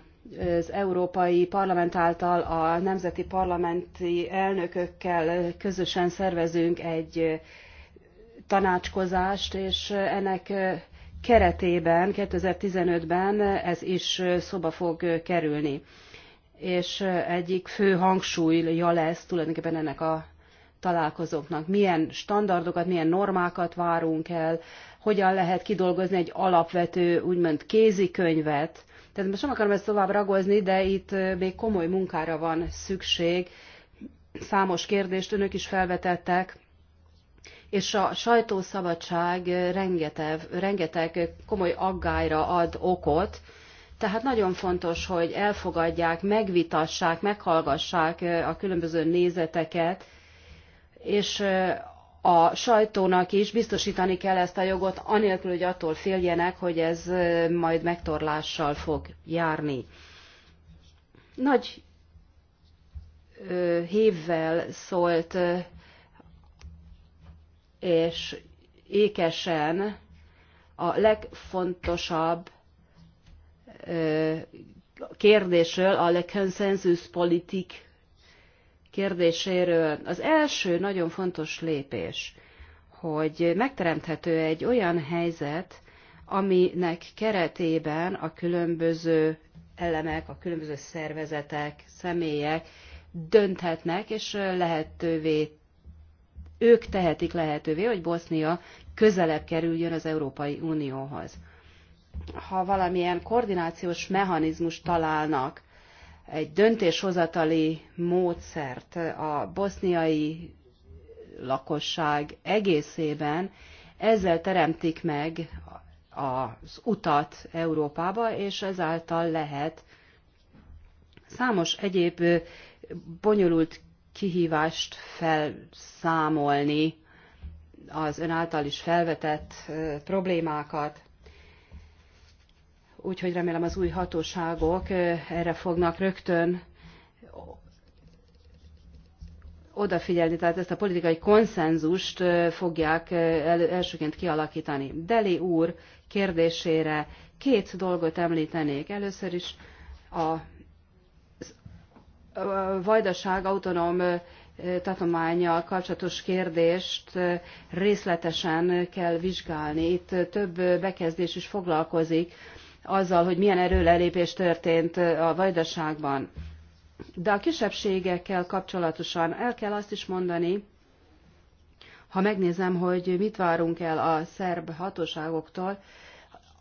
az Európai Parlament által a nemzeti parlamenti elnökökkel közösen szervezünk egy tanácskozást, és ennek keretében 2015-ben ez is szoba fog kerülni. És egyik fő hangsúlya lesz tulajdonképpen ennek a találkozóknak, milyen standardokat, milyen normákat várunk el, hogyan lehet kidolgozni egy alapvető, úgymond kézikönyvet. Tehát most nem akarom ezt tovább ragozni, de itt még komoly munkára van szükség. Számos kérdést önök is felvetettek, és a sajtószabadság rengeteg, rengeteg komoly aggályra ad okot, tehát nagyon fontos, hogy elfogadják, megvitassák, meghallgassák a különböző nézeteket, és a sajtónak is biztosítani kell ezt a jogot, anélkül, hogy attól féljenek, hogy ez majd megtorlással fog járni. Nagy hívvel szólt, és ékesen a legfontosabb kérdésről, a Le Consensus kérdéséről. Az első nagyon fontos lépés, hogy megteremthető egy olyan helyzet, aminek keretében a különböző elemek, a különböző szervezetek, személyek dönthetnek, és lehetővé, ők tehetik lehetővé, hogy Bosznia közelebb kerüljön az Európai Unióhoz. Ha valamilyen koordinációs mechanizmus találnak egy döntéshozatali módszert a boszniai lakosság egészében, ezzel teremtik meg az utat Európába, és ezáltal lehet számos egyéb bonyolult kihívást felszámolni, az ön által is felvetett problémákat, úgyhogy remélem az új hatóságok erre fognak rögtön odafigyelni, tehát ezt a politikai konszenzust fogják elsőként kialakítani. Deli úr kérdésére két dolgot említenék. Először is a vajdaság autonóm tartományjal kapcsolatos kérdést részletesen kell vizsgálni. Itt több bekezdés is foglalkozik azzal, hogy milyen erőlelépés történt a vajdaságban. De a kisebbségekkel kapcsolatosan el kell azt is mondani, ha megnézem, hogy mit várunk el a szerb hatóságoktól,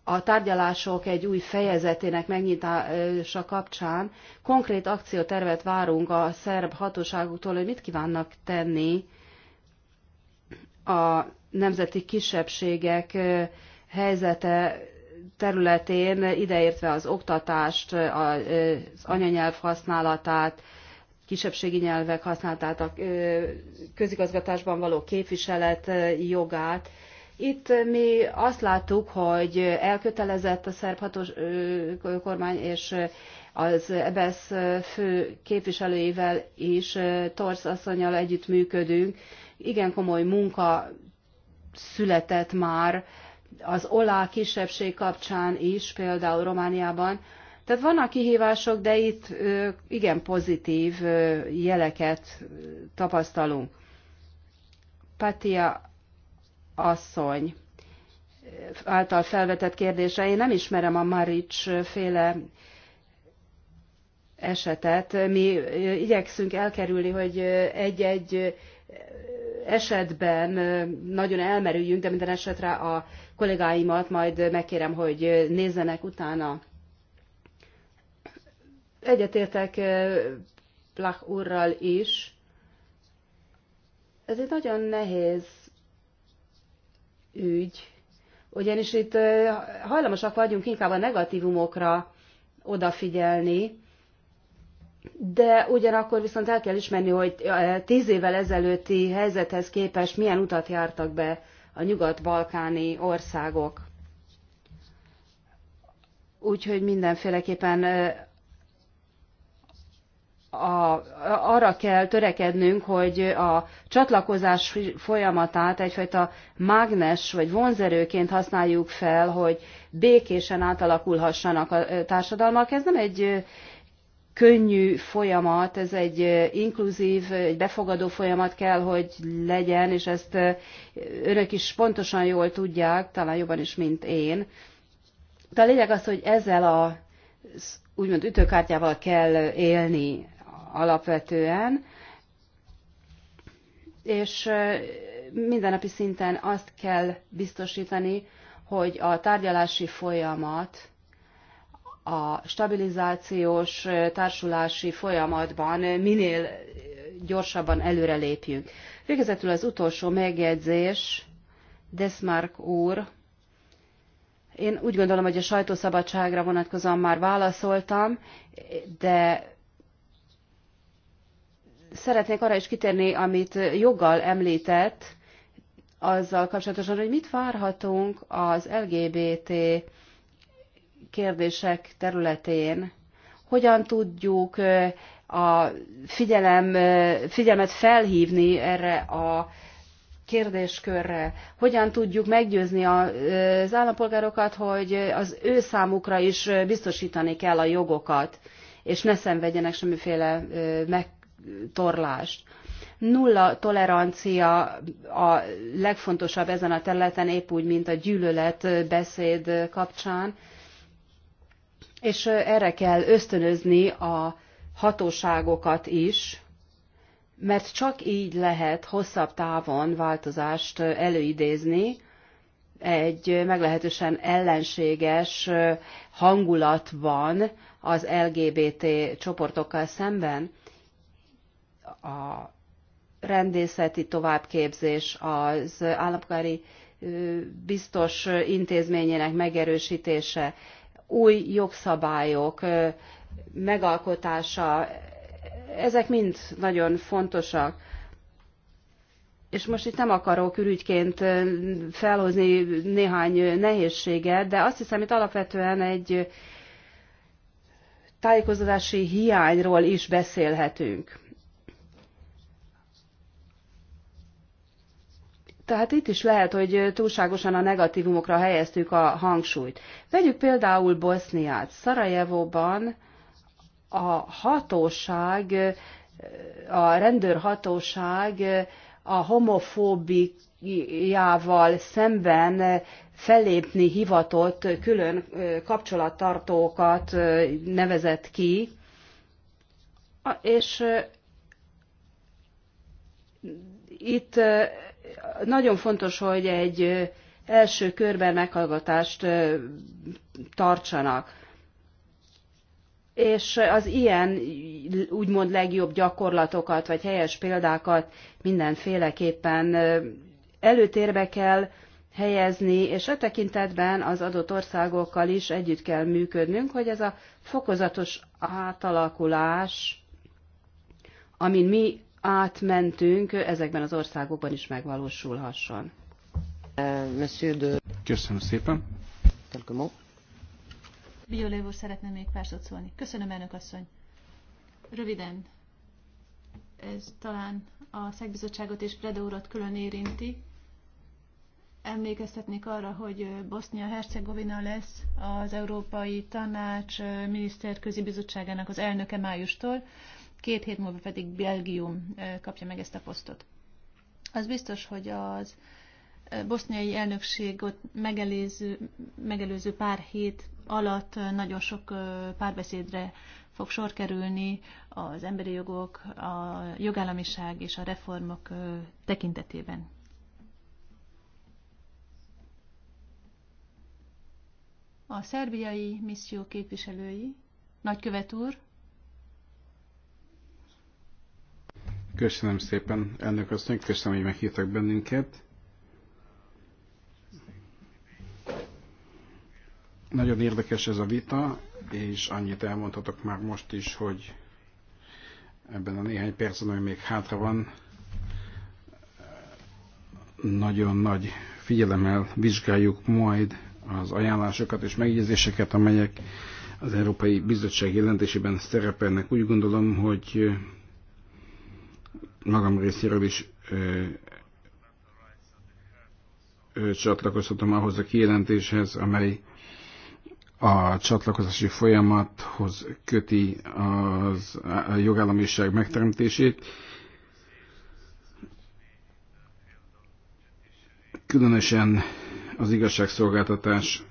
a tárgyalások egy új fejezetének megnyitása kapcsán konkrét akciótervet várunk a szerb hatóságoktól, hogy mit kívánnak tenni a nemzeti kisebbségek helyzete területén, ideértve az oktatást, az anyanyelv használatát, kisebbségi nyelvek használatát, a közigazgatásban való képviselet jogát. Itt mi azt láttuk, hogy elkötelezett a szerb hatós kormány, és az EBSZ e fő képviselőivel is, Torsz asszonyjal együttműködünk. Igen komoly munka született már az olá kisebbség kapcsán is, például Romániában. Tehát vannak kihívások, de itt igen pozitív jeleket tapasztalunk. Patia asszony által felvetett kérdése, én nem ismerem a Marics féle esetet. Mi igyekszünk elkerülni, hogy egy-egy esetben nagyon elmerüljünk, de minden esetre a kollégáimat majd megkérem, hogy nézzenek utána. Egyetértek Plach úrral is. Ez egy nagyon nehéz ügy, ugyanis itt hajlamosak vagyunk inkább a negatívumokra odafigyelni, de ugyanakkor viszont el kell ismerni, hogy tíz évvel ezelőtti helyzethez képest milyen utat jártak be a nyugat-balkáni országok. Úgyhogy mindenféleképpen a, arra kell törekednünk, hogy a csatlakozás folyamatát egyfajta mágnes vagy vonzerőként használjuk fel, hogy békésen átalakulhassanak a társadalmak. Ez nem egy könnyű folyamat, ez egy inkluzív, egy befogadó folyamat kell, hogy legyen, és ezt önök is pontosan jól tudják, talán jobban is, mint én. De a lényeg az, hogy ezzel a úgymond ütőkártyával kell élni alapvetően, és mindennapi szinten azt kell biztosítani, hogy a tárgyalási folyamat a stabilizációs társulási folyamatban minél gyorsabban előrelépjünk. Végezetül az utolsó megjegyzés, Desmark úr, én úgy gondolom, hogy a sajtószabadságra vonatkozóan már válaszoltam, de szeretnék arra is kitérni, amit joggal említett, azzal kapcsolatosan, hogy mit várhatunk az LGBT kérdések területén hogyan tudjuk a figyelem, figyelmet felhívni erre a kérdéskörre, hogyan tudjuk meggyőzni az állampolgárokat, hogy az ő számukra is biztosítani kell a jogokat, és ne szenvedjenek semmiféle megtorlást. Nulla tolerancia a legfontosabb ezen a területen, épp úgy, mint a gyűlöletbeszéd kapcsán és erre kell ösztönözni a hatóságokat is, mert csak így lehet hosszabb távon változást előidézni, egy meglehetősen ellenséges hangulatban az LGBT csoportokkal szemben. A rendészeti továbbképzés, az állampolgári biztos intézményének megerősítése, új jogszabályok megalkotása, ezek mind nagyon fontosak. És most itt nem akarok ürügyként felhozni néhány nehézséget, de azt hiszem itt alapvetően egy tájékozódási hiányról is beszélhetünk. Tehát itt is lehet, hogy túlságosan a negatívumokra helyeztük a hangsúlyt. Vegyük például Boszniát. Szarajevóban a hatóság, a rendőrhatóság a homofóbiával szemben fellépni hivatott külön kapcsolattartókat nevezett ki, és itt nagyon fontos, hogy egy első körben meghallgatást tartsanak. És az ilyen úgymond legjobb gyakorlatokat, vagy helyes példákat mindenféleképpen előtérbe kell helyezni, és a e tekintetben az adott országokkal is együtt kell működnünk, hogy ez a fokozatos átalakulás, amin mi átmentünk, ezekben az országokban is megvalósulhasson. Köszönöm szépen. Biolév úr szeretne még pár szót szólni. Köszönöm, elnök asszony. Röviden, ez talán a szegbizottságot és Preda urat külön érinti. Emlékeztetnék arra, hogy Bosznia-Hercegovina lesz az Európai Tanács Miniszterközi Bizottságának az elnöke májustól két hét múlva pedig Belgium kapja meg ezt a posztot. Az biztos, hogy az boszniai elnökségot megelőző, megelőző pár hét alatt nagyon sok párbeszédre fog sor kerülni az emberi jogok, a jogállamiság és a reformok tekintetében. A szerbiai misszió képviselői, nagykövet úr, Köszönöm szépen, elnök asszony, köszönöm, hogy meghívtak bennünket. Nagyon érdekes ez a vita, és annyit elmondhatok már most is, hogy ebben a néhány percben, ami még hátra van, nagyon nagy figyelemmel vizsgáljuk majd az ajánlásokat és megjegyzéseket, amelyek az Európai Bizottság jelentésében szerepelnek. Úgy gondolom, hogy magam részéről is csatlakozhatom ahhoz a kijelentéshez, amely a csatlakozási folyamathoz köti az, a jogállamiság megteremtését. Különösen az igazságszolgáltatás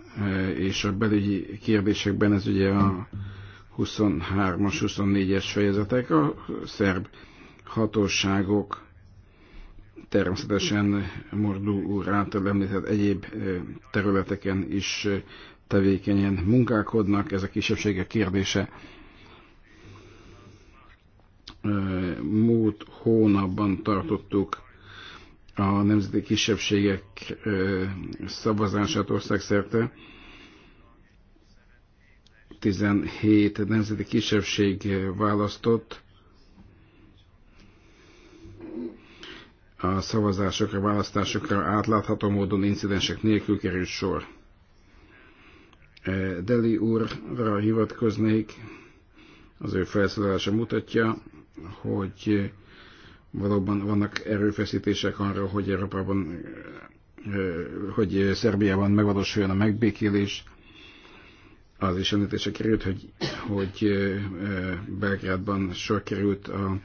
és a belügyi kérdésekben ez ugye a 23-as, 24-es fejezetek a szerb hatóságok természetesen Mordú úr által említett egyéb területeken is tevékenyen munkálkodnak, ez a kisebbségek kérdése. Múlt hónapban tartottuk a nemzeti kisebbségek szavazását országszerte. 17 nemzeti kisebbség választott, a szavazásokra, választásokra átlátható módon incidensek nélkül került sor. E, Deli úrra hivatkoznék, az ő felszólalása mutatja, hogy valóban vannak erőfeszítések arra, hogy Európában, e, hogy Szerbiában megvalósuljon a megbékélés. Az is említése került, hogy, hogy e, Belgrádban sor került a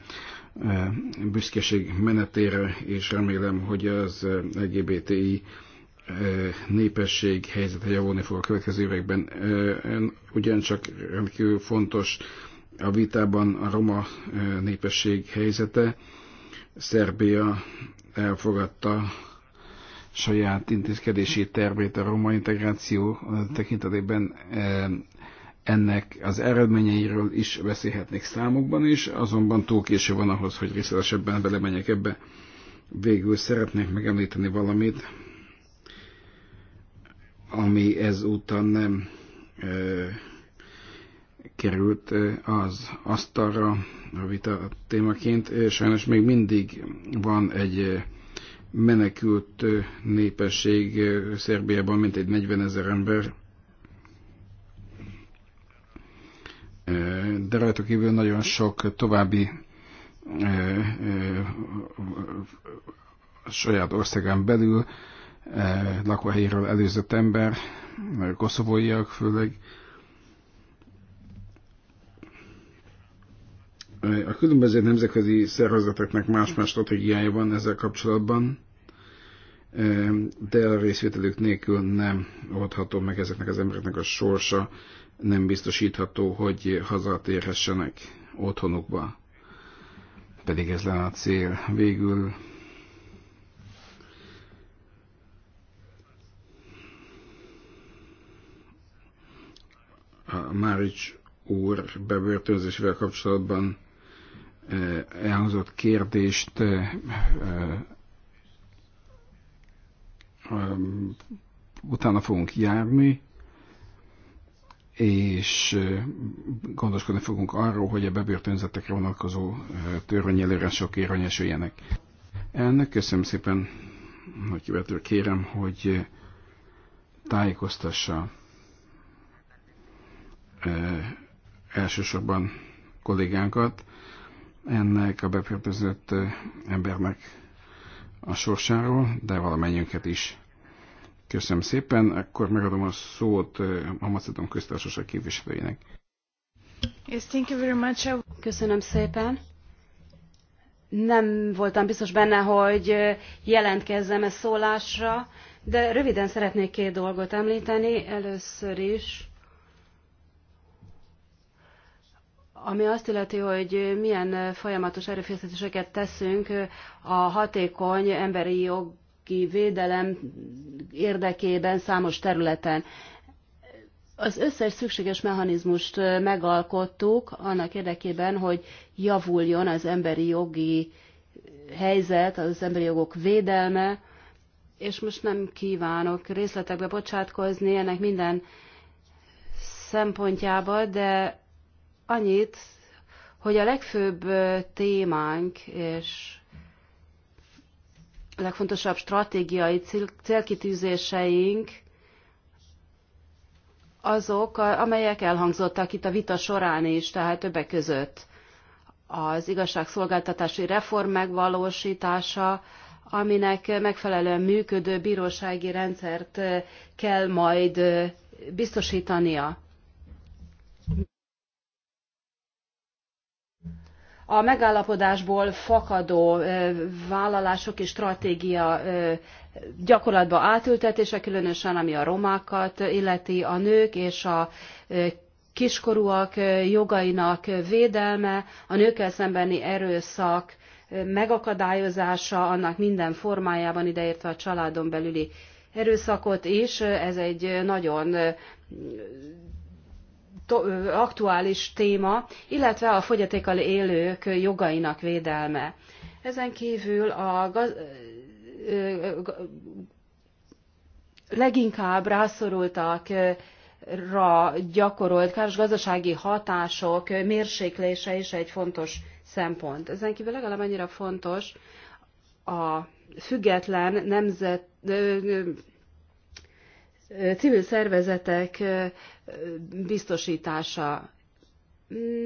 büszkeség menetére, és remélem, hogy az LGBTI népesség helyzete javulni fog a következő években. Ugyancsak rendkívül fontos a vitában a roma népesség helyzete. Szerbia elfogadta saját intézkedési tervét a roma integráció tekintetében ennek az eredményeiről is beszélhetnék számokban is, azonban túl késő van ahhoz, hogy részletesebben belemenjek ebbe. Végül szeretnék megemlíteni valamit, ami ezúttal nem ö, került az asztalra a vita témaként. Sajnos még mindig van egy menekült népesség Szerbiában, mint egy 40 ezer ember, de rajtuk kívül nagyon sok további saját országán belül lakóhelyéről előzött ember, koszovóiak főleg. A különböző nemzetközi szervezeteknek más-más stratégiája van ezzel kapcsolatban, de a részvételük nélkül nem oldható meg ezeknek az embereknek a sorsa nem biztosítható, hogy hazatérhessenek otthonukba. Pedig ez lenne a cél. Végül a Márics úr bebörtönzésével kapcsolatban eh, elhangzott kérdést eh, eh, utána fogunk járni és gondoskodni fogunk arról, hogy a bebörtönzetekre vonatkozó törvényelőrások érvényesüljenek. Elnök, köszönöm szépen, hogy kivető kérem, hogy tájékoztassa elsősorban kollégánkat ennek a bebörtönzött embernek a sorsáról, de valamennyünket is. Köszönöm szépen, akkor megadom a szót eh, a Macedon köztársaság képviselőjének. Yes, thank you very much. Köszönöm szépen. Nem voltam biztos benne, hogy eh, jelentkezzem a e szólásra, de röviden szeretnék két dolgot említeni. Először is, ami azt illeti, hogy milyen eh, folyamatos erőfeszítéseket teszünk a hatékony emberi jog védelem érdekében számos területen. Az összes szükséges mechanizmust megalkottuk annak érdekében, hogy javuljon az emberi jogi helyzet, az emberi jogok védelme, és most nem kívánok részletekbe bocsátkozni ennek minden szempontjába, de annyit, hogy a legfőbb témánk és legfontosabb stratégiai célkitűzéseink azok, amelyek elhangzottak itt a vita során is, tehát többek között az igazságszolgáltatási reform megvalósítása, aminek megfelelően működő bírósági rendszert kell majd biztosítania. a megállapodásból fakadó vállalások és stratégia gyakorlatba átültetése, különösen ami a romákat illeti, a nők és a kiskorúak jogainak védelme, a nőkkel szembeni erőszak megakadályozása annak minden formájában, ideértve a családon belüli erőszakot is. Ez egy nagyon aktuális téma, illetve a fogyatékkal élők jogainak védelme. Ezen kívül a gaz, leginkább rászorultakra gyakorolt káros gazdasági hatások mérséklése is egy fontos szempont. Ezen kívül legalább annyira fontos a független nemzet civil szervezetek biztosítása.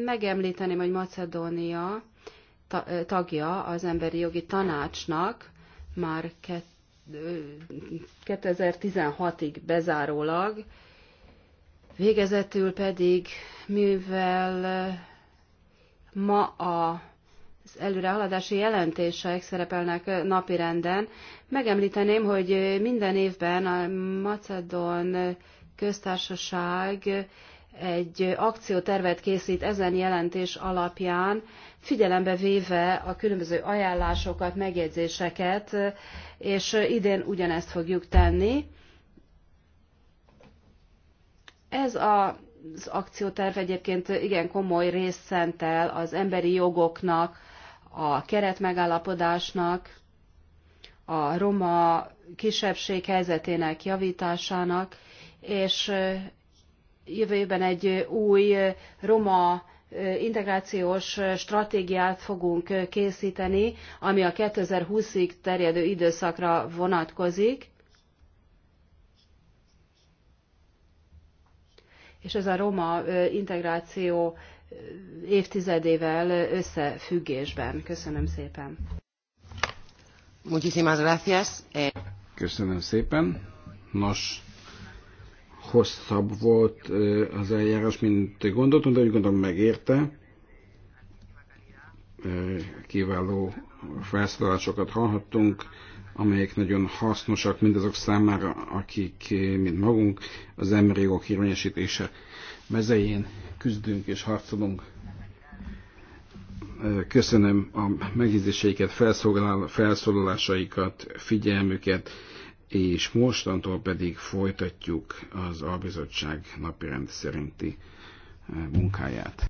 Megemlíteném, hogy Macedónia tagja az Emberi Jogi Tanácsnak már 2016-ig bezárólag, végezetül pedig, mivel ma a az előrehaladási jelentések szerepelnek napirenden. Megemlíteném, hogy minden évben a Macedon köztársaság egy akciótervet készít ezen jelentés alapján, figyelembe véve a különböző ajánlásokat, megjegyzéseket, és idén ugyanezt fogjuk tenni. Ez a az akcióterv egyébként igen komoly részt szentel az emberi jogoknak, a keretmegállapodásnak, a roma kisebbség helyzetének javításának, és jövő évben egy új roma integrációs stratégiát fogunk készíteni, ami a 2020-ig terjedő időszakra vonatkozik. És ez a roma integráció évtizedével összefüggésben. Köszönöm szépen. Muchísimas gracias. Köszönöm szépen. Nos, hosszabb volt az eljárás, mint gondoltam, de úgy gondolom megérte. Kiváló felszólalásokat hallhattunk, amelyek nagyon hasznosak mindazok számára, akik, mint magunk, az emberi jogok érvényesítése mezején küzdünk és harcolunk. Köszönöm a megjegyzéseiket, felszólalásaikat, figyelmüket és mostantól pedig folytatjuk az albizottság napirend szerinti eh, munkáját.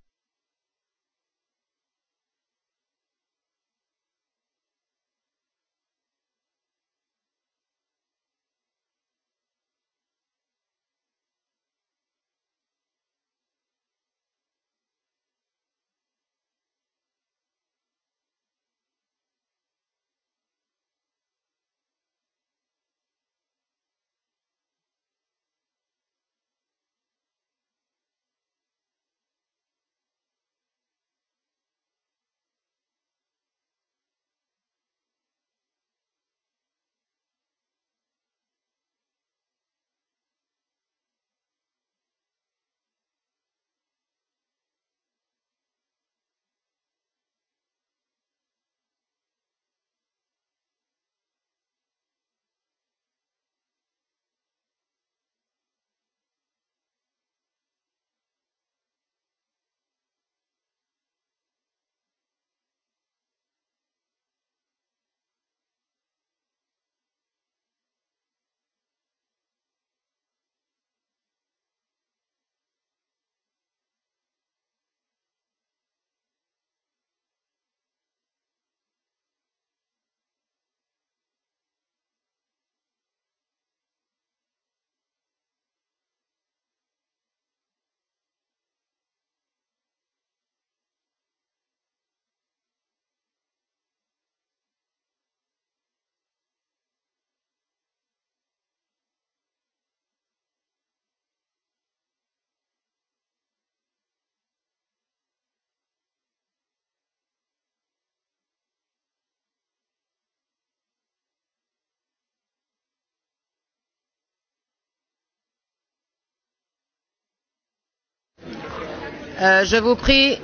Euh, je vous prie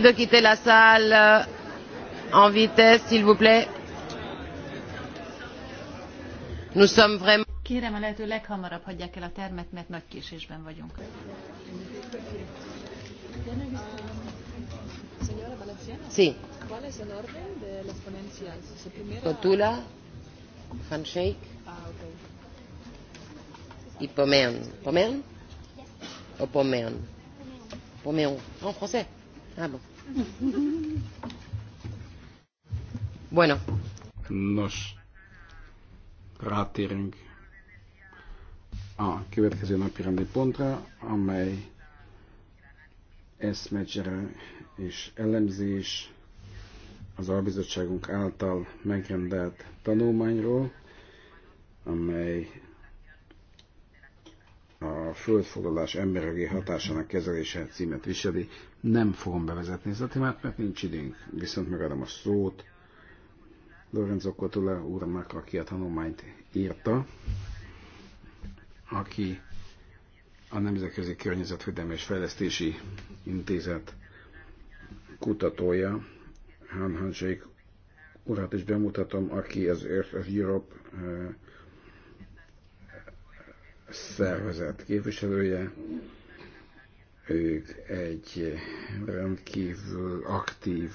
de quitter la salle euh, en vitesse s'il vous plaît. nous sommes vraiment Kérem a lehető leghamarabb hagyják el a termet, mert nagy késésben vagyunk. Sí. ¿Cuál es el orden de las ponencias? Cotula, handshake ah, okay. y Pomean. ¿Pomean? ¿O Pomean? Bon, mais on, en français. Ah bon. Bueno. Nos, rátérünk a következő napi rendi pontra, amely eszmecsere és elemzés az albizottságunk által megrendelt tanulmányról, amely a földfoglalás emberi hatásának kezelése címet viseli. Nem fogom bevezetni ezt a témát, mert nincs időnk. Viszont megadom a szót Lorenzo Cotula úrnak, aki a tanulmányt írta, aki a Nemzetközi Környezetvédelmi és Fejlesztési Intézet kutatója, Han Hanzsék urat is bemutatom, aki az Earth of Europe eh, szervezet képviselője. Ők egy rendkívül aktív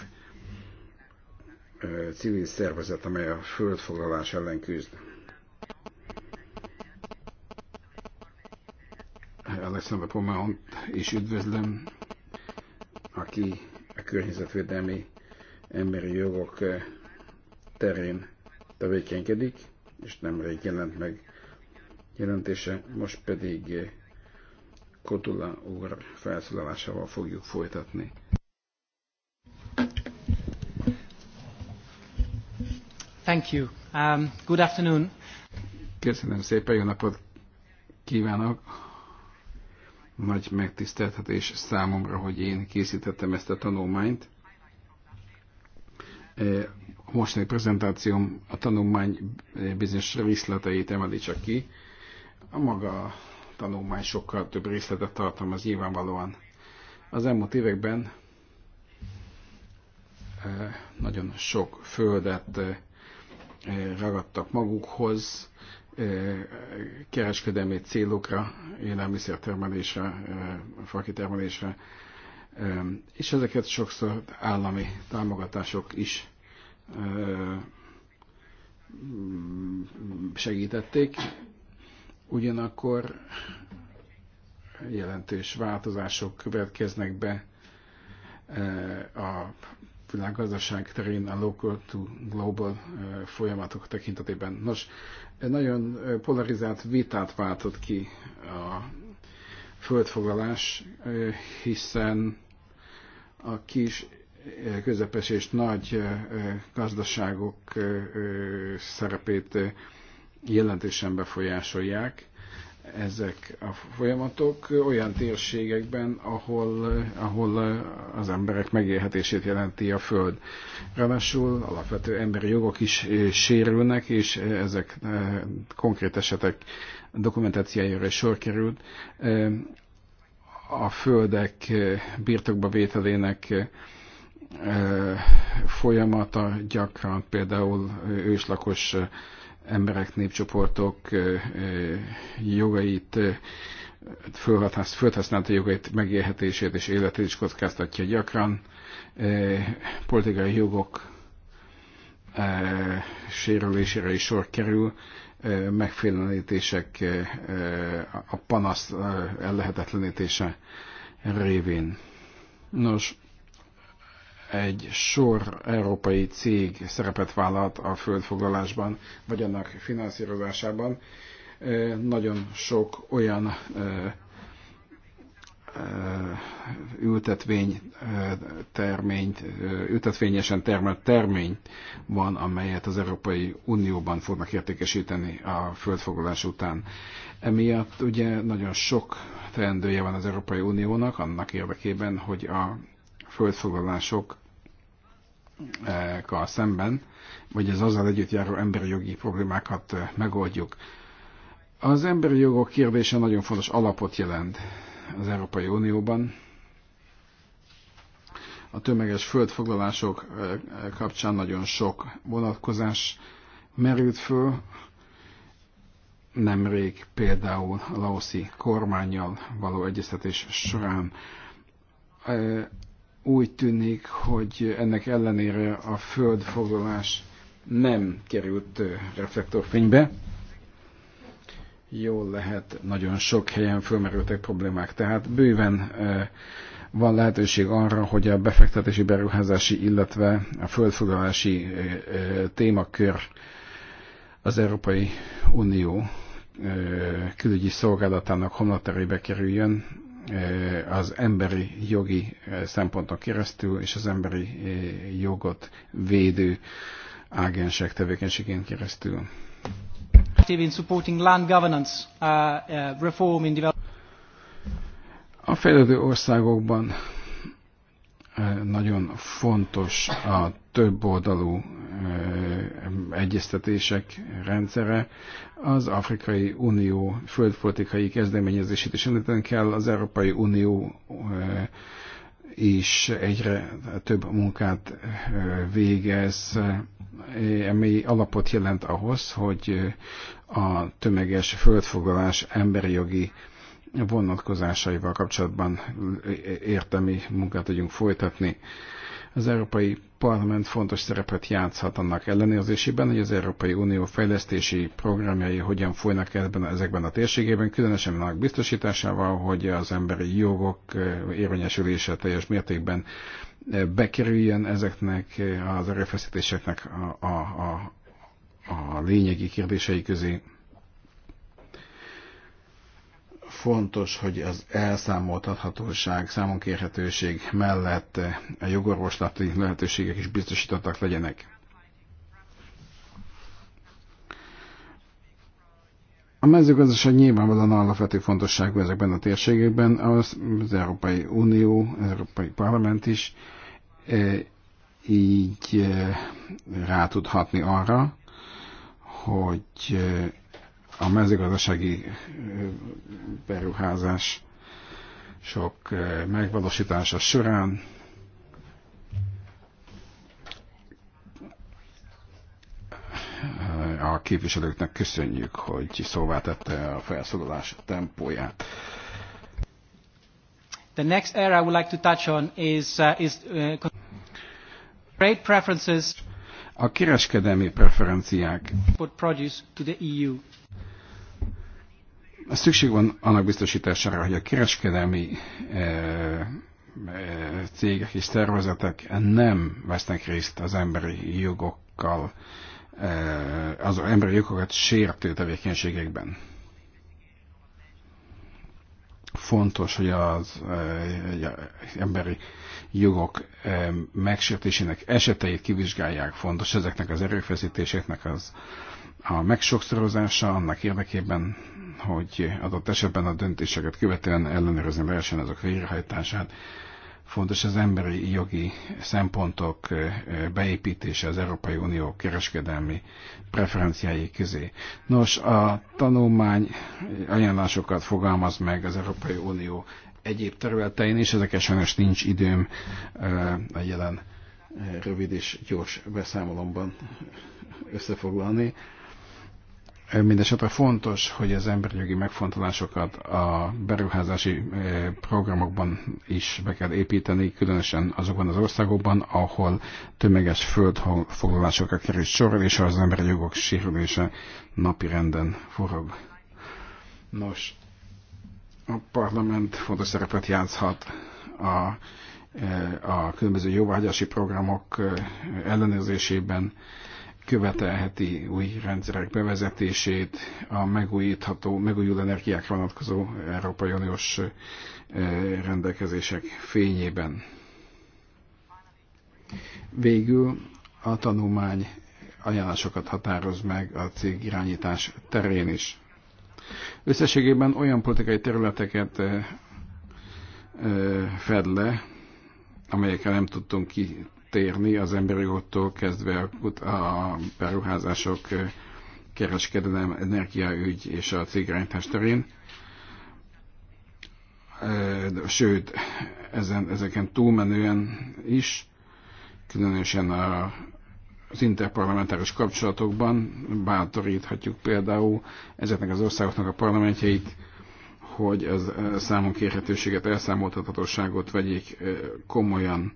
civil szervezet, amely a földfoglalás ellen küzd. Alexander Pomahont is üdvözlöm, aki a környezetvédelmi emberi jogok terén tevékenykedik, és nemrég jelent meg jelentése, most pedig eh, Kotula úr felszólalásával fogjuk folytatni. Thank you. Um, good afternoon. Köszönöm szépen, jó napot kívánok! Nagy megtiszteltetés számomra, hogy én készítettem ezt a tanulmányt. Eh, mostani prezentációm a tanulmány eh, bizonyos részleteit emeli csak ki, a maga tanulmány sokkal több részletet tartalmaz nyilvánvalóan. Az elmúlt években eh, nagyon sok földet eh, ragadtak magukhoz, eh, kereskedelmi célokra, élelmiszertermelésre, fakitermelésre, és ezeket sokszor állami támogatások is segítették, Ugyanakkor jelentős változások következnek be eh, a világgazdaság terén a local to global eh, folyamatok tekintetében. Nos, nagyon eh, polarizált vitát váltott ki a földfoglalás, hiszen a kis, közepes és nagy gazdaságok szerepét jelentősen befolyásolják ezek a folyamatok olyan térségekben, ahol, ahol az emberek megélhetését jelenti a Föld. Ráadásul alapvető emberi jogok is eh, sérülnek, és eh, ezek eh, konkrét esetek dokumentációjára is sor került. A földek birtokba vételének folyamata gyakran például őslakos emberek, népcsoportok jogait, földhasználati jogait, megélhetését és életét is kockáztatja gyakran. Politikai jogok sérülésére is sor kerül, megfélelítések, a panasz ellehetetlenítése révén. Nos, egy sor európai cég szerepet vállalt a földfoglalásban, vagy annak finanszírozásában. Nagyon sok olyan ültetvény terményt, ültetvényesen termelt termény van, amelyet az Európai Unióban fognak értékesíteni a földfoglalás után. Emiatt ugye nagyon sok teendője van az Európai Uniónak annak érdekében, hogy a földfoglalások Eh, szemben, vagy az azzal együtt járó emberi jogi problémákat eh, megoldjuk. Az emberi jogok kérdése nagyon fontos alapot jelent az Európai Unióban. A tömeges földfoglalások eh, kapcsán nagyon sok vonatkozás merült föl. Nemrég például a laoszi kormányjal való egyeztetés során úgy tűnik, hogy ennek ellenére a földfoglalás nem került reflektorfénybe. Jól lehet, nagyon sok helyen fölmerültek problémák, tehát bőven van lehetőség arra, hogy a befektetési beruházási, illetve a földfoglalási témakör az Európai Unió külügyi szolgálatának honlaterébe kerüljön, Eh, az emberi jogi eh, szemponton keresztül és az emberi eh, jogot védő ágensek tevékenységén keresztül. Uh, uh, A fejlődő országokban nagyon fontos a több oldalú egyeztetések rendszere. Az Afrikai Unió földpolitikai kezdeményezését is említeni kell, az Európai Unió is egyre több munkát végez, ami alapot jelent ahhoz, hogy a tömeges földfoglalás emberi jogi vonatkozásaival kapcsolatban értemi munkát tudjunk folytatni. Az Európai Parlament fontos szerepet játszhat annak ellenőrzésében, hogy az Európai Unió fejlesztési programjai hogyan folynak ebben, ezekben a térségében, különösen annak biztosításával, hogy az emberi jogok eh, érvényesülése teljes mértékben eh, bekerüljön ezeknek eh, az erőfeszítéseknek a, a, a, a lényegi kérdései közé. fontos, hogy az elszámoltathatóság, számonkérhetőség mellett a jogorvoslati lehetőségek is biztosítottak legyenek. A mezőgazdaság nyilvánvalóan alapvető fontosságú ezekben a térségekben, az, az Európai Unió, az Európai Parlament is e, így e, rá tudhatni arra, hogy e, a mezőgazdasági beruházás sok megvalósítása során a képviselőknek köszönjük, hogy szóvá tette a felszólalás tempóját. The next area I would like to touch on is, uh, is uh, trade preferences. A kereskedelmi preferenciák. put Produce to the EU. Szükség van annak biztosítására, hogy a kereskedelmi eh, eh, cégek és szervezetek nem vesznek részt az emberi jogokkal, eh, az emberi jogokat sértő tevékenységekben. Fontos, hogy az emberi jogok megsértésének eseteit kivizsgálják, fontos ezeknek az erőfeszítéseknek az a megsokszorozása annak érdekében, hogy adott esetben a döntéseket követően ellenőrizni lehessen azok végrehajtását. Fontos az emberi jogi szempontok eh, eh, beépítése az Európai Unió kereskedelmi preferenciái közé. Nos, a tanulmány ajánlásokat fogalmaz meg az Európai Unió egyéb területein, és ezeket sajnos nincs időm eh, a jelen rövid és gyors beszámolomban összefoglalni. Mindenesetre fontos, hogy az emberi jogi megfontolásokat a beruházási eh, programokban is be kell építeni, különösen azokban az országokban, ahol tömeges földfoglalásokra kerül sor, és az emberi jogok sérülése napi renden forog. Nos, a parlament fontos szerepet játszhat a, eh, a különböző jóvágyási programok eh, ellenőrzésében, követelheti új rendszerek bevezetését, a megújítható, megújuló energiák vonatkozó Európai Uniós eh, rendelkezések fényében. Végül a tanulmány ajánlásokat határoz meg a cég irányítás terén is. Összességében olyan politikai területeket eh, eh, fed le, amelyekkel nem tudtunk ki, térni az emberi ottól kezdve a, beruházások, kereskedelem, energiaügy és a cégirányítás terén. Sőt, ezen, ezeken túlmenően is, különösen a, az interparlamentáris kapcsolatokban bátoríthatjuk például ezeknek az országoknak a parlamentjeit, hogy az számunk kérhetőséget, elszámoltathatóságot vegyék komolyan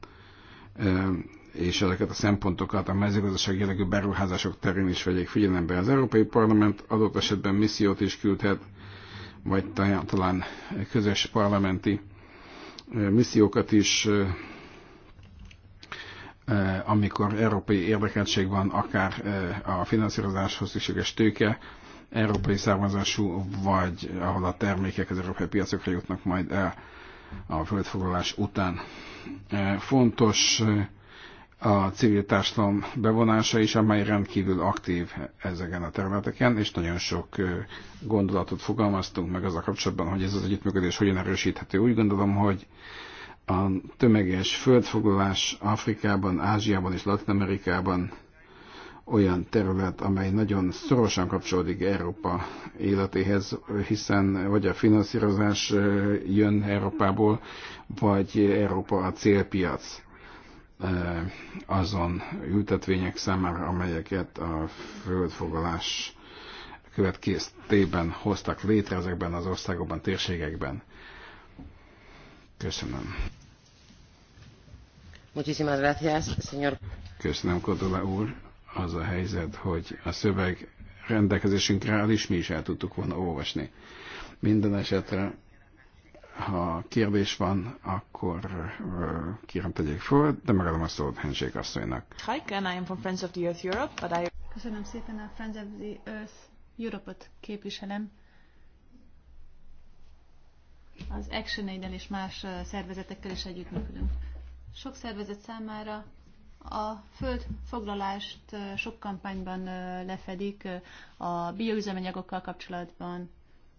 és ezeket a szempontokat a mezőgazdasági jellegű beruházások terén is vegyék figyelembe. Az Európai Parlament adott esetben missziót is küldhet, vagy talán közös parlamenti missziókat is, amikor európai érdekeltség van, akár a finanszírozáshoz szükséges tőke, európai származású, vagy ahol a termékek az európai piacokra jutnak majd el a földfoglalás után. Eh, fontos eh, a civil társadalom bevonása is, amely rendkívül aktív ezeken a területeken, és nagyon sok eh, gondolatot fogalmaztunk meg az a kapcsolatban, hogy ez az együttműködés hogyan erősíthető. Úgy gondolom, hogy a tömeges földfoglalás Afrikában, Ázsiában és Latin Amerikában olyan terület, amely nagyon szorosan kapcsolódik Európa életéhez, hiszen vagy a finanszírozás jön Európából, vagy Európa a célpiac azon ültetvények számára, amelyeket a földfoglalás következtében hoztak létre ezekben az országokban, térségekben. Köszönöm. Muchísimas gracias, señor. Köszönöm, Kodola úr az a helyzet, hogy a szöveg rendelkezésünkre áll, és mi is el tudtuk volna olvasni. Minden esetre, ha kérdés van, akkor kérem tegyék föl, de megadom a szót Henség asszonynak. Hi, Ken, I am from Friends of the Earth Europe, but I... Köszönöm szépen, a Friends of the Earth Europe-ot képviselem. Az Action Aid-el és más szervezetekkel is együttműködünk. Sok szervezet számára a földfoglalást sok kampányban lefedik a bioüzemanyagokkal kapcsolatban,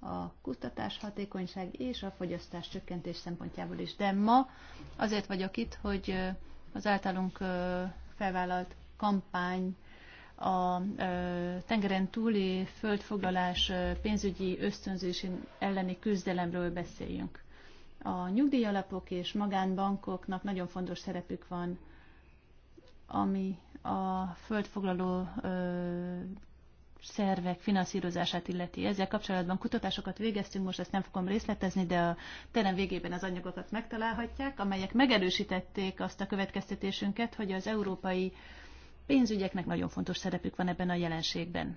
a kutatás hatékonyság és a fogyasztás csökkentés szempontjából is. De ma azért vagyok itt, hogy az általunk felvállalt kampány a tengeren túli földfoglalás pénzügyi ösztönzésén elleni küzdelemről beszéljünk. A nyugdíjalapok és magánbankoknak nagyon fontos szerepük van ami a földfoglaló ö, szervek finanszírozását illeti. Ezzel kapcsolatban kutatásokat végeztünk, most ezt nem fogom részletezni, de a terem végében az anyagokat megtalálhatják, amelyek megerősítették azt a következtetésünket, hogy az európai pénzügyeknek nagyon fontos szerepük van ebben a jelenségben.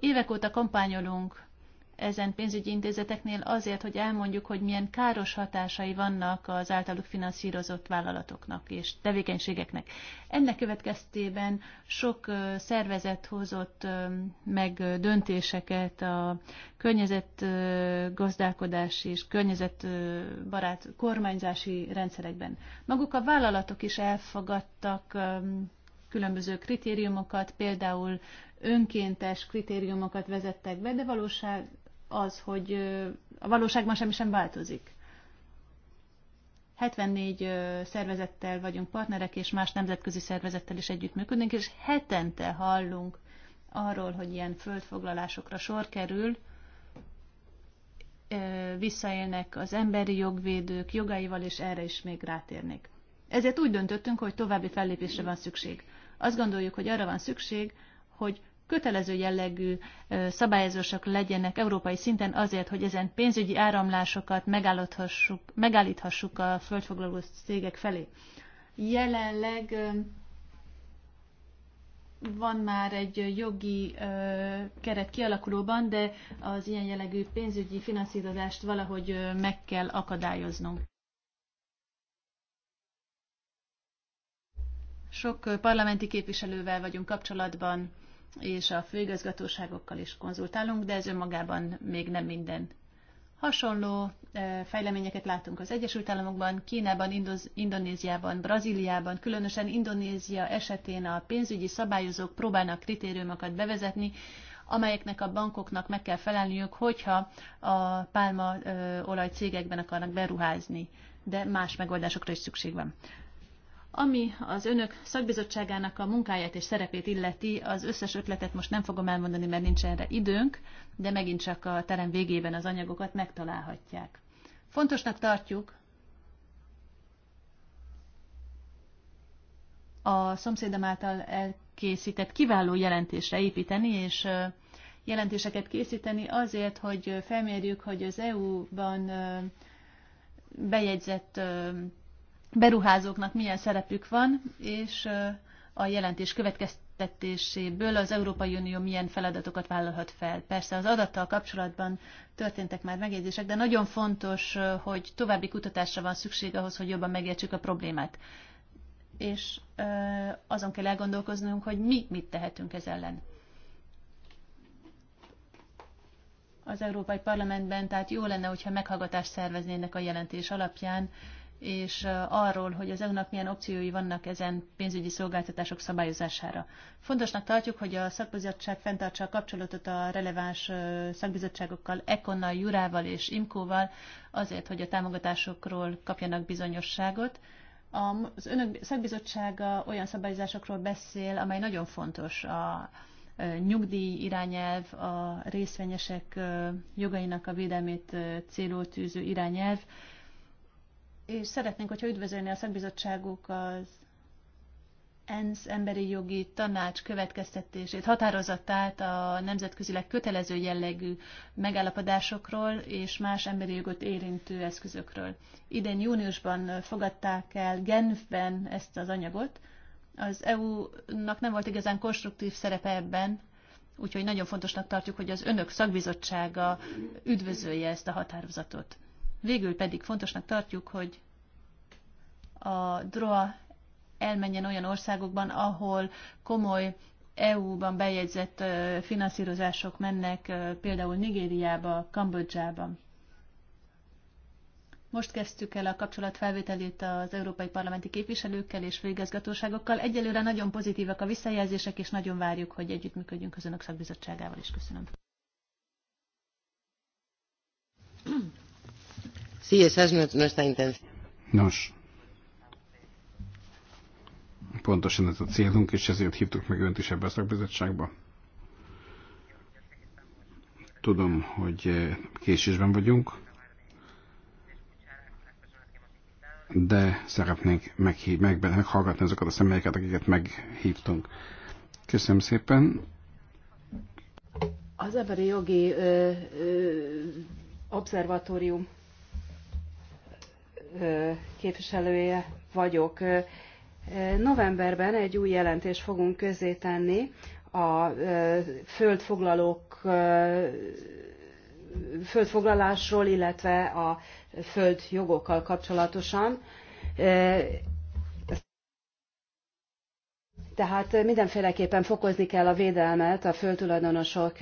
Évek óta kampányolunk ezen pénzügyi intézeteknél azért, hogy elmondjuk, hogy milyen káros hatásai vannak az általuk finanszírozott vállalatoknak és tevékenységeknek. Ennek következtében sok szervezet hozott meg döntéseket a környezetgazdálkodási és környezetbarát kormányzási rendszerekben. Maguk a vállalatok is elfogadtak különböző kritériumokat, például önkéntes kritériumokat vezettek be, de valóság, az, hogy a valóságban semmi sem változik. 74 szervezettel vagyunk partnerek, és más nemzetközi szervezettel is együttműködünk, és hetente hallunk arról, hogy ilyen földfoglalásokra sor kerül, visszaélnek az emberi jogvédők jogaival, és erre is még rátérnék. Ezért úgy döntöttünk, hogy további fellépésre van szükség. Azt gondoljuk, hogy arra van szükség, hogy kötelező jellegű szabályozások legyenek európai szinten azért, hogy ezen pénzügyi áramlásokat megállíthassuk, megállíthassuk a földfoglaló cégek felé. Jelenleg van már egy jogi ö, keret kialakulóban, de az ilyen jellegű pénzügyi finanszírozást valahogy ö, meg kell akadályoznunk. Sok parlamenti képviselővel vagyunk kapcsolatban, és a főigazgatóságokkal is konzultálunk, de ez önmagában még nem minden. Hasonló fejleményeket látunk az Egyesült Államokban, Kínában, Indoz, Indonéziában, Brazíliában, különösen Indonézia esetén a pénzügyi szabályozók próbálnak kritériumokat bevezetni, amelyeknek a bankoknak meg kell felelniük, hogyha a pálmaolaj cégekben akarnak beruházni, de más megoldásokra is szükség van. Ami az önök szakbizottságának a munkáját és szerepét illeti, az összes ötletet most nem fogom elmondani, mert nincs erre időnk, de megint csak a terem végében az anyagokat megtalálhatják. Fontosnak tartjuk a szomszédem által elkészített kiváló jelentésre építeni, és jelentéseket készíteni azért, hogy felmérjük, hogy az EU-ban bejegyzett beruházóknak milyen szerepük van, és a jelentés következtetéséből az Európai Unió milyen feladatokat vállalhat fel. Persze az adattal kapcsolatban történtek már megjegyzések, de nagyon fontos, hogy további kutatásra van szükség ahhoz, hogy jobban megértsük a problémát. És azon kell elgondolkoznunk, hogy mi mit tehetünk ez ellen. Az Európai Parlamentben, tehát jó lenne, hogyha meghallgatást szerveznének a jelentés alapján, és arról, hogy az EU-nak milyen opciói vannak ezen pénzügyi szolgáltatások szabályozására. Fontosnak tartjuk, hogy a szakbizottság fenntartsa a kapcsolatot a releváns szakbizottságokkal, Ekonnal, Jurával és Imkóval, azért, hogy a támogatásokról kapjanak bizonyosságot. Az önök szakbizottsága olyan szabályozásokról beszél, amely nagyon fontos a nyugdíj irányelv, a részvényesek jogainak a védelmét célul tűző irányelv, és szeretnénk, hogyha üdvözölni a szakbizottságuk az ENSZ emberi jogi tanács következtetését, határozatát a nemzetközileg kötelező jellegű megállapodásokról és más emberi jogot érintő eszközökről. Idén júniusban fogadták el Genfben ezt az anyagot. Az EU-nak nem volt igazán konstruktív szerepe ebben, úgyhogy nagyon fontosnak tartjuk, hogy az önök szakbizottsága üdvözölje ezt a határozatot. Végül pedig fontosnak tartjuk, hogy a DROA elmenjen olyan országokban, ahol komoly EU-ban bejegyzett finanszírozások mennek, például Nigériába, Kambodzsába. Most kezdtük el a kapcsolatfelvételét az európai parlamenti képviselőkkel és főigazgatóságokkal. Egyelőre nagyon pozitívak a visszajelzések, és nagyon várjuk, hogy együttműködjünk az Önök szakbizottságával is. Köszönöm. Sí, esa es nuestra intención. Nos. Pontosan ez a célunk, és ezért hívtuk meg önt is ebbe a szakbizottságba. Tudom, hogy eh, késésben vagyunk, de szeretnénk meghív, meg, meghallgatni azokat a személyeket, akiket meghívtunk. Köszönöm szépen. Az emberi jogi ö, ö, obszervatórium képviselője vagyok. Novemberben egy új jelentést fogunk tenni a földfoglalók földfoglalásról, illetve a földjogokkal kapcsolatosan. Tehát mindenféleképpen fokozni kell a védelmet a földtulajdonosok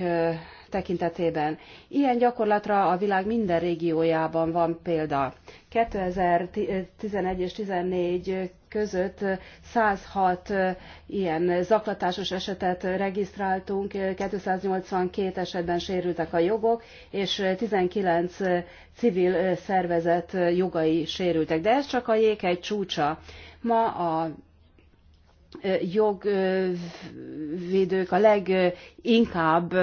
tekintetében. Ilyen gyakorlatra a világ minden régiójában van példa. 2011 és 2014 között 106 ilyen zaklatásos esetet regisztráltunk, 282 esetben sérültek a jogok, és 19 civil szervezet jogai sérültek. De ez csak a egy csúcsa. Ma a jogvédők a leginkább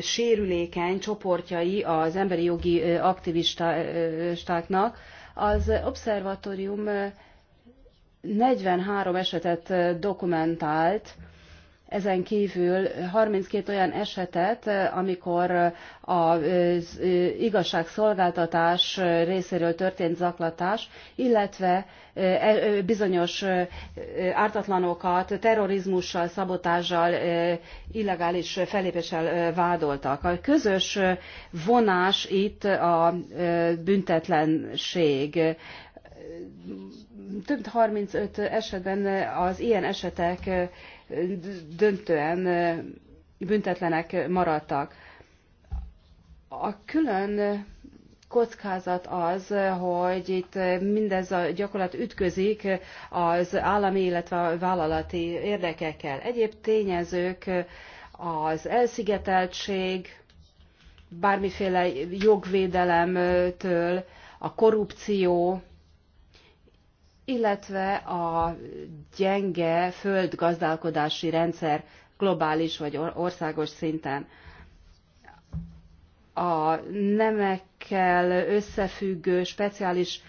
sérülékeny csoportjai az emberi jogi aktivistáknak. Az obszervatórium 43 esetet dokumentált, ezen kívül 32 olyan esetet, amikor az igazságszolgáltatás részéről történt zaklatás, illetve e, bizonyos ártatlanokat terrorizmussal, szabotással, illegális felépéssel vádoltak. A közös vonás itt a büntetlenség több mint 35 esetben az ilyen esetek döntően büntetlenek maradtak. A külön kockázat az, hogy itt mindez a gyakorlat ütközik az állami, illetve a vállalati érdekekkel. Egyéb tényezők az elszigeteltség, bármiféle jogvédelemtől, a korrupció, illetve a gyenge földgazdálkodási rendszer globális vagy országos szinten. A nemekkel összefüggő speciális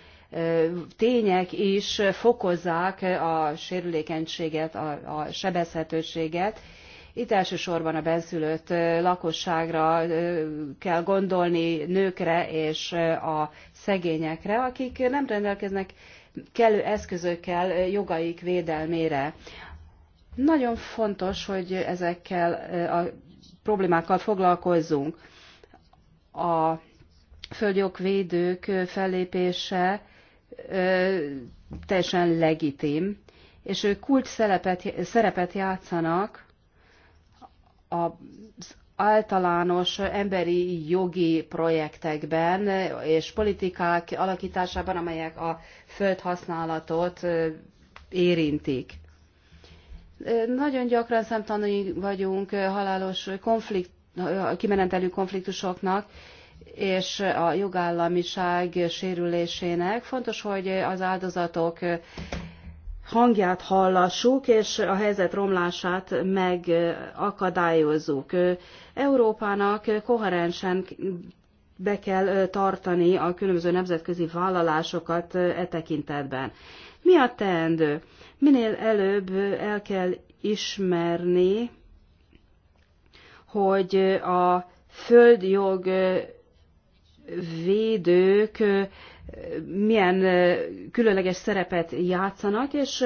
tények is fokozzák a sérülékenységet, a, a sebezhetőséget. Itt elsősorban a benszülött lakosságra kell gondolni, nőkre és a szegényekre, akik nem rendelkeznek kellő eszközökkel jogaik védelmére. Nagyon fontos, hogy ezekkel a problémákkal foglalkozzunk. A földjogvédők fellépése teljesen legitim, és ők kult szerepet, szerepet játszanak az általános emberi jogi projektekben és politikák alakításában, amelyek a földhasználatot érintik. Nagyon gyakran szemtanúi vagyunk halálos konflikt, kimenetelő konfliktusoknak, és a jogállamiság sérülésének. Fontos, hogy az áldozatok hangját hallassuk, és a helyzet romlását megakadályozzuk. Európának koherensen be kell tartani a különböző nemzetközi vállalásokat e tekintetben. Mi a teendő? Minél előbb el kell ismerni, hogy a földjog védők milyen különleges szerepet játszanak, és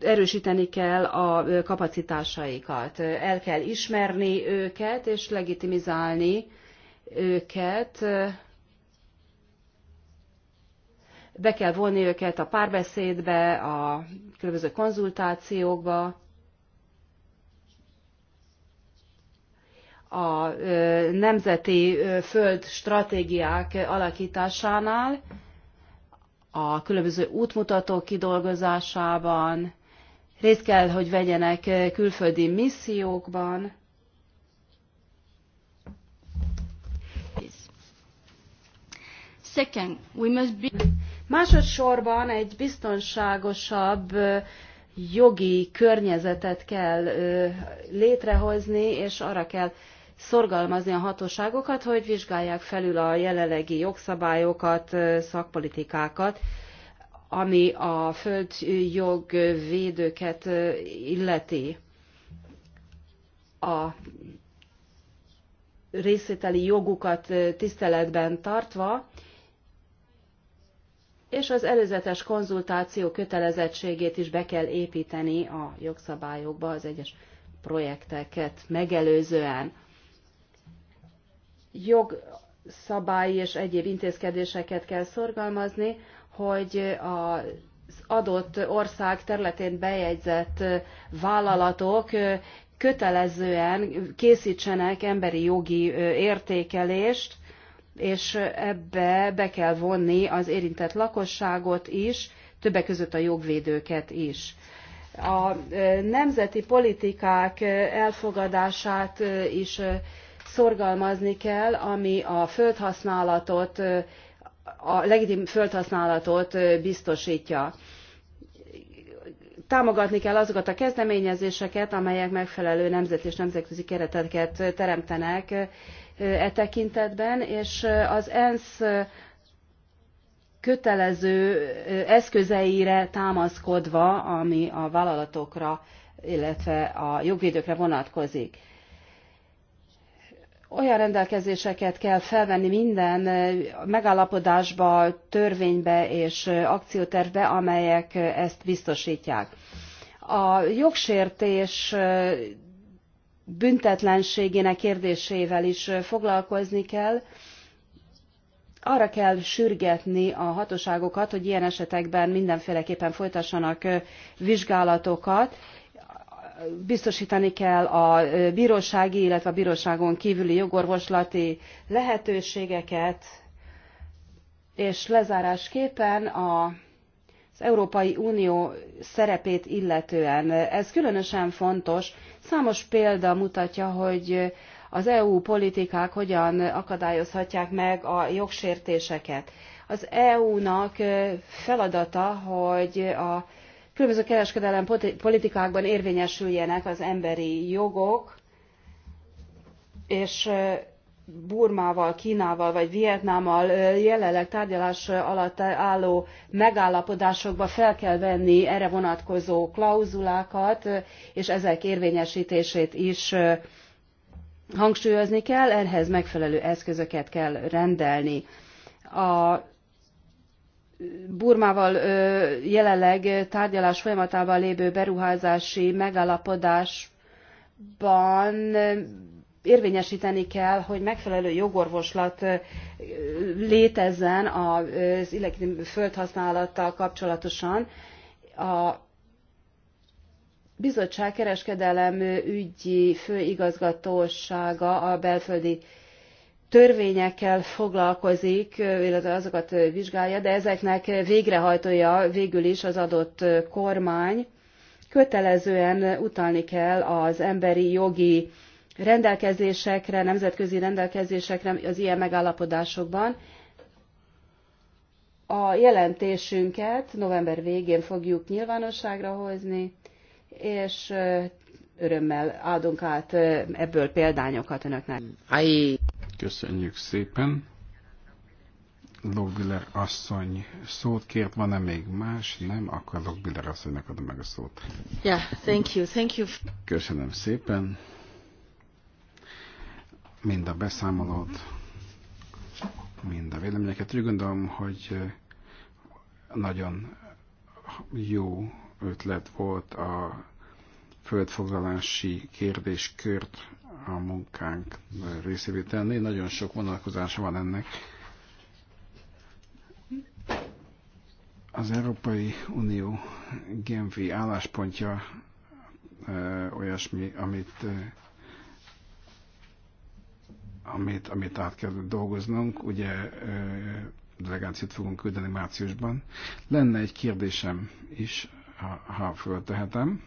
erősíteni kell a kapacitásaikat. El kell ismerni őket, és legitimizálni őket. Be kell vonni őket a párbeszédbe, a különböző konzultációkba. a nemzeti föld stratégiák alakításánál, a különböző útmutatók kidolgozásában, részt kell, hogy vegyenek külföldi missziókban. Second, we must be... Másodszorban egy biztonságosabb jogi környezetet kell létrehozni, és arra kell szorgalmazni a hatóságokat, hogy vizsgálják felül a jelenlegi jogszabályokat, szakpolitikákat, ami a földjogvédőket illeti. A részvételi jogukat tiszteletben tartva, és az előzetes konzultáció kötelezettségét is be kell építeni a jogszabályokba az egyes projekteket megelőzően jogszabályi és egyéb intézkedéseket kell szorgalmazni, hogy az adott ország területén bejegyzett vállalatok kötelezően készítsenek emberi jogi értékelést, és ebbe be kell vonni az érintett lakosságot is, többek között a jogvédőket is. A nemzeti politikák elfogadását is szorgalmazni kell, ami a földhasználatot, a legitim földhasználatot biztosítja. Támogatni kell azokat a kezdeményezéseket, amelyek megfelelő nemzet és nemzetközi kereteket teremtenek e tekintetben, és az ENSZ kötelező eszközeire támaszkodva, ami a vállalatokra, illetve a jogvédőkre vonatkozik olyan rendelkezéseket kell felvenni minden megállapodásba, törvénybe és akciótervbe, amelyek ezt biztosítják. A jogsértés büntetlenségének kérdésével is foglalkozni kell. Arra kell sürgetni a hatóságokat, hogy ilyen esetekben mindenféleképpen folytassanak vizsgálatokat, biztosítani kell a bírósági, illetve a bíróságon kívüli jogorvoslati lehetőségeket, és lezárásképpen a, az Európai Unió szerepét illetően. Ez különösen fontos. Számos példa mutatja, hogy az EU politikák hogyan akadályozhatják meg a jogsértéseket. Az EU-nak feladata, hogy a különböző kereskedelem politikákban érvényesüljenek az emberi jogok, és Burmával, Kínával vagy Vietnámmal jelenleg tárgyalás alatt álló megállapodásokba fel kell venni erre vonatkozó klauzulákat, és ezek érvényesítését is hangsúlyozni kell, ehhez megfelelő eszközöket kell rendelni. A Burmával jelenleg tárgyalás folyamatában lévő beruházási megállapodásban érvényesíteni kell, hogy megfelelő jogorvoslat létezzen az illegitim földhasználattal kapcsolatosan. A bizottság kereskedelem ügyi főigazgatósága a belföldi törvényekkel foglalkozik, illetve azokat vizsgálja, de ezeknek végrehajtója végül is az adott kormány. Kötelezően utalni kell az emberi jogi rendelkezésekre, nemzetközi rendelkezésekre az ilyen megállapodásokban. A jelentésünket november végén fogjuk nyilvánosságra hozni, és örömmel adunk át ebből példányokat önöknek. Köszönjük szépen. Logbiller asszony szót kért, van-e még más? Nem, akkor Logbiller asszonynak adom meg a szót. Yeah, thank you, thank you. Köszönöm szépen. Mind a beszámolót, mind a véleményeket. Úgy gondolom, hogy eh, nagyon jó ötlet volt a földfoglalási kérdéskört a munkánk részévé tenni. Nagyon sok vonalkozása van ennek. Az Európai Unió Genfi álláspontja olyasmi, amit amit, amit át kell dolgoznunk, ugye delegációt fogunk küldeni márciusban. Lenne egy kérdésem is, ha, ha föltehetem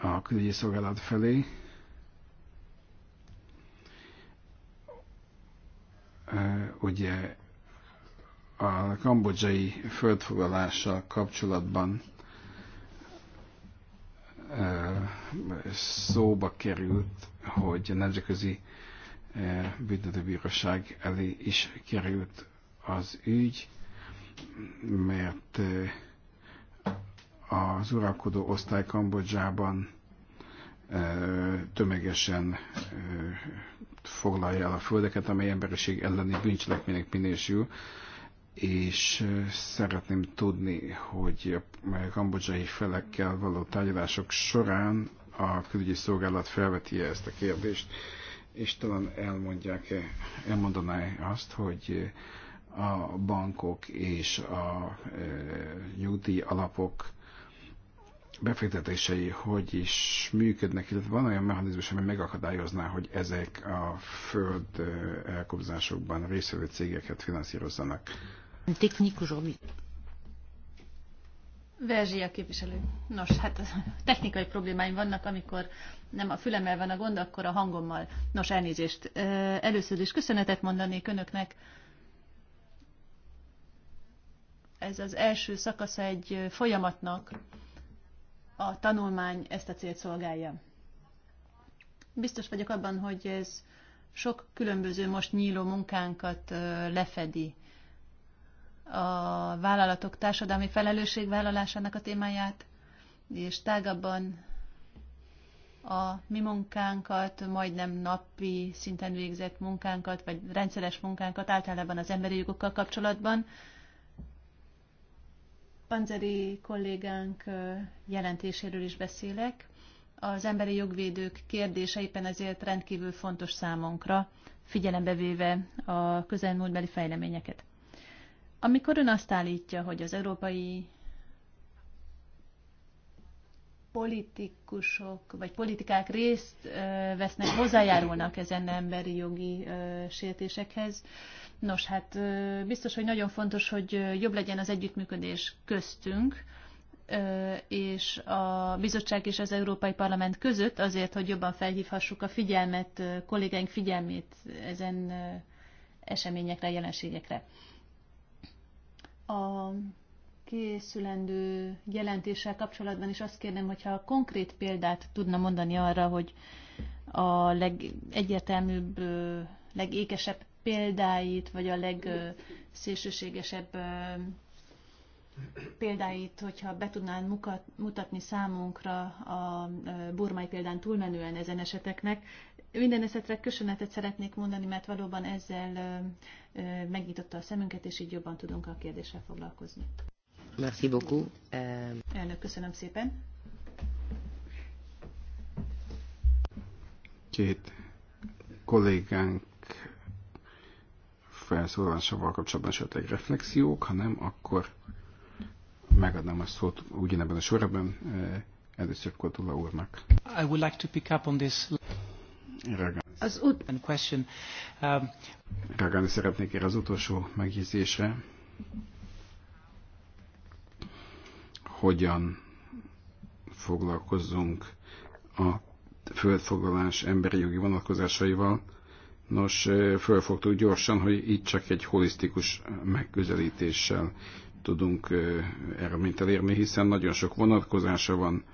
a külügyi szolgálat felé. Ugye a kambodzsai földfoglalással kapcsolatban szóba került, hogy a Nemzetközi Büntetőbíróság elé is került az ügy, mert az uralkodó osztály Kambodzsában tömegesen foglalja el a földeket, amely emberiség elleni bűncselekmények minősül, és szeretném tudni, hogy a kambodzsai felekkel való tárgyalások során a külügyi szolgálat felveti -e ezt a kérdést, és talán elmondják -e, elmondaná -e azt, hogy a bankok és a nyugdíj alapok befektetései hogy is működnek, illetve van olyan mechanizmus, ami megakadályozná, hogy ezek a föld elkobzásokban részvevő cégeket finanszírozzanak. Technikus, ami... a képviselő. Nos, hát technikai problémáim vannak, amikor nem a fülemmel van a gond, akkor a hangommal. Nos, elnézést. Először is köszönetet mondanék önöknek. Ez az első szakasz egy folyamatnak, a tanulmány ezt a célt szolgálja. Biztos vagyok abban, hogy ez sok különböző most nyíló munkánkat lefedi. A vállalatok társadalmi felelősségvállalásának a témáját, és tágabban a mi munkánkat, majdnem napi szinten végzett munkánkat, vagy rendszeres munkánkat általában az emberi jogokkal kapcsolatban, Panzeri kollégánk jelentéséről is beszélek. Az emberi jogvédők kérdése éppen ezért rendkívül fontos számunkra, figyelembe véve a közelmúltbeli fejleményeket. Amikor ön azt állítja, hogy az európai politikusok vagy politikák részt vesznek, hozzájárulnak ezen emberi jogi sértésekhez, Nos, hát biztos, hogy nagyon fontos, hogy jobb legyen az együttműködés köztünk, és a bizottság és az Európai Parlament között azért, hogy jobban felhívhassuk a figyelmet, kollégáink figyelmét ezen eseményekre, jelenségekre. A készülendő jelentéssel kapcsolatban is azt kérném, hogyha konkrét példát tudna mondani arra, hogy a legegyértelműbb, legékesebb példáit, vagy a legszélsőségesebb példáit, hogyha be tudnán mutatni számunkra a burmai példán túlmenően ezen eseteknek. Minden esetre köszönetet szeretnék mondani, mert valóban ezzel megnyitotta a szemünket, és így jobban tudunk a kérdéssel foglalkozni. Merci beaucoup. Euh, Elnök, köszönöm szépen. Két kollégánk felszólalásával kapcsolatban esetleg reflexiók, hanem akkor megadnám a szót ugyanebben a sorában eh, először Kodula úrnak. I would like to pick up on this az ut- question. Um, Reagálni szeretnék erre az utolsó megjegyzésre. Hogyan foglalkozzunk a földfoglalás emberi jogi vonatkozásaival, Nos, fölfogtuk gyorsan, hogy itt csak egy holisztikus megközelítéssel tudunk eredményt elérni, hiszen nagyon sok vonatkozása van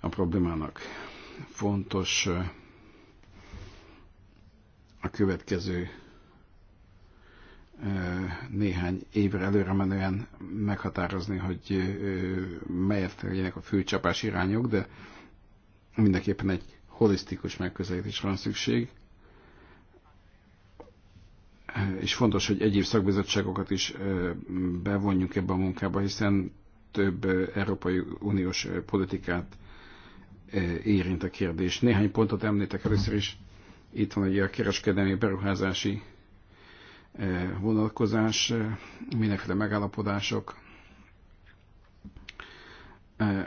a problémának. Fontos a következő néhány évre előre menően meghatározni, hogy melyet legyenek a fő csapás irányok, de mindenképpen egy holisztikus megközelítésre van szükség és fontos, hogy egyéb szakbizottságokat is bevonjunk ebbe a munkába, hiszen több Európai Uniós politikát érint a kérdés. Néhány pontot említek először is. Itt van ugye a kereskedelmi beruházási vonatkozás, mindenféle megállapodások.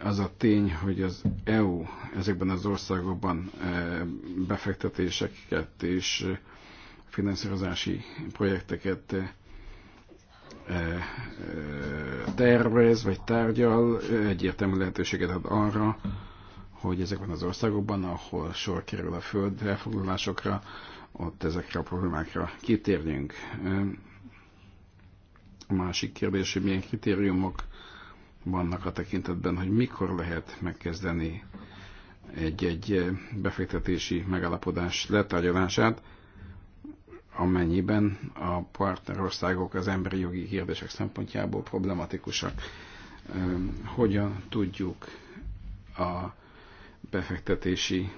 Az a tény, hogy az EU ezekben az országokban befektetéseket és finanszírozási projekteket eh, eh, tervez, vagy tárgyal, egyértelmű lehetőséget ad arra, hogy ezekben az országokban, ahol sor kerül a föld elfoglalásokra, ott ezekre a problémákra kitérjünk. Eh, a másik kérdés, hogy milyen kritériumok vannak a tekintetben, hogy mikor lehet megkezdeni egy-egy befektetési megállapodás letárgyalását amennyiben a partnerországok az emberi jogi kérdések szempontjából problematikusak. Hogyan tudjuk a befektetési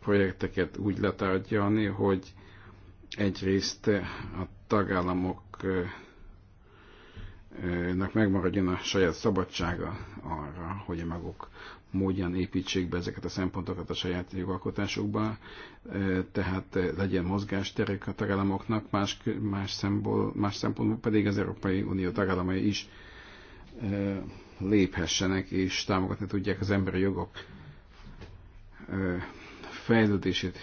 projekteket úgy letárgyalni, hogy egyrészt a tagállamoknak megmaradjon a saját szabadsága arra, hogy a maguk módján építsék be ezeket a szempontokat a saját jogalkotásukba, e, tehát e, legyen mozgásterek a tagállamoknak, más, más, szempontból, más szempontból pedig az Európai Unió tagállamai is e, léphessenek és támogatni tudják az emberi jogok fejlődését.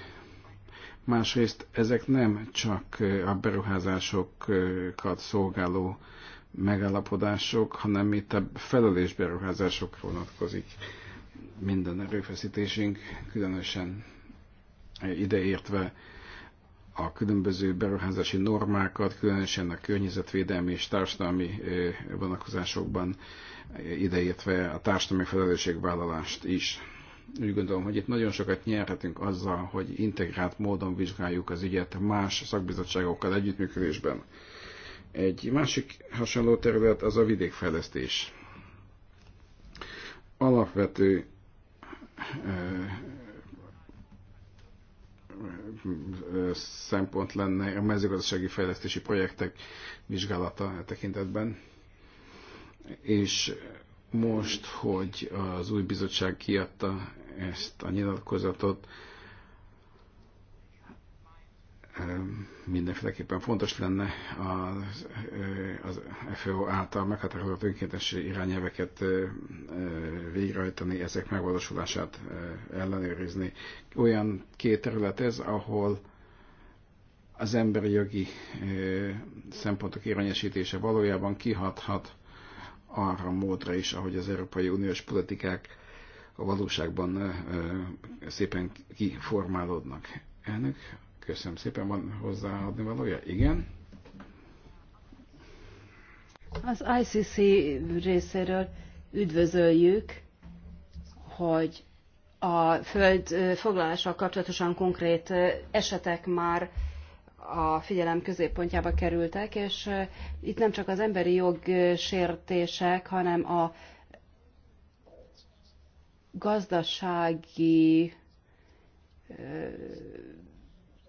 Másrészt ezek nem csak a beruházásokat szolgáló megállapodások, hanem itt a felelésberuházások vonatkozik minden erőfeszítésünk, különösen ideértve a különböző beruházási normákat, különösen a környezetvédelmi és társadalmi vonatkozásokban, ideértve a társadalmi felelősségvállalást is. Úgy gondolom, hogy itt nagyon sokat nyerhetünk azzal, hogy integrált módon vizsgáljuk az ügyet más szakbizottságokkal együttműködésben. Egy másik hasonló terület az a vidékfejlesztés. Alapvető szempont lenne a mezőgazdasági fejlesztési projektek vizsgálata e tekintetben. És most, hogy az új bizottság kiadta ezt a nyilatkozatot, mindenféleképpen fontos lenne az, az FO által meghatározott önkéntes irányelveket végrehajtani, ezek megvalósulását ellenőrizni. Olyan két terület ez, ahol az emberi jogi szempontok érvényesítése valójában kihathat arra módra is, ahogy az Európai Uniós politikák a valóságban szépen kiformálódnak. Elnök, Köszönöm szépen, van hozzáadni valója? Igen. Az ICC részéről üdvözöljük, hogy a föld foglalással kapcsolatosan konkrét esetek már a figyelem középpontjába kerültek, és itt nem csak az emberi jog sértések, hanem a gazdasági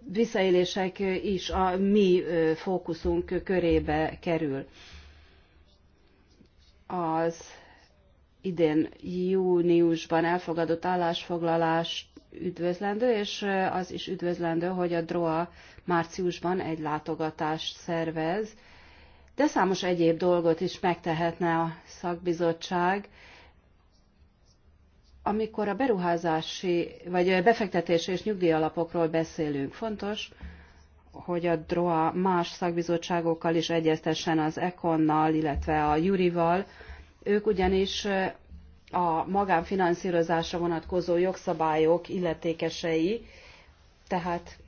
visszaélések is a mi fókuszunk körébe kerül. Az idén júniusban elfogadott állásfoglalás üdvözlendő, és az is üdvözlendő, hogy a DROA márciusban egy látogatást szervez, de számos egyéb dolgot is megtehetne a szakbizottság, amikor a beruházási vagy befektetési és nyugdíjalapokról beszélünk, fontos, hogy a DROA más szakbizottságokkal is egyeztessen az Econnal, illetve a Jurival. Ők ugyanis eh, a magánfinanszírozásra vonatkozó jogszabályok illetékesei, tehát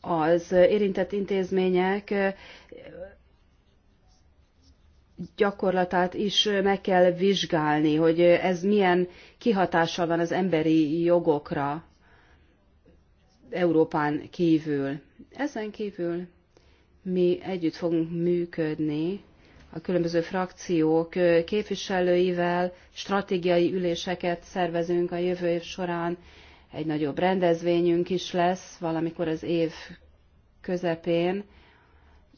az érintett intézmények eh, gyakorlatát is meg kell vizsgálni, hogy ez milyen kihatással van az emberi jogokra Európán kívül. Ezen kívül mi együtt fogunk működni a különböző frakciók képviselőivel, stratégiai üléseket szervezünk a jövő év során, egy nagyobb rendezvényünk is lesz valamikor az év közepén,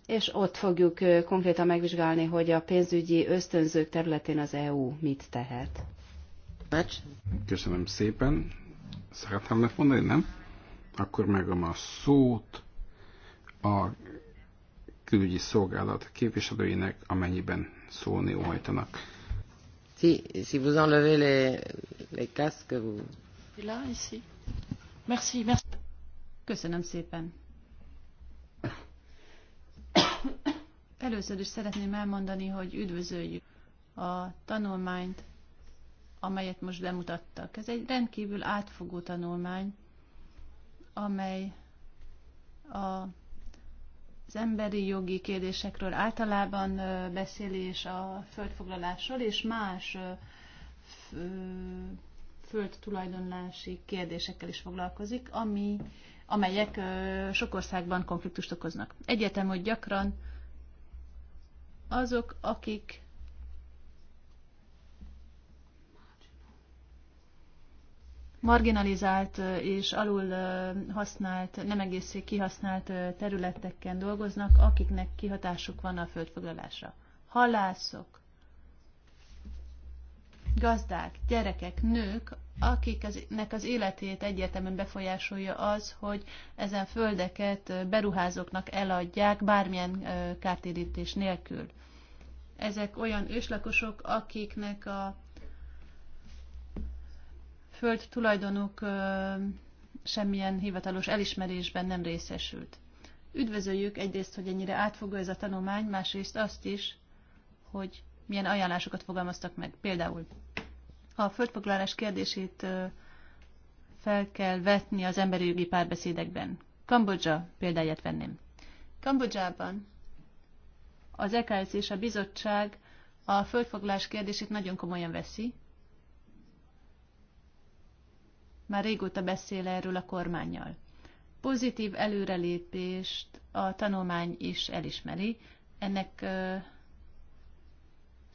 és ott fogjuk konkrétan megvizsgálni, hogy a pénzügyi ösztönzők területén az EU mit tehet. Köszönöm szépen. Szeretném mondani, nem? Akkor meg a szót a külügyi szolgálat képviselőinek, amennyiben szólni óhajtanak. Si, si vous enlevez les, les casques, vous... Là, ici. Merci, merci. Köszönöm szépen. Először is szeretném elmondani, hogy üdvözöljük a tanulmányt, amelyet most bemutattak. Ez egy rendkívül átfogó tanulmány, amely a, az emberi jogi kérdésekről általában beszél, és a földfoglalásról, és más földtulajdonlási kérdésekkel is foglalkozik, ami, amelyek sok országban konfliktust okoznak. Egyetem, hogy gyakran azok, akik marginalizált és alul használt, nem egészség kihasznált területeken dolgoznak, akiknek kihatásuk van a földfoglalásra. Halászok, gazdák, gyerekek, nők, akiknek az életét egyértelműen befolyásolja az, hogy ezen földeket beruházóknak eladják bármilyen kártérítés nélkül. Ezek olyan őslakosok, akiknek a föld tulajdonuk semmilyen hivatalos elismerésben nem részesült. Üdvözöljük egyrészt, hogy ennyire átfogó ez a tanulmány, másrészt azt is, hogy milyen ajánlásokat fogalmaztak meg. Például a földfoglalás kérdését fel kell vetni az emberi jogi párbeszédekben. Kambodzsa példáját venném. Kambodzsában az EKS és a bizottság a földfoglalás kérdését nagyon komolyan veszi. Már régóta beszél erről a kormányjal. Pozitív előrelépést a tanulmány is elismeri. Ennek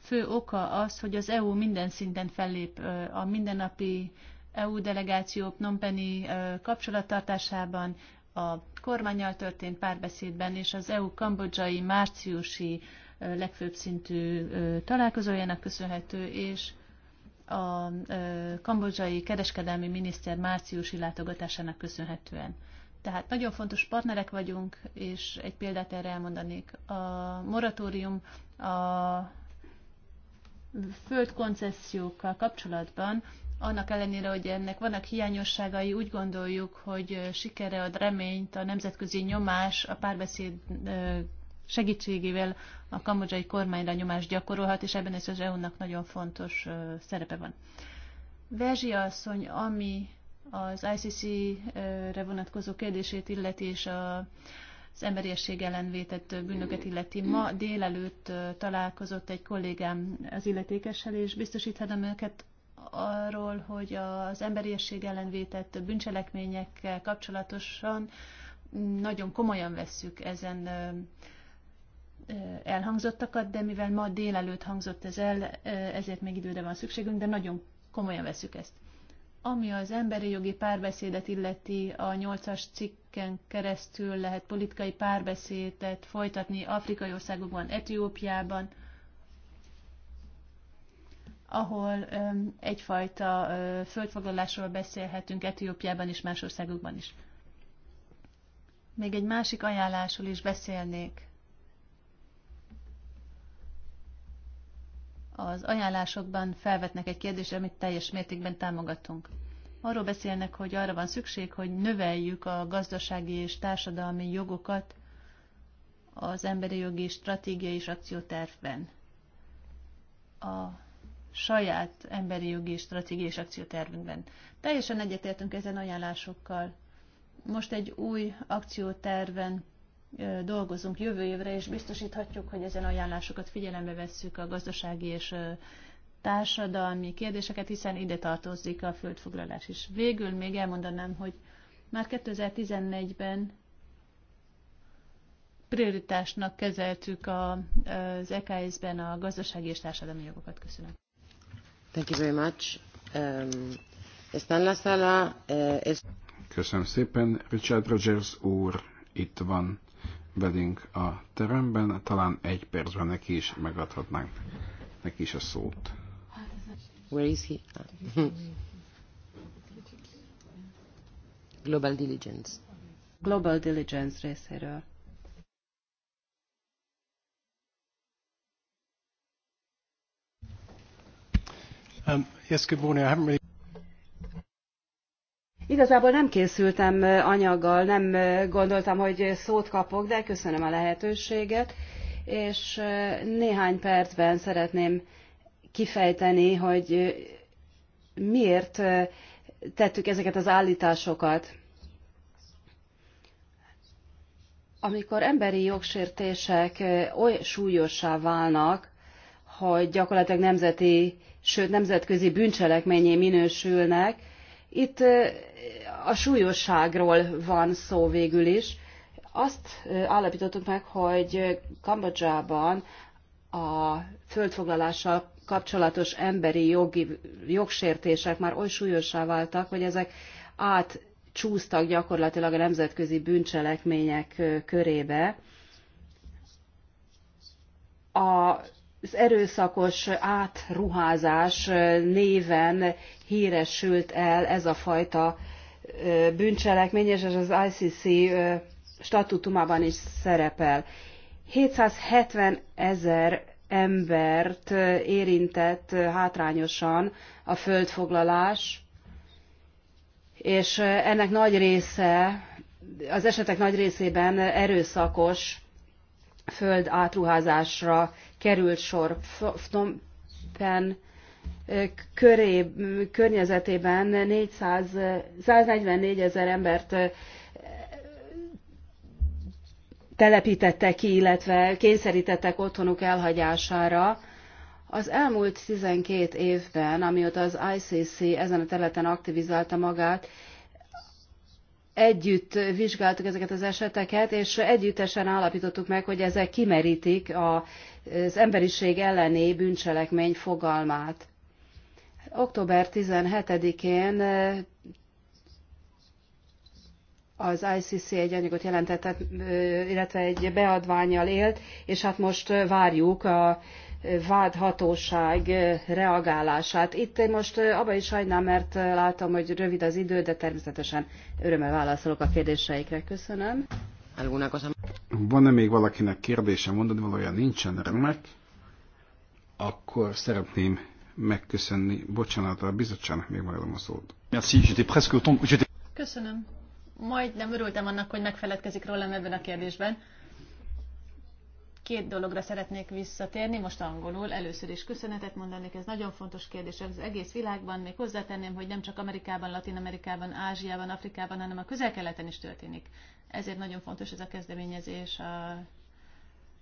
fő oka az, hogy az EU minden szinten fellép a mindennapi EU delegációk nompeni kapcsolattartásában, a kormányjal történt párbeszédben és az EU kambodzsai márciusi legfőbb szintű találkozójának köszönhető, és a kambodzsai kereskedelmi miniszter márciusi látogatásának köszönhetően. Tehát nagyon fontos partnerek vagyunk, és egy példát erre elmondanék. A moratórium a földkoncesziókkal kapcsolatban annak ellenére, hogy ennek vannak hiányosságai, úgy gondoljuk, hogy sikere ad reményt a nemzetközi nyomás a párbeszéd segítségével a kambodzsai kormányra nyomást gyakorolhat, és ebben ez az EU-nak nagyon fontos szerepe van. Verzsi asszony, ami az ICC-re vonatkozó kérdését illeti, és a az emberiesség ellen vétett bűnöket illeti. Ma délelőtt találkozott egy kollégám az illetékessel, és biztosíthatom őket arról, hogy az emberiesség ellen vétett bűncselekményekkel kapcsolatosan nagyon komolyan vesszük ezen elhangzottakat, de mivel ma délelőtt hangzott ez el, ezért még időre van szükségünk, de nagyon komolyan veszük ezt. Ami az emberi jogi párbeszédet illeti, a 8-as cikken keresztül lehet politikai párbeszédet folytatni afrikai országokban, Etiópiában, ahol egyfajta földfoglalásról beszélhetünk Etiópiában és más országokban is. Még egy másik ajánlásról is beszélnék. Az ajánlásokban felvetnek egy kérdést, amit teljes mértékben támogatunk. Arról beszélnek, hogy arra van szükség, hogy növeljük a gazdasági és társadalmi jogokat az emberi jogi stratégia és akciótervben. A saját emberi jogi stratégiai és akciótervünkben. Teljesen egyetértünk ezen ajánlásokkal. Most egy új akcióterven dolgozunk jövő évre, és biztosíthatjuk, hogy ezen ajánlásokat figyelembe vesszük a gazdasági és társadalmi kérdéseket, hiszen ide tartozik a földfoglalás is. Végül még elmondanám, hogy már 2014-ben prioritásnak kezeltük az EKS-ben a gazdasági és társadalmi jogokat. Köszönöm. Um, eh, Köszönöm szépen. Richard Rogers úr itt van velünk a teremben. Talán egy percben neki is megadhatnánk neki is a szót. Where is he? Ah. Global Diligence. Global Diligence részéről. Um, yes, good morning. I haven't really... Igazából nem készültem anyaggal, nem gondoltam, hogy szót kapok, de köszönöm a lehetőséget, és néhány percben szeretném kifejteni, hogy miért tettük ezeket az állításokat. Amikor emberi jogsértések oly súlyossá válnak, hogy gyakorlatilag nemzeti sőt nemzetközi bűncselekményé minősülnek. Itt a súlyosságról van szó végül is. Azt állapítottuk meg, hogy Kambodzsában a földfoglalással kapcsolatos emberi jogi, jogsértések már oly súlyossá váltak, hogy ezek átcsúsztak gyakorlatilag a nemzetközi bűncselekmények körébe. A az erőszakos átruházás néven híresült el ez a fajta bűncselekmény, és ez az ICC statutumában is szerepel. 770 ezer embert érintett hátrányosan a földfoglalás, és ennek nagy része, az esetek nagy részében erőszakos föld átruházásra került sor Phnom Penh köré, környezetében 400, 144 ezer embert telepítettek ki, illetve kényszerítettek otthonuk elhagyására. Az elmúlt 12 évben, amióta az ICC ezen a területen aktivizálta magát, együtt vizsgáltuk ezeket az eseteket, és együttesen állapítottuk meg, hogy ezek kimerítik az emberiség elleni bűncselekmény fogalmát. Október 17-én eh, az ICC egy anyagot jelentett, eh, illetve egy beadványjal élt, és hát most eh, várjuk a vádhatóság reagálását. Itt most abba is hagynám, mert látom, hogy rövid az idő, de természetesen örömmel válaszolok a kérdéseikre. Köszönöm. Van-e még valakinek kérdése, mondani valója nincsen remek, akkor szeretném megköszönni, bocsánat, a bizottságnak még majdnem a szót. Köszönöm. Majdnem örültem annak, hogy megfeledkezik rólam ebben a kérdésben két dologra szeretnék visszatérni, most angolul. Először is köszönetet mondanék, ez nagyon fontos kérdés az egész világban. Még hozzátenném, hogy nem csak Amerikában, Latin Amerikában, Ázsiában, Afrikában, hanem a közel-keleten is történik. Ezért nagyon fontos ez a kezdeményezés. A,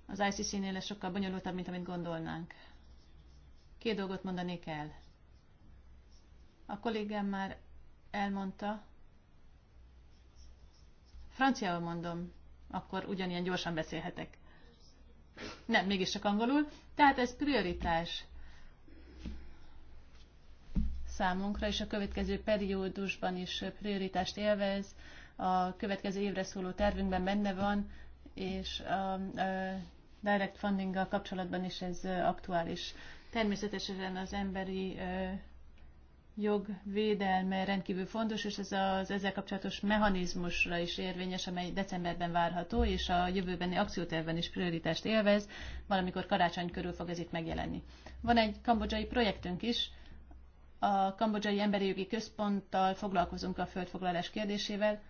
az ICC-nél ez sokkal bonyolultabb, mint amit gondolnánk. Két dolgot mondanék el. A kollégám már elmondta. Franciául mondom, akkor ugyanilyen gyorsan beszélhetek. Nem, mégis csak angolul. Tehát ez prioritás számunkra, és a következő periódusban is prioritást élvez. A következő évre szóló tervünkben benne van, és a, a direct funding-gal kapcsolatban is ez aktuális. Természetesen az emberi jogvédelme rendkívül fontos, és ez az ezzel kapcsolatos mechanizmusra is érvényes, amely decemberben várható, és a jövőbeni akciótervben is prioritást élvez, valamikor karácsony körül fog ez itt megjelenni. Van egy kambodzsai projektünk is, a Kambodzsai Emberi Jogi Központtal foglalkozunk a földfoglalás kérdésével,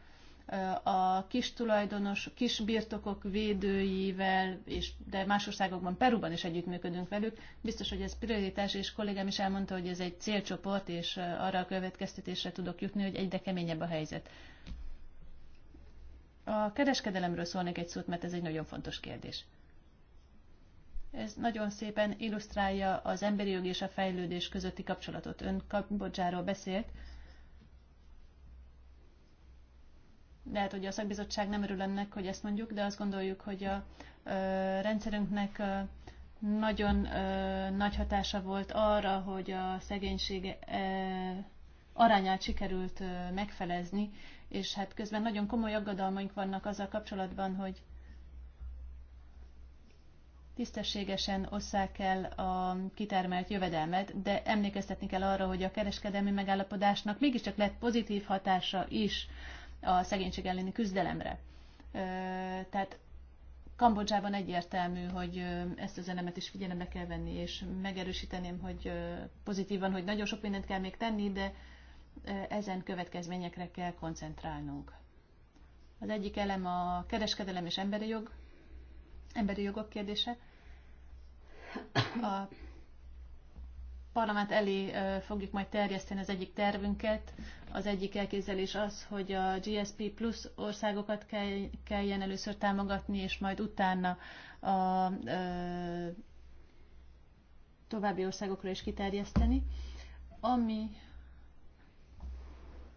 a kis tulajdonos, kis birtokok védőivel, és, de más országokban, Peruban is együttműködünk velük. Biztos, hogy ez prioritás, és kollégám is elmondta, hogy ez egy célcsoport, és arra a következtetésre tudok jutni, hogy egyre keményebb a helyzet. A kereskedelemről szólnék egy szót, mert ez egy nagyon fontos kérdés. Ez nagyon szépen illusztrálja az emberi jog és a fejlődés közötti kapcsolatot. Ön Kambodzsáról beszélt, lehet, hogy a szakbizottság nem örül ennek, hogy ezt mondjuk, de azt gondoljuk, hogy a rendszerünknek nagyon nagy hatása volt arra, hogy a szegénység arányát sikerült megfelezni, és hát közben nagyon komoly aggodalmaink vannak azzal kapcsolatban, hogy tisztességesen osszák el a kitermelt jövedelmet, de emlékeztetni kell arra, hogy a kereskedelmi megállapodásnak mégiscsak lett pozitív hatása is a szegénység elleni küzdelemre. Tehát Kambodzsában egyértelmű, hogy ezt az elemet is figyelembe kell venni, és megerősíteném, hogy pozitívan, hogy nagyon sok mindent kell még tenni, de ezen következményekre kell koncentrálnunk. Az egyik elem a kereskedelem és emberi jog, emberi jogok kérdése. A parlament elé fogjuk majd terjeszteni az egyik tervünket. Az egyik elképzelés az, hogy a GSP plusz országokat kell, kelljen először támogatni, és majd utána a további országokra is kiterjeszteni. Ami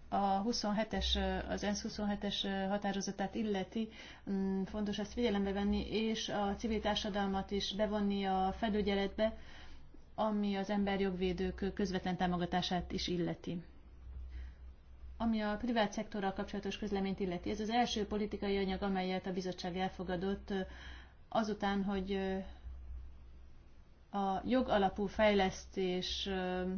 a 27-es, az ENSZ 27-es határozatát illeti, mm, fontos ezt figyelembe venni, és a civil társadalmat is bevonni a felügyeletbe, ami az emberjogvédők közvetlen támogatását is illeti. Ami a privát szektorral kapcsolatos közleményt illeti, ez az első politikai anyag, amelyet a bizottság elfogadott, azután, hogy a jogalapú fejlesztés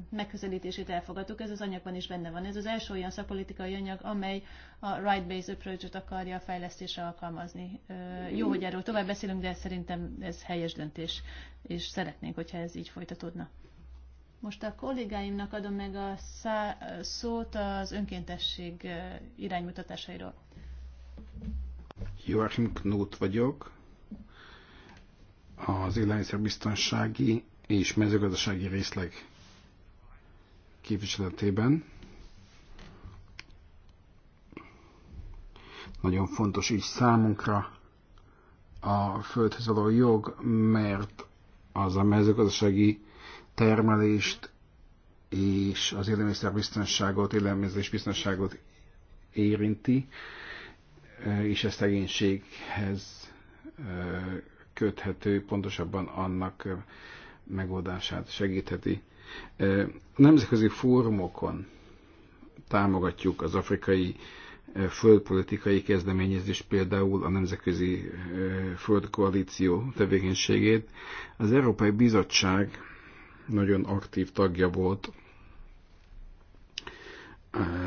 megközelítését elfogadtuk, ez az anyagban is benne van. Ez az első olyan szakpolitikai anyag, amely a right-based approach-ot akarja a fejlesztésre alkalmazni. Jó, hogy erről tovább beszélünk, de szerintem ez helyes döntés, és szeretnénk, hogyha ez így folytatódna. Most a kollégáimnak adom meg a szót az önkéntesség iránymutatásairól. Joachim Knut vagyok, az élelmiszerbiztonsági és mezőgazdasági részleg képviseletében. Nagyon fontos így számunkra a földhöz való jog, mert az a mezőgazdasági termelést és az élelmiszerbiztonságot, élelmiszerbiztonságot érinti, és a szegénységhez köthető, pontosabban annak megoldását segítheti. Nemzetközi fórumokon támogatjuk az afrikai földpolitikai kezdeményezés, például a Nemzetközi Földkoalíció tevékenységét. Az Európai Bizottság nagyon aktív tagja volt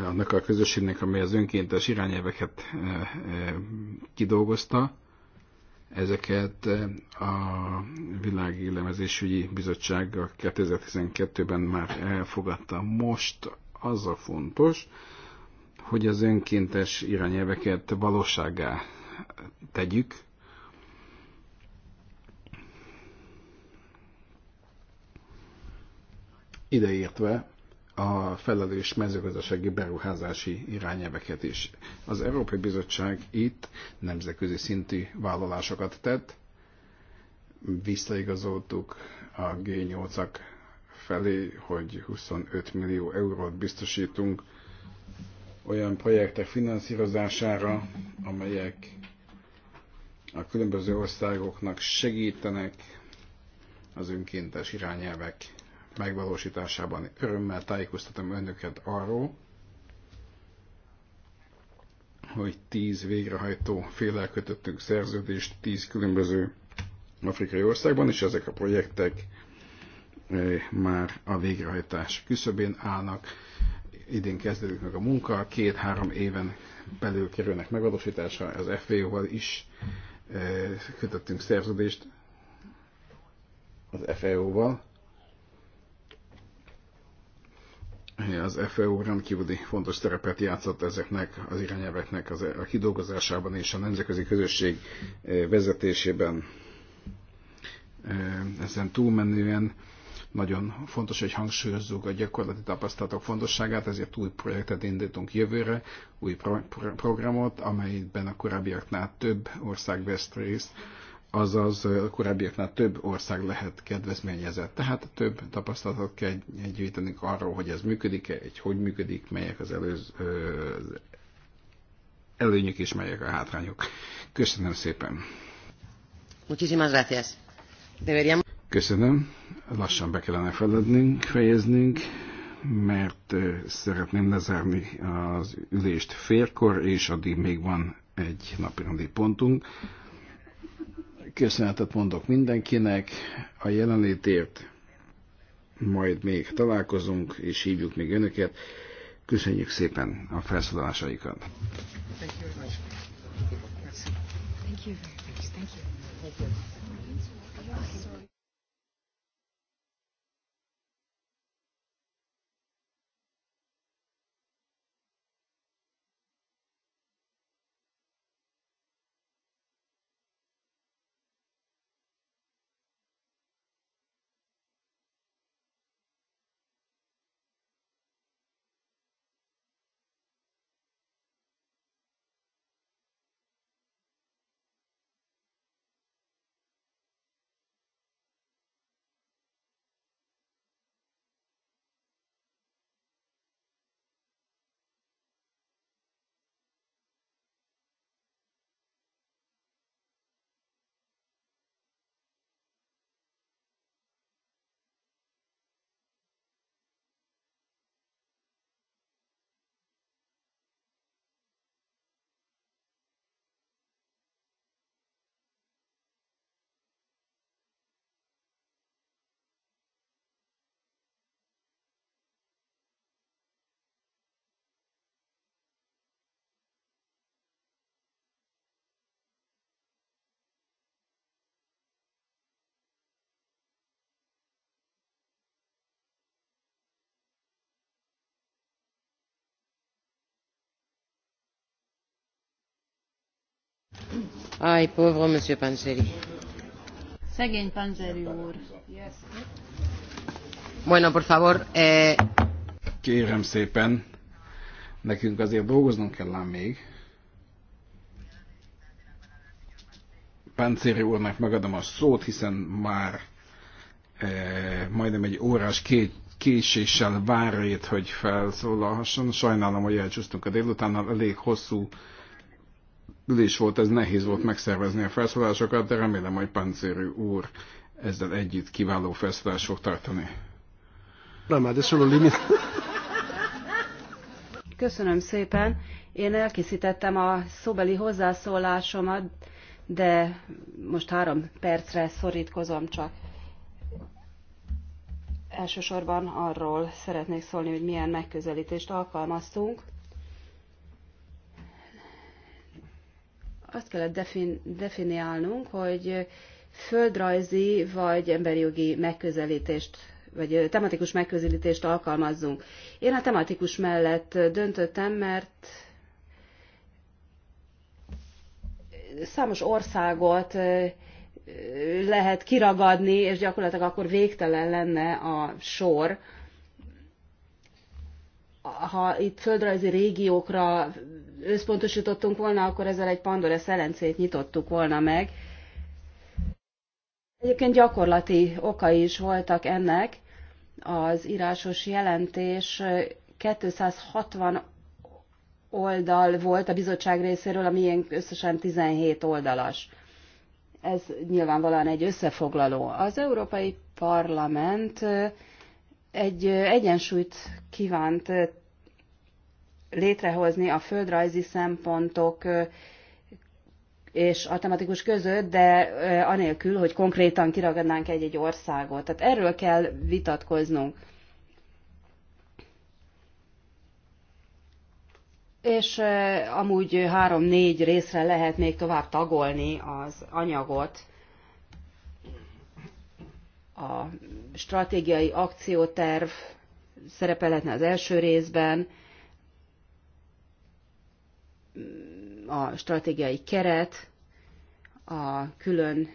annak a közösségnek, amely az önkéntes irányelveket kidolgozta ezeket eh, a világi Élemezésügyi bizottság a 2012-ben már elfogadta. Most az a fontos, hogy az önkéntes irányelveket valóságá tegyük, ideértve a felelős mezőgazdasági beruházási irányelveket is. Az Európai Bizottság itt nemzetközi szintű vállalásokat tett, visszaigazoltuk a G8-ak felé, hogy 25 millió eurót biztosítunk olyan projektek finanszírozására, amelyek a különböző országoknak segítenek az önkéntes irányelvek megvalósításában. Örömmel tájékoztatom önöket arról, hogy tíz végrehajtó félel kötöttünk szerződést tíz különböző afrikai országban, és ezek a projektek eh, már a végrehajtás küszöbén állnak. Idén kezdődik meg a munka, két-három éven belül kerülnek megvalósításra, az FAO-val is eh, kötöttünk szerződést, az FAO-val, az FEO rendkívüli fontos szerepet játszott ezeknek az irányelveknek az, e- a kidolgozásában és a nemzetközi közösség e, vezetésében. E, ezen túlmenően nagyon fontos, hogy hangsúlyozzuk a gyakorlati tapasztalatok fontosságát, ezért új projektet indítunk jövőre, új pro- pro- programot, amelyben a korábbiaknál több ország vesz részt azaz korábbiaknál több ország lehet kedvezményezett. Tehát több tapasztalatot kell gyűjteni arról, hogy ez működik-e, hogy hogy működik, melyek az előz, az előnyök és melyek a hátrányok. Köszönöm szépen. Muchísimas gracias. Deberíamos... Köszönöm. Lassan be kellene feladnunk, fejeznünk, mert szeretném lezárni az ülést félkor, és addig még van egy napirendi pontunk. Köszönetet mondok mindenkinek a jelenlétért, majd még találkozunk, és hívjuk még önöket. Köszönjük szépen a felszólalásaikat. Thank you Thank you Thank you. Thank you. Thank you. Ay, Panzeri. Szegény Panzeri úr. Bueno, por favor. Eh... Kérem szépen, nekünk azért dolgoznunk kell ám még. Páncéri úrnak megadom a szót, hiszen már eh, majdnem egy órás két késéssel vár rét, hogy felszólalhasson. Sajnálom, hogy elcsúsztunk a délutánnal, elég hosszú ülés volt, ez nehéz volt megszervezni a felszólásokat, de remélem, hogy Pancéri úr ezzel együtt kiváló felszólás fog tartani. Hát Köszönöm szépen. Én elkészítettem a szóbeli hozzászólásomat, de most három percre szorítkozom csak. Elsősorban arról szeretnék szólni, hogy milyen megközelítést alkalmaztunk. azt kellett defin, definiálnunk, hogy földrajzi vagy emberi jogi megközelítést, vagy tematikus megközelítést alkalmazzunk. Én a tematikus mellett döntöttem, mert számos országot lehet kiragadni, és gyakorlatilag akkor végtelen lenne a sor. Ha itt földrajzi régiókra összpontosítottunk volna, akkor ezzel egy Pandora szelencét nyitottuk volna meg. Egyébként gyakorlati okai is voltak ennek. Az írásos jelentés 260 oldal volt a bizottság részéről, a összesen 17 oldalas. Ez nyilvánvalóan egy összefoglaló. Az Európai Parlament egy egyensúlyt kívánt létrehozni a földrajzi szempontok és a tematikus között, de anélkül, hogy konkrétan kiragadnánk egy-egy országot. Tehát erről kell vitatkoznunk. És amúgy három-négy részre lehet még tovább tagolni az anyagot a stratégiai akcióterv szerepelhetne az első részben, a stratégiai keret, a külön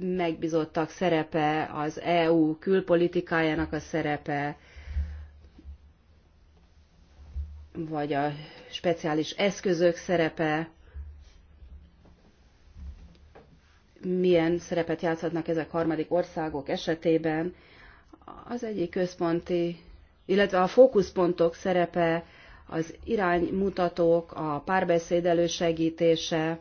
megbizottak szerepe, az EU külpolitikájának a szerepe, vagy a speciális eszközök szerepe, milyen szerepet játszhatnak ezek harmadik országok esetében. Az egyik központi, illetve a fókuszpontok szerepe az iránymutatók, a párbeszéd elősegítése,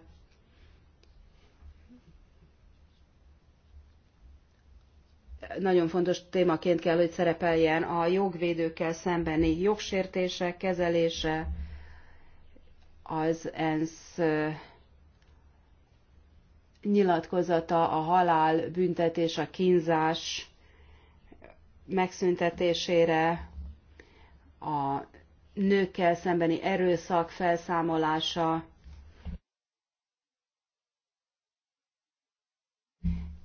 nagyon fontos témaként kell, hogy szerepeljen a jogvédőkkel szembeni jogsértések kezelése, az ENSZ nyilatkozata, a halál büntetés, a kínzás megszüntetésére, a nőkkel szembeni erőszak felszámolása,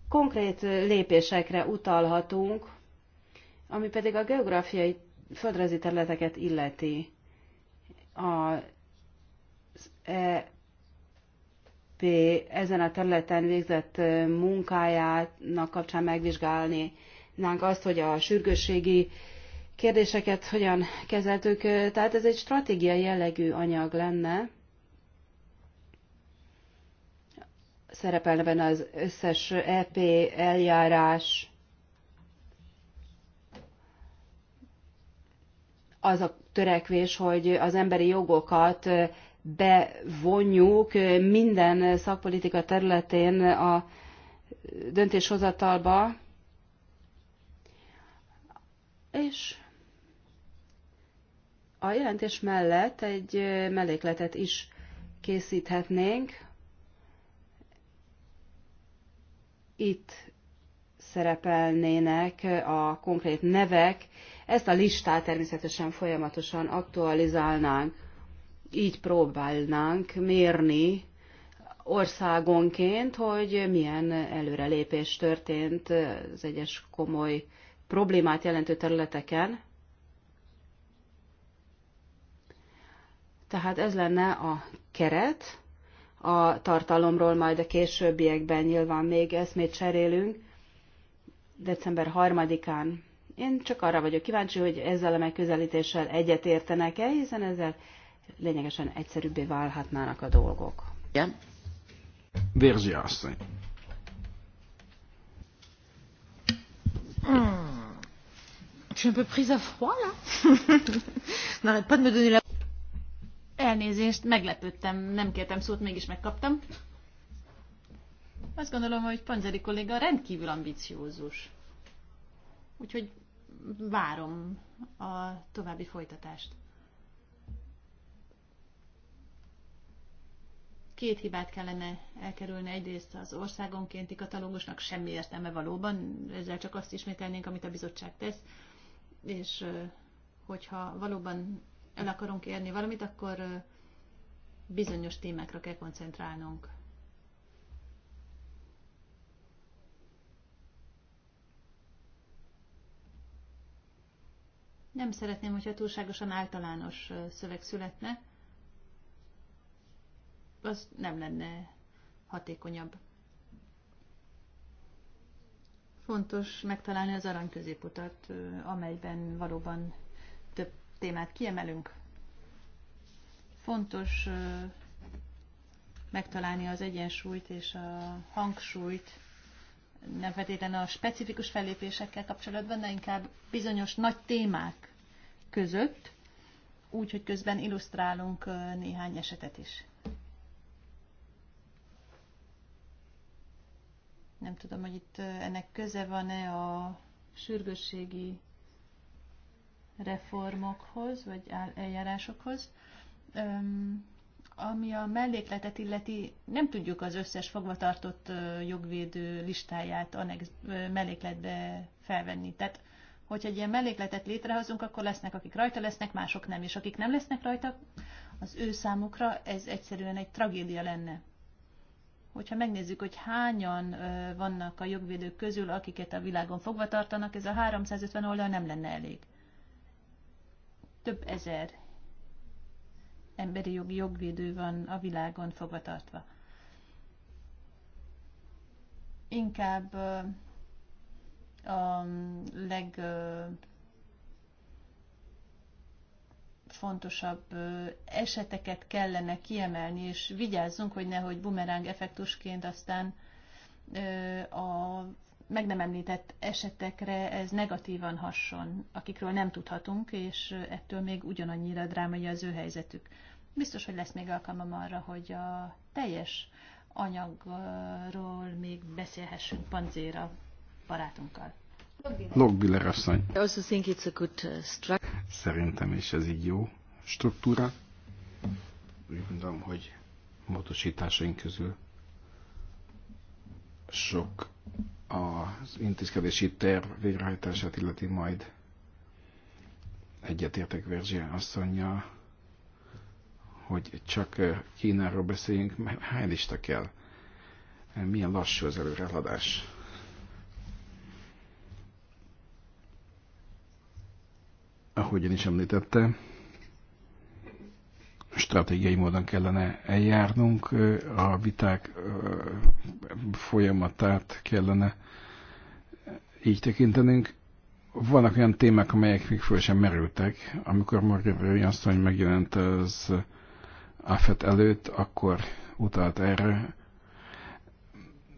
konkrét lépésekre utalhatunk, ami pedig a geográfiai földrajzi területeket illeti. A EP ezen a területen végzett munkájának kapcsán megvizsgálni nánk azt, hogy a sürgősségi kérdéseket hogyan kezeltük. Tehát ez egy stratégiai jellegű anyag lenne. Szerepelne benne az összes EP eljárás, az a törekvés, hogy az emberi jogokat bevonjuk minden szakpolitika területén a döntéshozatalba, és a jelentés mellett egy mellékletet is készíthetnénk. Itt szerepelnének a konkrét nevek. Ezt a listát természetesen folyamatosan aktualizálnánk, így próbálnánk mérni országonként, hogy milyen előrelépés történt az egyes komoly problémát jelentő területeken. Tehát ez lenne a keret, a tartalomról majd a későbbiekben nyilván még eszmét cserélünk, december 3-án. Én csak arra vagyok kíváncsi, hogy ezzel a megközelítéssel egyet értenek-e, hiszen ezzel lényegesen egyszerűbbé válhatnának a dolgok. Igen. Ja. Vérzi asszony. Tu hmm. Je suis un peu prise à froid là. N'arrête pas de me donner la Elnézést, meglepődtem, nem kértem szót, mégis megkaptam. Azt gondolom, hogy Panzeri kolléga rendkívül ambiciózus. Úgyhogy várom a további folytatást. Két hibát kellene elkerülni. Egyrészt az országonkénti katalógusnak semmi értelme valóban, ezzel csak azt ismételnénk, amit a bizottság tesz, és hogyha valóban el akarunk érni valamit, akkor bizonyos témákra kell koncentrálnunk. Nem szeretném, hogyha túlságosan általános szöveg születne. Az nem lenne hatékonyabb. Fontos megtalálni az arany középutat, amelyben valóban több témát kiemelünk. Fontos megtalálni az egyensúlyt és a hangsúlyt, nem feltétlenül a specifikus fellépésekkel kapcsolatban, de inkább bizonyos nagy témák között, úgy, hogy közben illusztrálunk néhány esetet is. Nem tudom, hogy itt ennek köze van-e a sürgősségi reformokhoz, vagy eljárásokhoz. Ami a mellékletet illeti, nem tudjuk az összes fogvatartott jogvédő listáját a mellékletbe felvenni. Tehát, hogyha egy ilyen mellékletet létrehozunk, akkor lesznek, akik rajta lesznek, mások nem. És akik nem lesznek rajta, az ő számukra ez egyszerűen egy tragédia lenne. Hogyha megnézzük, hogy hányan vannak a jogvédők közül, akiket a világon fogva tartanak, ez a 350 oldal nem lenne elég több ezer emberi jogi jogvédő van a világon fogvatartva. Inkább a legfontosabb eseteket kellene kiemelni, és vigyázzunk, hogy nehogy bumerang effektusként aztán a meg nem említett esetekre ez negatívan hasson, akikről nem tudhatunk, és ettől még ugyanannyira drámai az ő helyzetük. Biztos, hogy lesz még alkalmam arra, hogy a teljes anyagról még beszélhessünk Panzéra barátunkkal. Logbiller asszony. Uh, Szerintem is ez így jó struktúra. Úgy gondolom, hogy módosításaink közül sok az intézkedési terv végrehajtását illeti majd egyetértek Verzsia asszonya, hogy csak Kínáról beszéljünk, mert hány lista kell? Milyen lassú az előrehaladás? Ahogyan is említettem stratégiai módon kellene eljárnunk, a viták folyamatát kellene így tekintenünk. Vannak olyan témák, amelyek még föl sem merültek. Amikor Margaret asszony megjelent az AFET előtt, akkor utalt erre,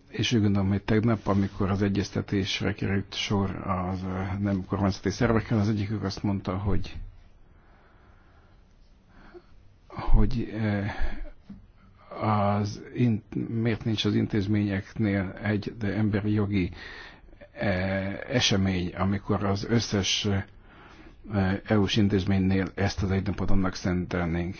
és úgy gondolom, hogy tegnap, amikor az egyeztetésre került sor az nem kormányzati szervekkel, az egyikük azt mondta, hogy hogy eh, az, in, miért nincs az intézményeknél egy de emberi jogi eh, esemény, amikor az összes eh, EU-s intézménynél ezt az egy napot annak szentelnénk.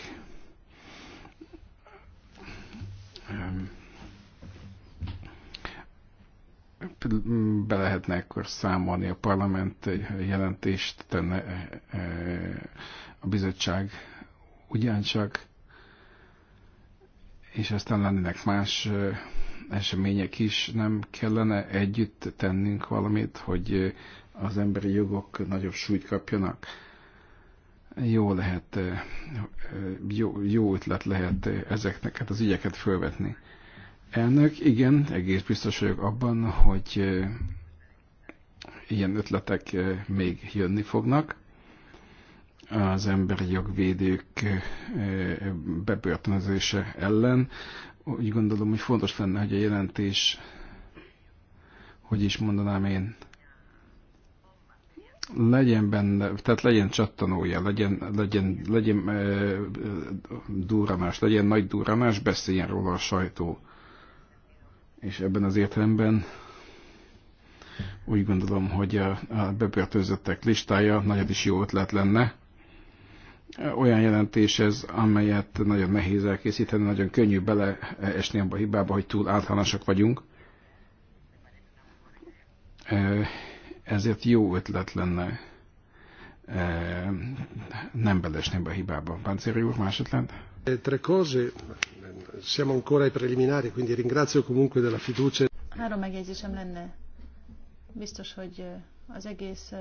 Be lehetne akkor számolni a parlament jelentést, tenne a bizottság ugyancsak, és aztán lennének más események is, nem kellene együtt tennünk valamit, hogy az emberi jogok nagyobb súlyt kapjanak. Jó lehet, jó, jó ötlet lehet ezeknek hát az ügyeket fölvetni. Elnök, igen, egész biztos vagyok abban, hogy ilyen ötletek még jönni fognak az emberi jogvédők bebörtönözése ellen. Úgy gondolom, hogy fontos lenne, hogy a jelentés, hogy is mondanám én, legyen benne, tehát legyen csattanója, legyen, legyen, legyen e, durranás, legyen nagy durranás, beszéljen róla a sajtó. És ebben az értelemben úgy gondolom, hogy a, a bebörtözöttek listája nagyon is jó ötlet lenne olyan jelentés ez, amelyet nagyon nehéz elkészíteni, nagyon könnyű beleesni abba a hibába, hogy túl általánosak vagyunk. Ezért jó ötlet lenne nem belesni be a hibába. Páncéri úr, más ötlet? Tre cose, siamo ancora ai preliminari, quindi ringrazio comunque della fiducia. Három megjegyzésem lenne. Biztos, hogy az egész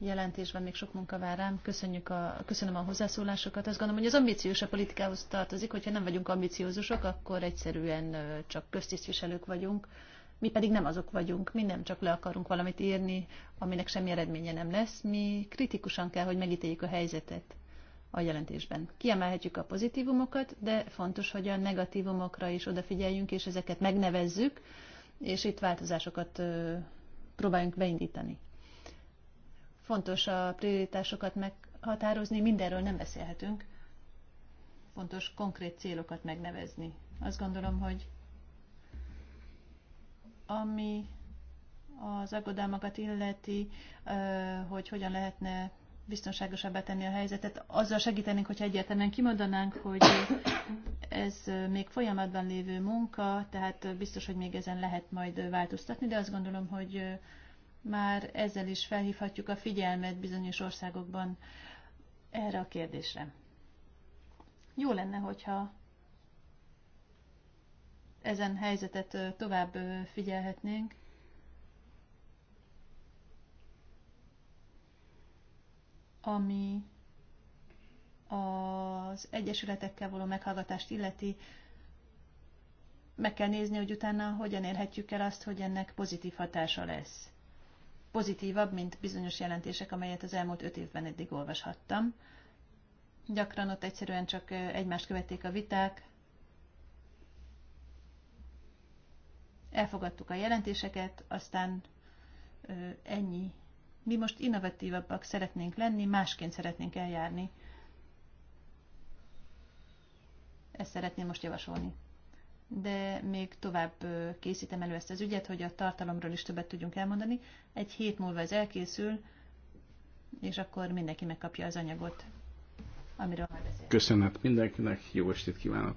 jelentésben még sok munka vár rám. Köszönjük a, köszönöm a hozzászólásokat. Azt gondolom, hogy az ambíciós a politikához tartozik, hogyha nem vagyunk ambiciózusok, akkor egyszerűen csak köztisztviselők vagyunk. Mi pedig nem azok vagyunk, mi nem csak le akarunk valamit írni, aminek semmi eredménye nem lesz. Mi kritikusan kell, hogy megítéljük a helyzetet a jelentésben. Kiemelhetjük a pozitívumokat, de fontos, hogy a negatívumokra is odafigyeljünk, és ezeket megnevezzük, és itt változásokat próbáljunk beindítani. Fontos a prioritásokat meghatározni, mindenről nem beszélhetünk. Fontos konkrét célokat megnevezni. Azt gondolom, hogy ami az aggodalmakat illeti, hogy hogyan lehetne biztonságosabbá tenni a helyzetet. Azzal segítenénk, hogyha egyáltalán kimondanánk, hogy ez még folyamatban lévő munka, tehát biztos, hogy még ezen lehet majd változtatni, de azt gondolom, hogy már ezzel is felhívhatjuk a figyelmet bizonyos országokban erre a kérdésre. Jó lenne, hogyha ezen helyzetet tovább figyelhetnénk. Ami az egyesületekkel való meghallgatást illeti, meg kell nézni, hogy utána hogyan érhetjük el azt, hogy ennek pozitív hatása lesz pozitívabb, mint bizonyos jelentések, amelyet az elmúlt öt évben eddig olvashattam. Gyakran ott egyszerűen csak egymást követték a viták, elfogadtuk a jelentéseket, aztán ennyi. Mi most innovatívabbak szeretnénk lenni, másként szeretnénk eljárni. Ezt szeretném most javasolni de még tovább készítem elő ezt az ügyet, hogy a tartalomról is többet tudjunk elmondani. Egy hét múlva ez elkészül, és akkor mindenki megkapja az anyagot, amiről már beszélünk. Köszönet mindenkinek, jó estét kívánok!